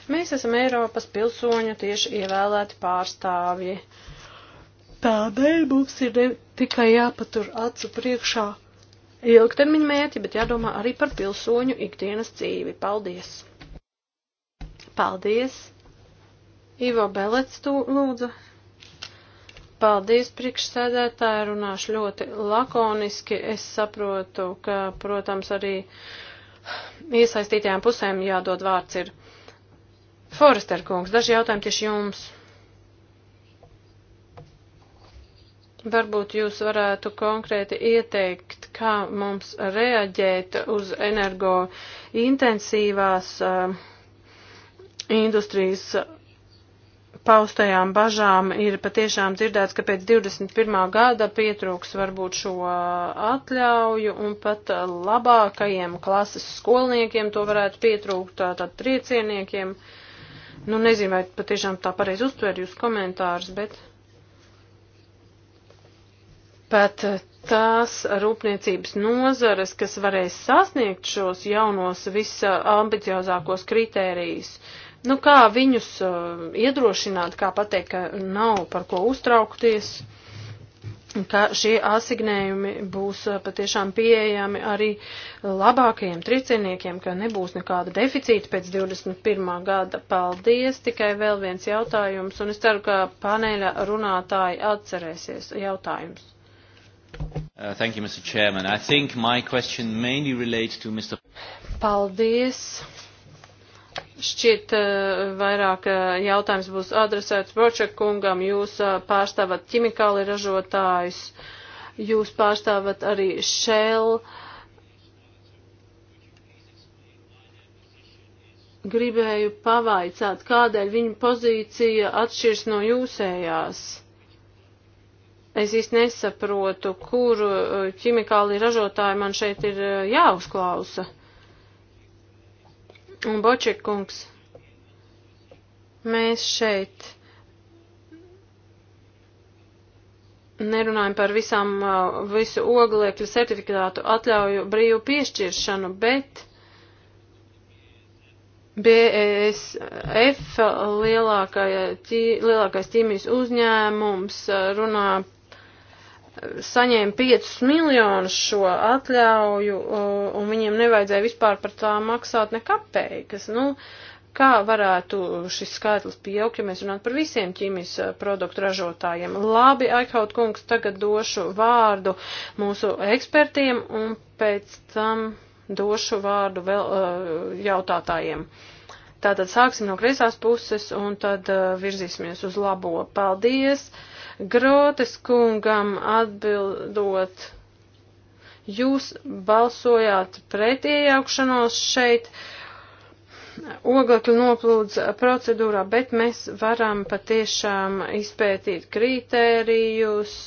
Speaker 2: Mēs esam Eiropas pilsoņu tieši ievēlēti pārstāvji. Tādēļ mums ir ne tikai jāpatur acu priekšā ilgtermiņa mērķi, bet jādomā arī par pilsoņu ikdienas dzīvi. Paldies! Paldies! Ivo Belets tū, lūdzu. Paldies, priekšsēdētāji, runāšu ļoti lakoniski. Es saprotu, ka, protams, arī iesaistītajām pusēm jādod vārds ir. Forester kungs, daži jautājumi tieši jums. Varbūt jūs varētu konkrēti ieteikt, kā mums reaģēt uz energo intensīvās uh, industrijas paustajām bažām ir patiešām dzirdēts, ka pēc 21. gada pietrūks varbūt šo uh, atļauju un pat uh, labākajiem klases skolniekiem to varētu pietrūkt, tātad triecieniekiem. Nu, nezinu, vai patiešām tā pareizi uztver jūs komentārus, bet pat uh, tās rūpniecības nozares, kas varēs sasniegt šos jaunos visambiciozākos kritērijus, uh, Nu, kā viņus uh, iedrošināt, kā pateikt, ka nav par ko uztraukties, ka šie asignējumi būs uh, patiešām pieejami arī labākajiem tricieniekiem, ka nebūs nekāda deficīta pēc 21. gada. Paldies, tikai vēl viens jautājums, un es ceru, ka paneļa runātāji atcerēsies jautājums. Uh, thank you, Mr. Chairman. I think my question mainly relates to Mr. Paldies. Šķiet, eh, vairāk eh, jautājums būs adresēts Bročak kungam. Jūs eh, pārstāvat ķimikāli ražotājus, jūs pārstāvat arī Shell. Gribēju pavaicāt, kādēļ viņa pozīcija atšķirs no jūsējās. Es īsti nesaprotu, kuru ķimikāli ražotāju man šeit ir jāuzklausa un Bočekungs, mēs šeit nerunājam par visām, uh, visu ogliekļu certifikātu atļauju brīvu piešķiršanu, bet BESF lielākais ķīmijas uzņēmums uh, runā saņēma 5 miljonus šo atļauju, uh, un viņiem nevajadzēja vispār par tā maksāt nekapējas. Nu, kā varētu šis skaitlis pieaugt, ja mēs runātu par visiem ķīmijas uh, produktu ražotājiem? Labi, Aikaut kungs, tagad došu vārdu mūsu ekspertiem, un pēc tam došu vārdu vēl uh, jautātājiem. Tātad sāksim no kreisās puses un tad uh, virzīsimies uz labo. Paldies! Uh, Grotes kungam atbildot, jūs balsojāt pret iejaukšanos šeit oglekļu noplūdes procedūrā, bet mēs varam patiešām izpētīt kritērijus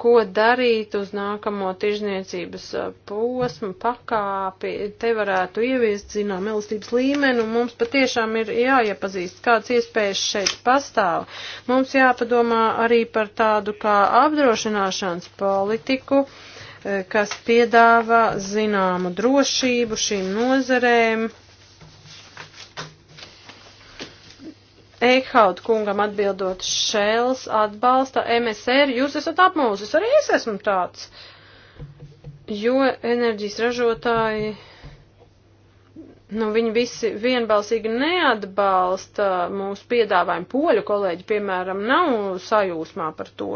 Speaker 2: ko darīt uz nākamo tirzniecības uh, posmu, pakāpi, te varētu ieviest, zinām, elastības līmeni, un mums patiešām ir jāiepazīst, kāds iespējas šeit pastāv. Mums jāpadomā arī par tādu kā apdrošināšanas politiku, eh, kas piedāvā zināmu drošību šīm nozerēm Eihaut kungam atbildot, Šēls atbalsta MSR, jūs esat apmūzis, arī es esmu tāds. Jo enerģijas ražotāji, nu viņi visi vienbalsīgi neatbalsta mūsu piedāvājumu. Poļu kolēģi, piemēram, nav sajūsmā par to.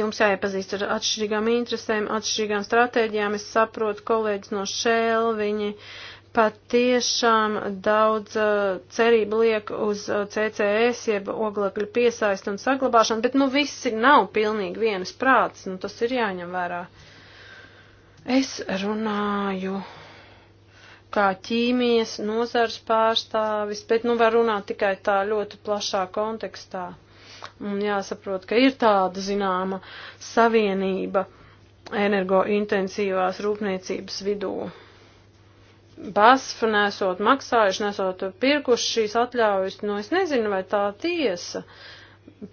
Speaker 2: Jums jāiepazīst ar atšķirīgām interesēm, atšķirīgām stratēģijām. Es saprotu kolēģis no Šēl, viņi. Uh, patiešām daudz uh, cerību liek uz uh, CCS, jeb oglekļu piesaistu un saglabāšanu, bet nu visi nav pilnīgi vienas prātas, nu tas ir jāņem vērā. Es runāju kā ķīmijas nozars pārstāvis, bet nu var runāt tikai tā ļoti plašā kontekstā. Un jāsaprot, ka ir tāda zināma savienība energointensīvās rūpniecības vidū. BASF nesot maksājuši, nesot pirkuši šīs atļaujas, nu es nezinu, vai tā tiesa,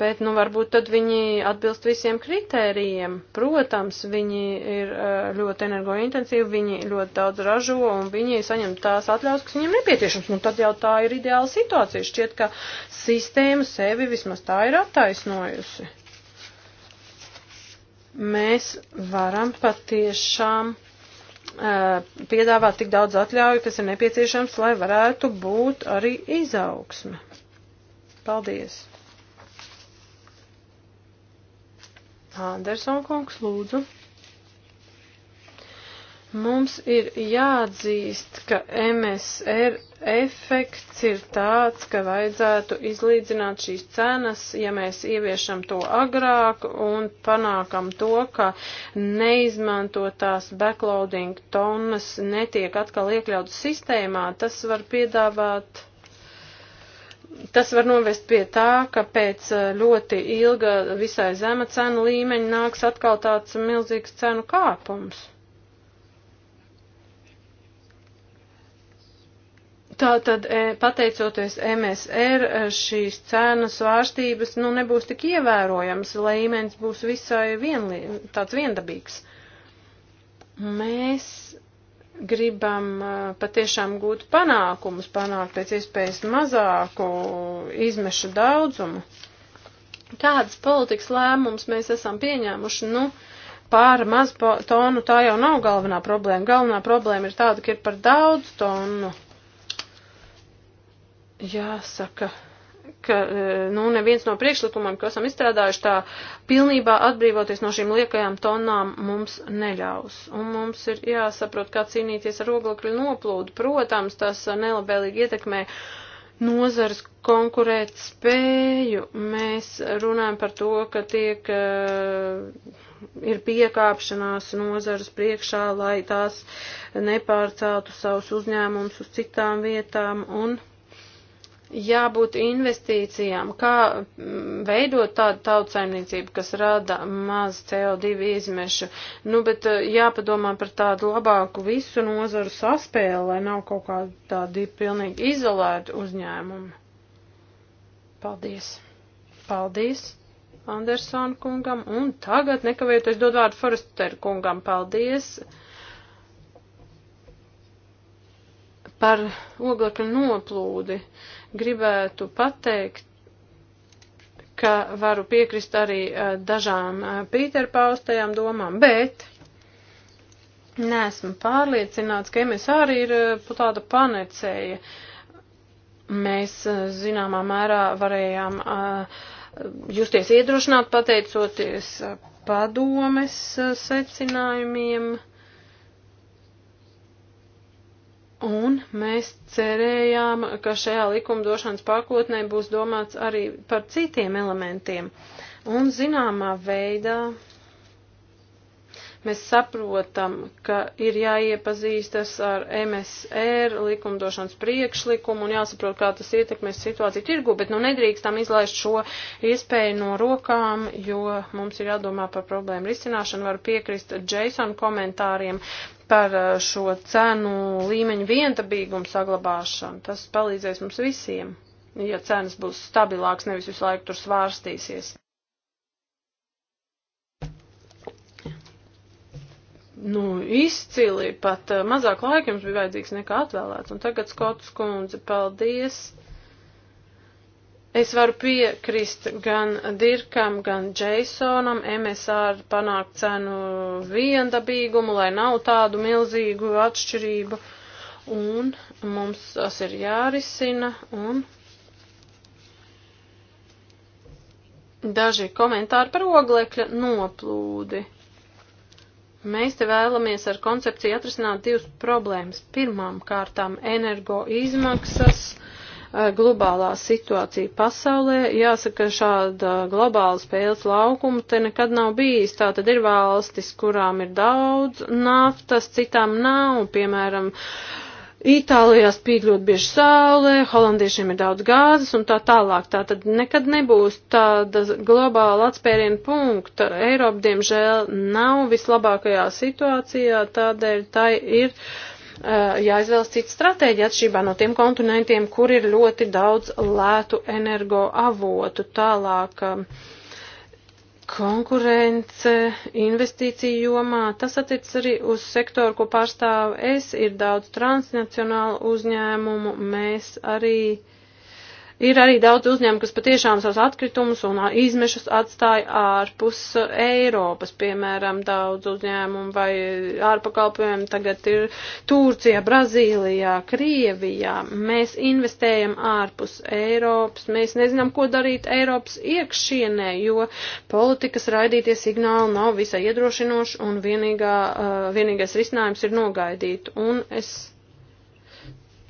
Speaker 2: bet nu varbūt tad viņi atbilst visiem kritērijiem. Protams, viņi ir eh, ļoti energointensīvi, viņi ļoti daudz ražo un viņi saņem tās atļaujas, kas viņiem nepieciešams. Nu tad jau tā ir ideāla situācija. Šķiet, ka sistēma sevi vismaz tā ir attaisnojusi. Mēs varam patiešām Eh, piedāvāt tik daudz atļauju, kas ir nepieciešams, lai varētu būt arī izaugsme. Paldies! Anderson kungs, lūdzu. Mums ir jāatzīst, ka MSR efekts ir tāds, ka vajadzētu izlīdzināt šīs cenas, ja mēs ieviešam to agrāk un panākam to, ka neizmantotās backloading tonnas netiek atkal iekļautas sistēmā. Tas var piedāvāt. Tas var novest pie tā, ka pēc eh, ļoti ilga visai zema cenu līmeņa nāks atkal tāds milzīgs cenu kāpums. Tātad, e, pateicoties MSR, e, šīs cenas vārstības nu, nebūs tik ievērojamas, līmenis būs visai vienlī, tāds viendabīgs. Mēs gribam e, patiešām gūt panākumus, panākt pēc iespējas mazāku izmešu daudzumu. Kādas politikas lēmumus mēs esam pieņēmuši? Nu, pār maz tonu tā jau nav galvenā problēma. Galvenā problēma ir tāda, ka ir par daudz tonu. Jāsaka, ka e, nu, neviens no priekšlikumiem, ko esam izstrādājuši, tā pilnībā atbrīvoties no šīm liekajām tonām mums neļaus. Un mums ir jāsaprot, kā cīnīties ar oglekļu noplūdu. Protams, tas nelabēlīgi ietekmē nozars konkurēt spēju. Mēs runājam par to, ka tiek. Uh, ir piekāpšanās nozaras priekšā, lai tās nepārceltu savus uzņēmumus uz citām vietām un jābūt investīcijām, kā mm, veidot tādu tautsaimniecību, kas rada maz CO2 izmešu. Nu, bet eh, jāpadomā par tādu labāku visu nozaru saspēli, lai nav kaut kā tādi pilnīgi izolēti uzņēmumi. Paldies. Paldies Andersona kungam. Un tagad nekavējoties dod vārdu Foresteru kungam. Paldies. Par oglekļa noplūdi. Uh, gribētu pateikt, ka varu piekrist arī dažām Pīter paustajām domām, bet neesmu pārliecināts, ka MSA arī ir tāda panecēja. Mēs zināmā mērā varējām justies iedrošināt pateicoties padomes secinājumiem. Un mēs cerējām, ka šajā likumdošanas pakotnē būs domāts arī par citiem elementiem. Un zināmā veidā mēs saprotam, ka ir jāiepazīstas ar MSR likumdošanas priekšlikumu un jāsaprot, kā tas ietekmēs situāciju tirgu, bet nu nedrīkstam izlaist šo iespēju no rokām, jo mums ir jādomā par problēmu risināšanu. Varu piekrist Jason komentāriem par eh, šo cenu līmeņu vientabīgumu saglabāšanu. Tas palīdzēs mums visiem, ja cenas būs stabilāks, nevis visu laiku tur svārstīsies. Nu, izcili, pat eh, mazāk laika jums bija vajadzīgs nekā atvēlēts. Un tagad, Skots kundze, paldies! Es varu piekrist gan Dirkam, gan Jasonam, MSR panākt cenu viendabīgumu, lai nav tādu milzīgu atšķirību, un mums tas ir jārisina, un daži komentāri par oglekļa noplūdi. Mēs te vēlamies ar koncepciju atrisināt divas problēmas. Pirmām kārtām energo izmaksas Eh, globālā situācija pasaulē. Jāsaka, šāda globāla spēles laukuma te nekad nav bijis. Tā tad ir valstis, kurām ir daudz naftas, citām nav, piemēram, Itālijā spīd ļoti bieži saule, holandiešiem ir daudz gāzes un tā tālāk. Tā tad nekad nebūs tāda globāla atspēriena punkta. Eiropa, diemžēl, nav vislabākajā situācijā, tādēļ tai ir. Uh, Eh, jāizvēlas cita stratēģija atšķirībā no tiem kontinentiem, kur ir ļoti daudz lētu energoavotu. Tālāk eh, konkurence investīciju jomā, tas attiec arī uz sektoru, ko pārstāvu es, ir daudz transnacionālu uzņēmumu, mēs arī Ir arī daudz uzņēmumu, kas patiešām savus atkritumus un izmešus atstāja ārpus Eiropas. Piemēram, daudz uzņēmumu vai ārpakalpojumu tagad ir Turcijā, Brazīlijā, Krievijā. Mēs investējam ārpus Eiropas. Mēs nezinām, ko darīt Eiropas iekšienē, jo politikas raidītie signāli nav visai iedrošinoši un vienīgā, vienīgais risinājums ir nogaidīt. Un es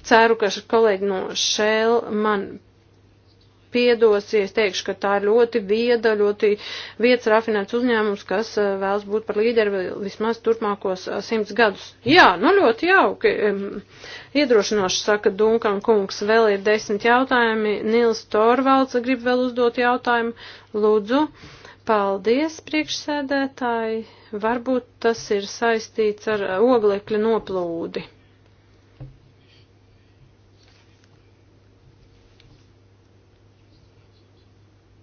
Speaker 2: ceru, ka kolēģi no Shell man piedosies, teikšu, ka tā ir ļoti vieda, ļoti vietas rafinēts uzņēmums, kas eh, vēlas būt par līderi vismaz turpmākos eh, simts gadus. Jā, nu ļoti jauki. Iedrošinoši saka Dunkan kungs, vēl ir desmit jautājumi. Nils Torvalds grib vēl uzdot jautājumu. Lūdzu. Paldies, priekšsēdētāji. Varbūt tas ir saistīts ar eh, oglekļa noplūdi.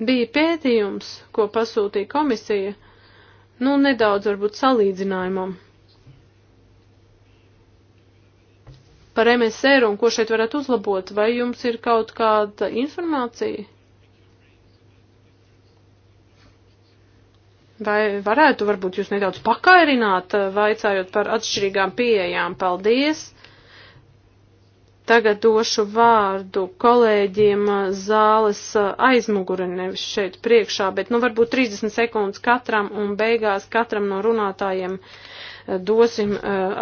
Speaker 2: Bija pētījums, ko pasūtīja komisija, nu nedaudz varbūt salīdzinājumam par MSR un ko šeit varētu uzlabot, vai jums ir kaut kāda informācija? Vai varētu varbūt jūs nedaudz pakairināt, vaicājot par atšķirīgām pieejām? Paldies! Tagad došu vārdu kolēģiem uh, zāles uh, aizmuguri, nevis šeit priekšā, bet nu varbūt 30 sekundes katram un beigās katram no runātājiem uh, dosim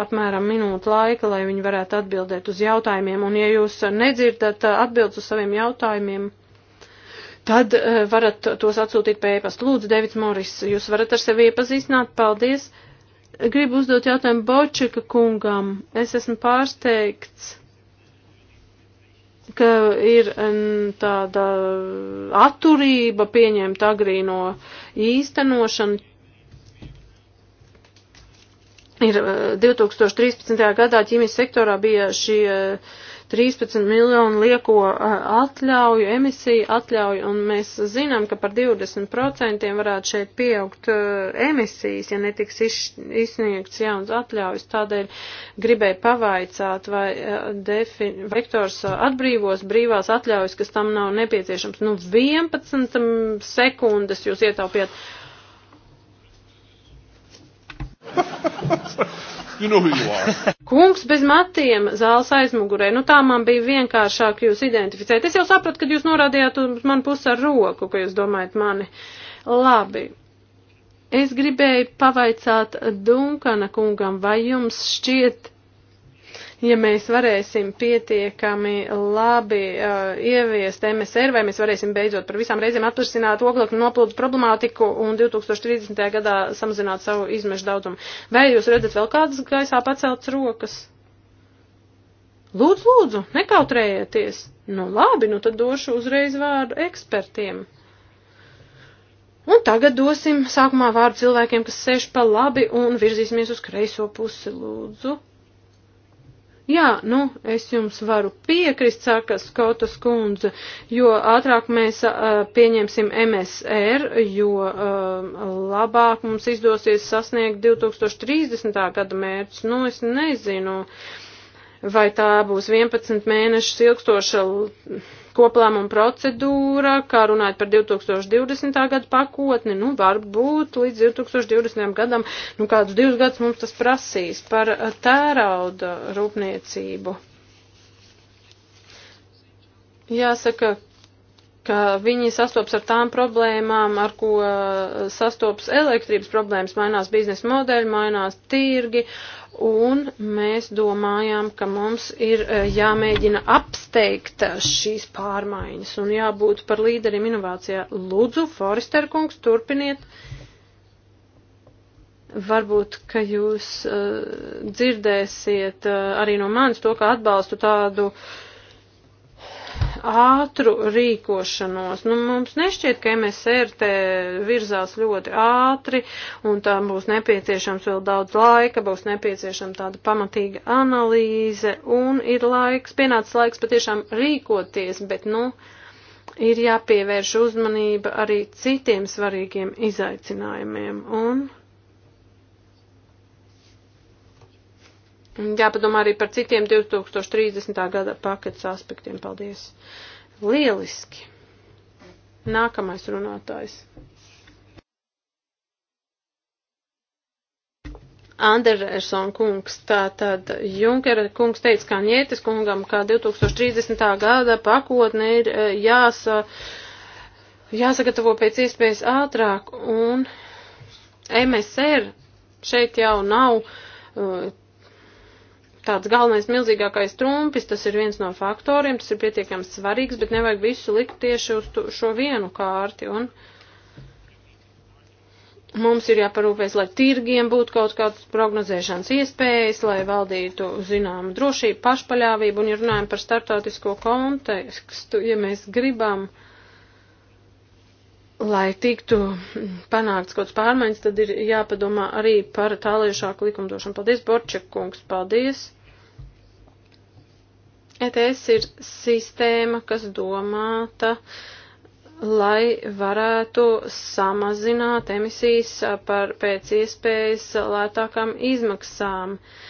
Speaker 2: apmēram minūtu laika, lai viņi varētu atbildēt uz jautājumiem. Un ja jūs nedzirdat atbildes uz saviem jautājumiem, tad varat tos atsūtīt pa e-pastu. Lūdzu, Devits Moris, jūs varat ar sevi iepazīstināt. Paldies! Gribu uzdot jautājumu Bočika kungam. Es esmu pārsteigts ka ir tāda atturība pieņemt agrīno īstenošanu. Ir e, 2013. gadā ķīmijas sektorā bija šie uh, 13 miljonu lieko atļauju, emisiju atļauju, un mēs zinām, ka par 20% varētu šeit pieaugt emisijas, ja netiks izsniegts jauns atļaujas. Tādēļ gribēju pavaicāt, vai defin, vektors atbrīvos brīvās atļaujas, kas tam nav nepieciešams. Nu, 11 sekundes jūs ietaupījat. You know who you are. Kungs bez matiem zāles aizmugurē. Nu tā man bija vienkāršāk jūs identificēt. Es jau sapratu, kad jūs norādījāt uz manu pusi ar roku, ka jūs domājat mani. Labi. Es gribēju pavaicāt Dunkana kungam, vai jums šķiet, ja mēs varēsim pietiekami labi uh, ieviest MSR, vai mēs varēsim beidzot par visām reizēm atrisināt oglekļu noplūdu problemātiku un 2030. gadā samazināt savu izmešu daudzumu. Vai jūs redzat vēl kādas gaisā paceltas rokas? Lūdzu, lūdzu, nekautrējieties. Nu labi, nu tad došu uzreiz vārdu ekspertiem. Un tagad dosim sākumā vārdu cilvēkiem, kas sēž pa labi un virzīsimies uz kreiso pusi, lūdzu. Jā, nu, es jums varu piekrist, saka Skotas kundze, jo ātrāk mēs uh, pieņemsim MSR, jo uh, labāk mums izdosies sasniegt 2030. gada mērķus. Nu, es nezinu, vai tā būs 11 mēnešus ilgstoša koplēmuma procedūra, kā runājot par 2020. gadu pakotni, nu, varbūt līdz 2020. gadam, nu, kādus divus gadus mums tas prasīs par tērauda rūpniecību. Jāsaka, ka viņi sastops ar tām problēmām, ar ko uh, sastops elektrības problēmas, mainās biznesa modeļi, mainās tirgi, un mēs domājām, ka mums ir uh, jāmēģina apsteigt uh, šīs pārmaiņas un jābūt par līderim inovācijā. Lūdzu, Forester kungs, turpiniet. Varbūt, ka jūs uh, dzirdēsiet uh, arī no manis to, ka atbalstu tādu uh, ātru rīkošanos. Nu, mums nešķiet, ka MSR te virzās ļoti ātri, un tam būs nepieciešams vēl daudz laika, būs nepieciešama tāda pamatīga analīze, un ir laiks, pienācis laiks patiešām rīkoties, bet, nu, ir jāpievērš uzmanība arī citiem svarīgiem izaicinājumiem. Un Jāpadomā arī par citiem 2030. gada paketes aspektiem. Paldies! Lieliski! Nākamais runātājs. Andersona kungs, tātad Junkera kungs teica, kā Ņētis kungam, kā 2030. gada pakotne ir e, jāsa, jāsagatavo pēc iespējas ātrāk, un MSR šeit jau nav uh, tāds galvenais milzīgākais trumpis, tas ir viens no faktoriem, tas ir pietiekami svarīgs, bet nevajag visu likt tieši uz to, šo vienu kārti. Un mums ir jāparūpēs, lai tirgiem būtu kaut kādas prognozēšanas iespējas, lai valdītu zinām drošību, pašpaļāvību, un ja runājam par startautisko kontekstu, ja mēs gribam uh, lai tiktu panākts kaut kāds pārmaiņas, tad ir jāpadomā arī par tāliešāku likumdošanu. Paldies, Borček kungs, paldies! ETS ir sistēma, kas domāta, lai varētu samazināt emisijas par pēc iespējas lētākām izmaksām. Uh,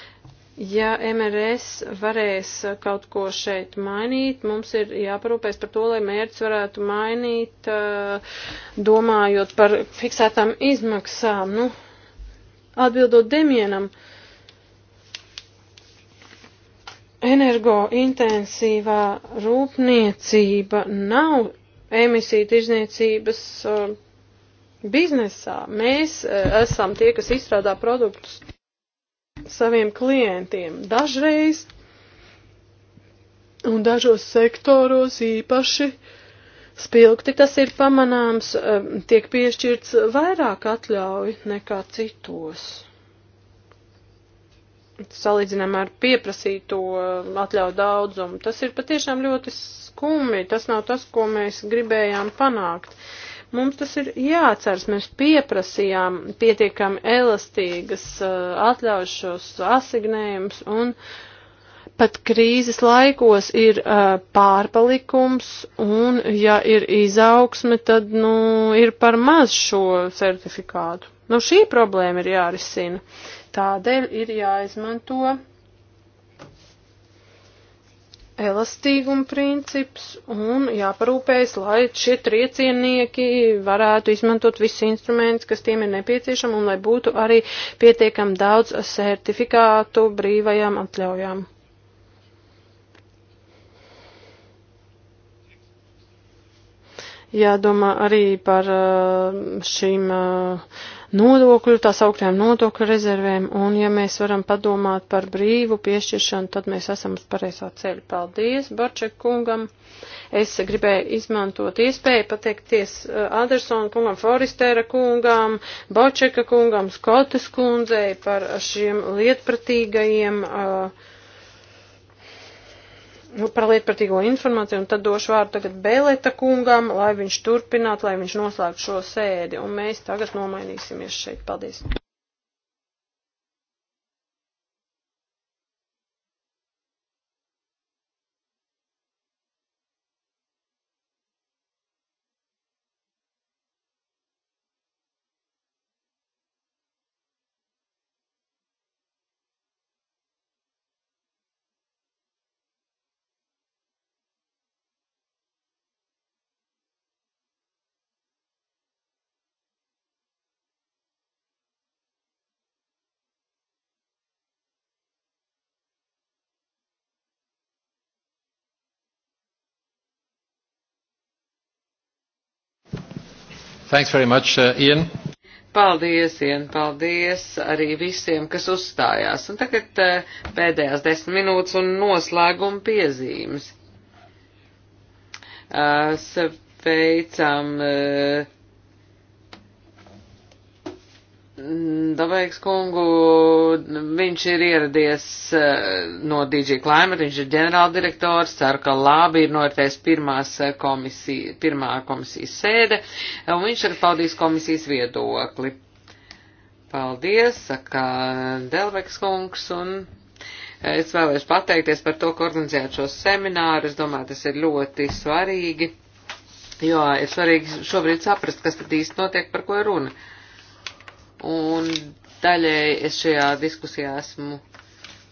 Speaker 2: Ja MRS varēs kaut ko šeit mainīt, mums ir jāparūpēs par to, lai mērķis varētu mainīt, domājot par fiksētām izmaksām. Nu, atbildot Demienam, energointensīvā rūpniecība nav emisiju tirzniecības biznesā. Mēs esam tie, kas izstrādā produktus saviem klientiem. Dažreiz un dažos sektoros īpaši spilgti tas ir pamanāms, eh, tiek piešķirts vairāk atļauju nekā citos. Salīdzinām ar pieprasīto eh, atļauju daudzumu. Tas ir patiešām ļoti skumji, tas nav tas, ko mēs gribējām panākt. Uh, Mums tas ir jāatceras, mēs pieprasījām pietiekami elastīgas uh, atļaušos asignējumus un pat krīzes laikos ir uh, pārpalikums, un ja ir izaugsme, tad, nu, ir par maz šo certifikātu. Nu, šī problēma ir jārisina. Tādēļ ir jāizmanto elastīguma princips un jāparūpējas, lai šie triecienieki varētu izmantot visus instrumentus, kas tiem ir nepieciešami un lai būtu arī pietiekam daudz sertifikātu brīvajām atļaujām. Jādomā arī par uh, šīm uh, nodokļu, tā sauktiem nodokļu rezervēm, un ja mēs varam padomāt par brīvu piešķiršanu, tad mēs esam uz pareizā ceļa. Paldies Barček kungam! Es gribēju izmantot iespēju pateikties eh, Andersona kungam, Foristēra kungam, Barčeka kungam, Skotas kundzei par šiem lietpratīgajiem uh, Nu, par lietpratīgo informāciju, un tad došu vārdu tagad Bēlēta kungam, lai viņš turpinātu, lai viņš noslēgtu šo sēdi, un mēs tagad nomainīsimies šeit. Paldies! Thanks very much, uh, Ian.
Speaker 3: Paldies, Ian, paldies arī visiem, kas uzstājās. Un tagad uh, pēdējās desmit minūtes un noslēguma piezīmes. Uh, sveicam. Uh, Mm, Dabaiks kungu, viņš ir ieradies eh, no DJ Climate, viņš ir ģenerāldirektors, ceru, ka labi ir noritēs pirmās eh, komisija, pirmā komisijas sēde, un viņš ir paldies komisijas viedokli. Paldies, saka Delveks kungs, un eh, es vēlēšu pateikties par to, ka organizējāt šo semināru, es domāju, tas ir ļoti svarīgi, jo ir svarīgi šobrīd saprast, kas tad īsti notiek, par ko ir runa un daļēji es šajā diskusijā esmu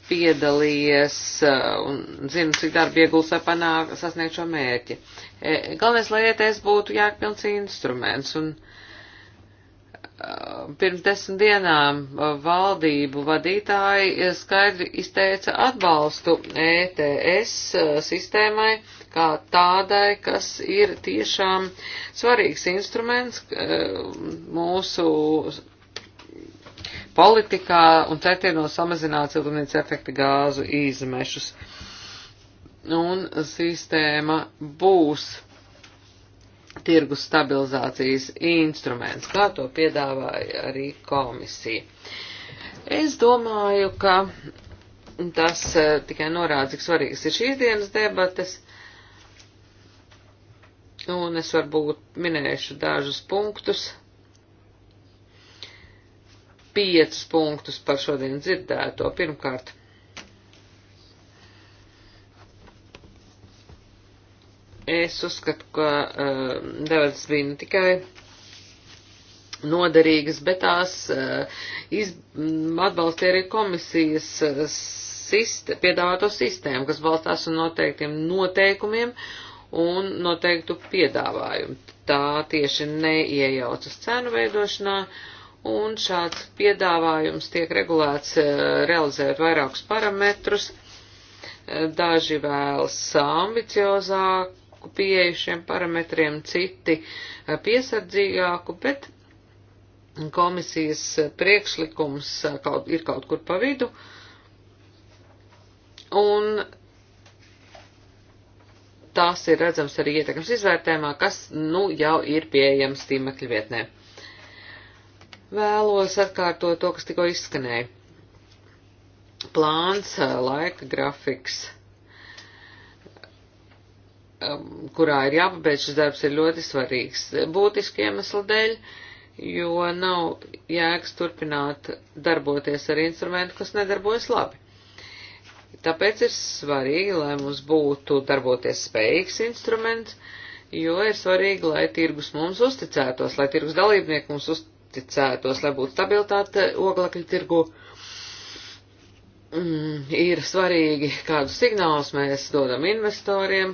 Speaker 3: piedalījies uh, un zinu, cik darba iegūs, lai panāk, sasniegt šo mērķi. E, galvenais, lai ETS būtu jākpilns instruments, un uh, pirms desmit dienām uh, valdību vadītāji skaidri izteica atbalstu ETS sistēmai kā tādai, kas ir tiešām svarīgs instruments mūsu politikā un centienos samazināt siltumnīca efekta gāzu izmešus. Un sistēma būs tirgus stabilizācijas instruments, kā to piedāvāja arī komisija. Es domāju, ka tas eh, tikai norāda, cik svarīgas ir šīs dienas debates un es varbūt minēšu dažus punktus, piecus punktus par šodien dzirdēto. Pirmkārt, es uzskatu, ka uh, eh, devas bija ne tikai noderīgas, bet tās uh, iz, atbalstīja arī komisijas uh, siste, piedāvāto sistēmu, kas balstās uz noteiktiem noteikumiem un noteiktu piedāvājumu. Tā tieši neiejaucas cenu veidošanā. Uh, un šāds piedāvājums tiek regulēts eh, realizējot vairākus parametrus. Eh, daži vēlas ambiciozāku pieeju šiem parametriem, citi eh, piesardzīgāku, bet komisijas priekšlikums kaut, ir kaut kur pa vidu. Un tās ir redzams arī ietekmes izvērtējumā, kas nu jau ir pieejams tīmekļu vietnēm. Vēlos atkārtot to, kas tikko izskanēja. Plāns, laika grafiks, kurā ir jāpabeidz šis darbs, ir ļoti svarīgs. Būtiski iemesli dēļ, jo nav jēgas turpināt darboties ar instrumentu, kas nedarbojas labi. Tāpēc ir svarīgi, lai mums būtu darboties spējīgs instruments, jo ir svarīgi, lai tirgus mums uzticētos, lai tirgus dalībnieki mums uzticētos uzticētos, lai būtu stabilitāte oglekļu tirgu. Mm, ir svarīgi, kādus signālus mēs dodam investoriem,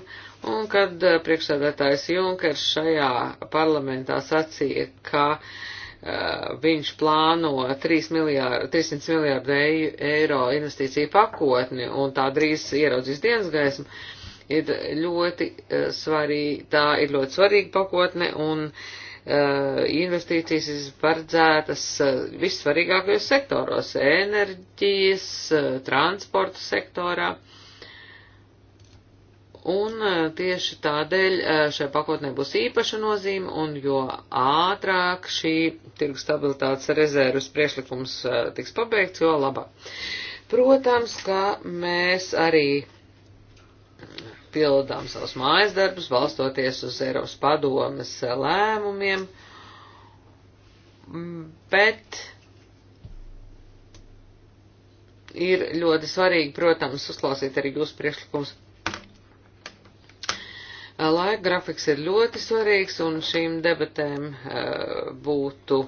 Speaker 3: un kad eh, priekšsēdētājs Junkers šajā parlamentā sacīja, ka uh, viņš plāno 3 miljārdu, 300 miljārdu eiro investīciju pakotni, un tā drīz ieraudzīs dienas gaismu, ir ļoti uh, eh, svarīga, tā ir ļoti svarīga pakotne, un uh, Eh, investīcijas ir paredzētas eh, vissvarīgākajos sektoros - enerģijas, eh, transporta sektorā. Un tieši tādēļ šai pakotnē būs īpaša nozīme, un jo ātrāk šī tirgus stabilitātes rezervas priešlikums tiks pabeigts, jo labāk. Protams, ka mēs arī pildām savus mājas darbus, balstoties uz Eiropas padomes lēmumiem, mm, bet ir ļoti svarīgi, protams, uzklausīt arī jūsu priekšlikums. Laika grafiks ir ļoti svarīgs, un šīm debatēm e, būtu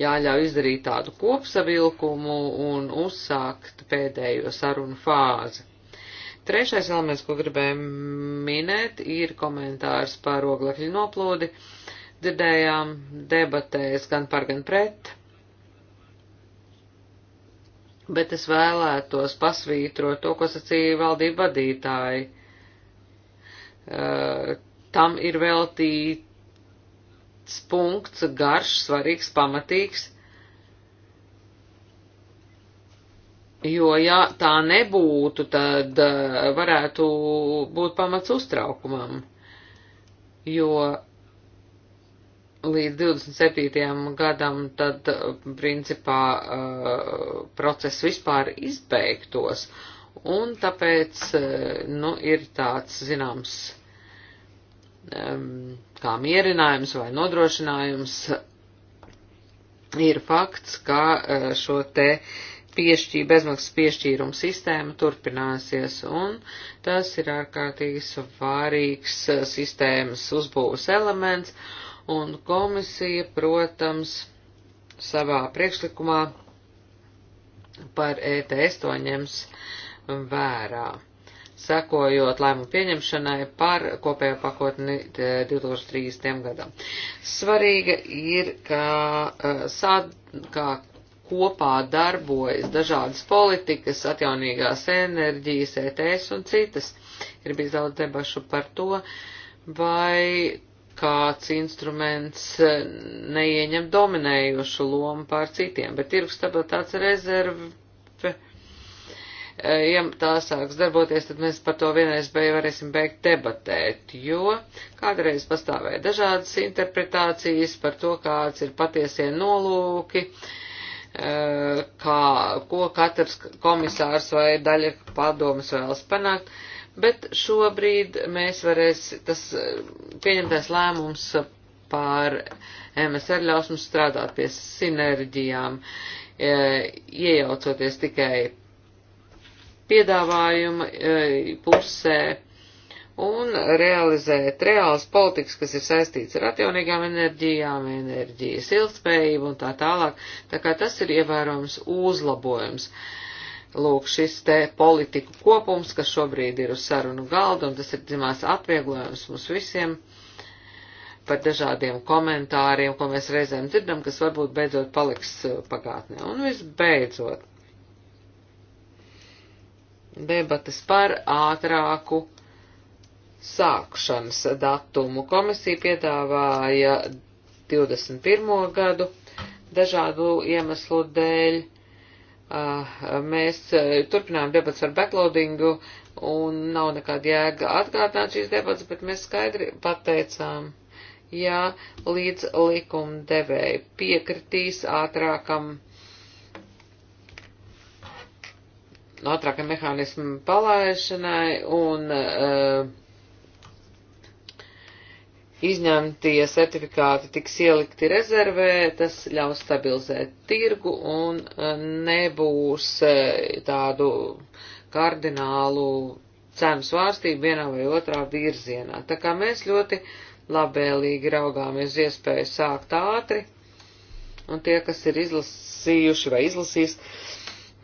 Speaker 3: jāļauj izdarīt tādu kopsavilkumu un uzsākt pēdējo sarunu fāzi. Trešais elements, ko gribēju minēt, ir komentārs par oglekļu noplūdi. Dzirdējām debatēs gan par, gan pret, bet es vēlētos pasvītrot to, ko sacīja valdība vadītāji. Uh, tam ir veltīts punkts, garš, svarīgs, pamatīgs jo ja tā nebūtu, tad eh, varētu būt pamats uztraukumam, jo līdz 27. gadam tad eh, principā eh, process vispār izbeigtos, un tāpēc, nu, ir tāds, zināms, kā mierinājums vai nodrošinājums ir fakts, ka šo te uh, piešķī, bezmaksas piešķīruma sistēma turpināsies, un tas ir ārkārtīgi svarīgs uh, sistēmas uzbūves elements, un komisija, protams, savā priekšlikumā par ETS to ņems vērā sekojot lēmumu pieņemšanai par kopējo pakotni 2030. Uh, gadam. Svarīga ir, ka, uh, sad, kā kopā darbojas dažādas politikas, atjaunīgās enerģijas, ETS un citas. Ir bijis daudz debašu par to, vai kāds instruments neieņem dominējošu lomu pār citiem, bet tirgus stabilitātes rezerve, ja tā sāks darboties, tad mēs par to vienreiz varēsim beigt debatēt, jo kādreiz pastāvēja dažādas interpretācijas par to, kāds ir patiesie nolūki, uh, Eh, kā, ko katrs komisārs vai daļa padomas vēlas panākt, bet šobrīd mēs varēs, tas eh, pieņemtais lēmums par MSR ļaus mums strādāt pie sinerģijām, eh, iejaucoties tikai piedāvājuma pusē un realizēt reāls politikas, kas ir saistīts ar atjaunīgām enerģijām, enerģijas ilgspējību un tā tālāk. Tā kā tas ir ievērojams uzlabojums. Lūk, šis te politiku kopums, kas šobrīd ir uz sarunu galda, un tas ir, zināms, atvieglojums mums visiem par dažādiem komentāriem, ko mēs reizēm dzirdam, kas varbūt beidzot paliks uh, pagātnē. Un visbeidzot, debatas par ātrāku sākšanas datumu. Komisija piedāvāja 21. gadu dažādu iemeslu dēļ. Ah, mēs eh, turpinājām debats par backloadingu un nav nekāda jēga atgādināt šīs debats, bet mēs skaidri pateicām, ja līdz likumdevēji piekritīs ātrākam ātrākam mehānismu palaišanai un uh, izņemtie certifikāti tiks ielikti rezervē, tas ļaus stabilizēt tirgu un e, nebūs e, tādu kardinālu cenu svārstību vienā vai otrā virzienā. Tā kā mēs ļoti labēlīgi raugāmies iespēju sākt ātri, un tie, kas ir izlasījuši vai izlasīs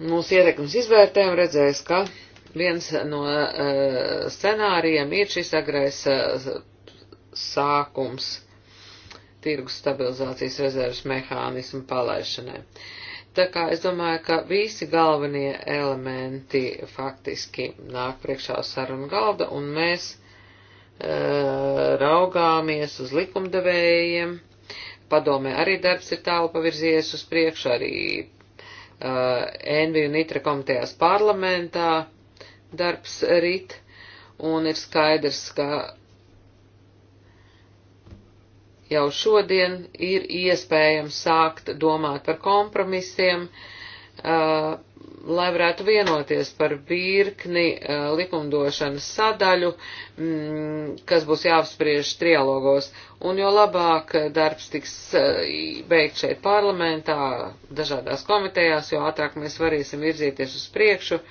Speaker 3: mūsu ietekmes izvērtējumu, redzēs, ka viens no uh, scenārijiem ir šis agrais uh, sākums tirgus stabilizācijas rezerves mehānismu palaišanai. Tā kā es domāju, ka visi galvenie elementi faktiski nāk priekšā sarunu galda, un mēs e, raugāmies uz likumdevējiem. Padomē arī darbs ir tālu pavirzies uz priekšu, arī e, Envi un Nitra komitejās parlamentā darbs rit, un ir skaidrs, ka jau šodien ir iespējams sākt domāt par kompromisiem, uh, lai varētu vienoties par virkni uh, likumdošanas sadaļu, mm, kas būs jāapspriež trialogos. Un jo labāk darbs tiks uh, beigt šeit parlamentā, dažādās komitejās, jo ātrāk mēs varēsim virzīties uz priekšu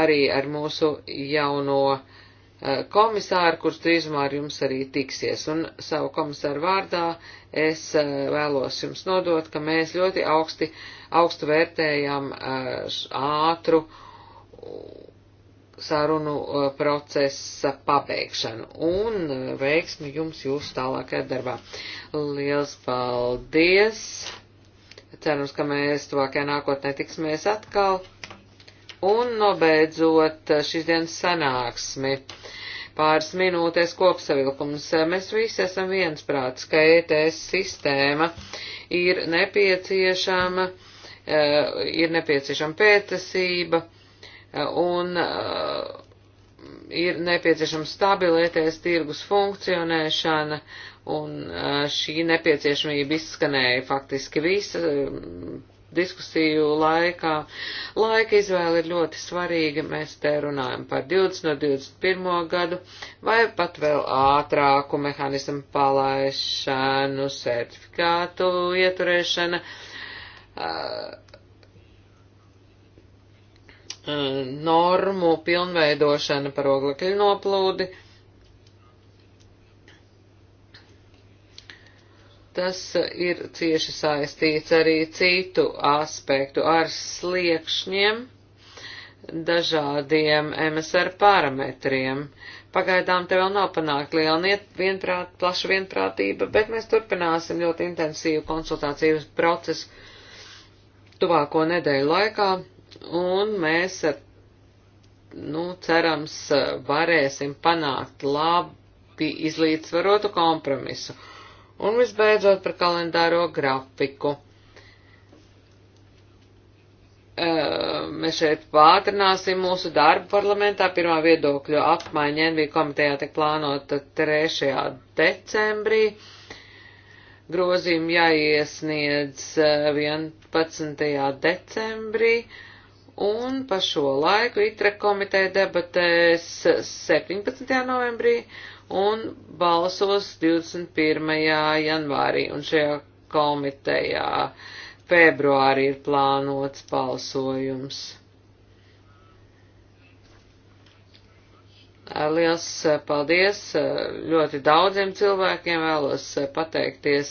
Speaker 3: arī ar mūsu jauno uh, Eh, komisāru, kurš drīzumā ar jums arī tiksies. Un savu komisāru vārdā es eh, vēlos jums nodot, ka mēs ļoti augsti, augstu vērtējam eh, ātru sarunu procesa pabeigšanu un veiksmi jums jūsu tālākajā darbā. Liels paldies! Cerams, ka mēs tuvākajā nākotnē tiksimies atkal un nobeidzot šīs dienas sanāksmi. Pāris minūtēs kopsavilkums. Mēs visi esam viensprāts, ka ETS sistēma ir nepieciešama, eh, ir nepieciešama pētasība eh, un eh, ir nepieciešama stabilēties e tirgus funkcionēšana, un šī nepieciešamība izskanēja faktiski visa diskusiju laikā. Laika izvēle ir ļoti svarīga, mēs te runājam par 20 no 21 gadu vai pat vēl ātrāku mehānismu palaišanu, certifikātu ieturēšana. Normu pilnveidošana par oglekļu noplūdi. Uh, Tas ir cieši saistīts arī citu aspektu ar sliekšņiem, dažādiem MSR parametriem. Pagaidām te vēl nav panākt liela vienprāt, plaša vienprātība, bet mēs turpināsim ļoti intensīvu konsultāciju procesu tuvāko nedēļu laikā, un mēs, nu, cerams, varēsim panākt labi izlīdzvarotu kompromisu. Un visbeidzot par kalendāro grafiku. Mēs šeit pātrināsim mūsu darbu parlamentā. Pirmā viedokļu apmaiņa NV komitejā tiek plānota 3. decembrī. Grozījumi jāiesniedz 11. decembrī un pa šo laiku ITRE komiteja debatēs 17. novembrī un balsos 21. janvārī, un šajā komitejā februārī ir plānots balsojums. Liels paldies ļoti daudziem cilvēkiem, vēlos pateikties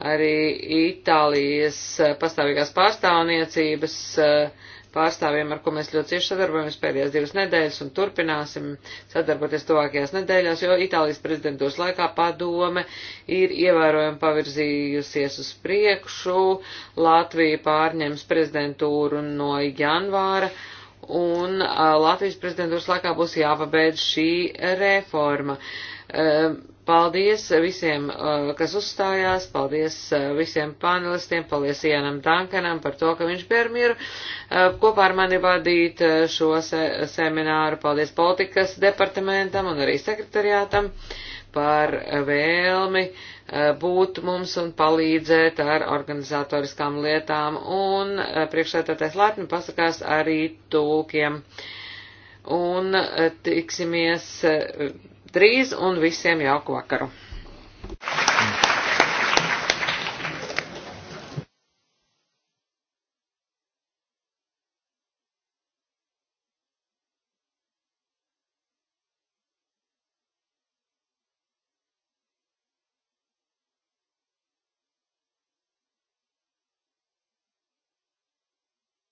Speaker 3: arī Itālijas pastāvīgās pārstāvniecības uh, pārstāvjiem, ar ko mēs ļoti cieši sadarbojamies pēdējās divas nedēļas un turpināsim sadarboties tuvākajās nedēļās, jo Itālijas prezidentūras laikā padome ir ievērojami pavirzījusies uz priekšu, Latvija pārņems prezidentūru no janvāra un Latvijas prezidentūras laikā būs jāpabeidz šī reforma. Um, Paldies visiem, uh, kas uzstājās, paldies uh, visiem panelistiem, paldies Ienam Dankanam par to, ka viņš bija mieru uh, kopā ar mani vadīt šo se semināru, paldies politikas departamentam un arī sekretariātam par vēlmi būt mums un palīdzēt ar organizatoriskām lietām un priekšētātais laipni pasakās arī tūkiem. Un tiksimies drīz un visiem jauku vakaru! Thank you.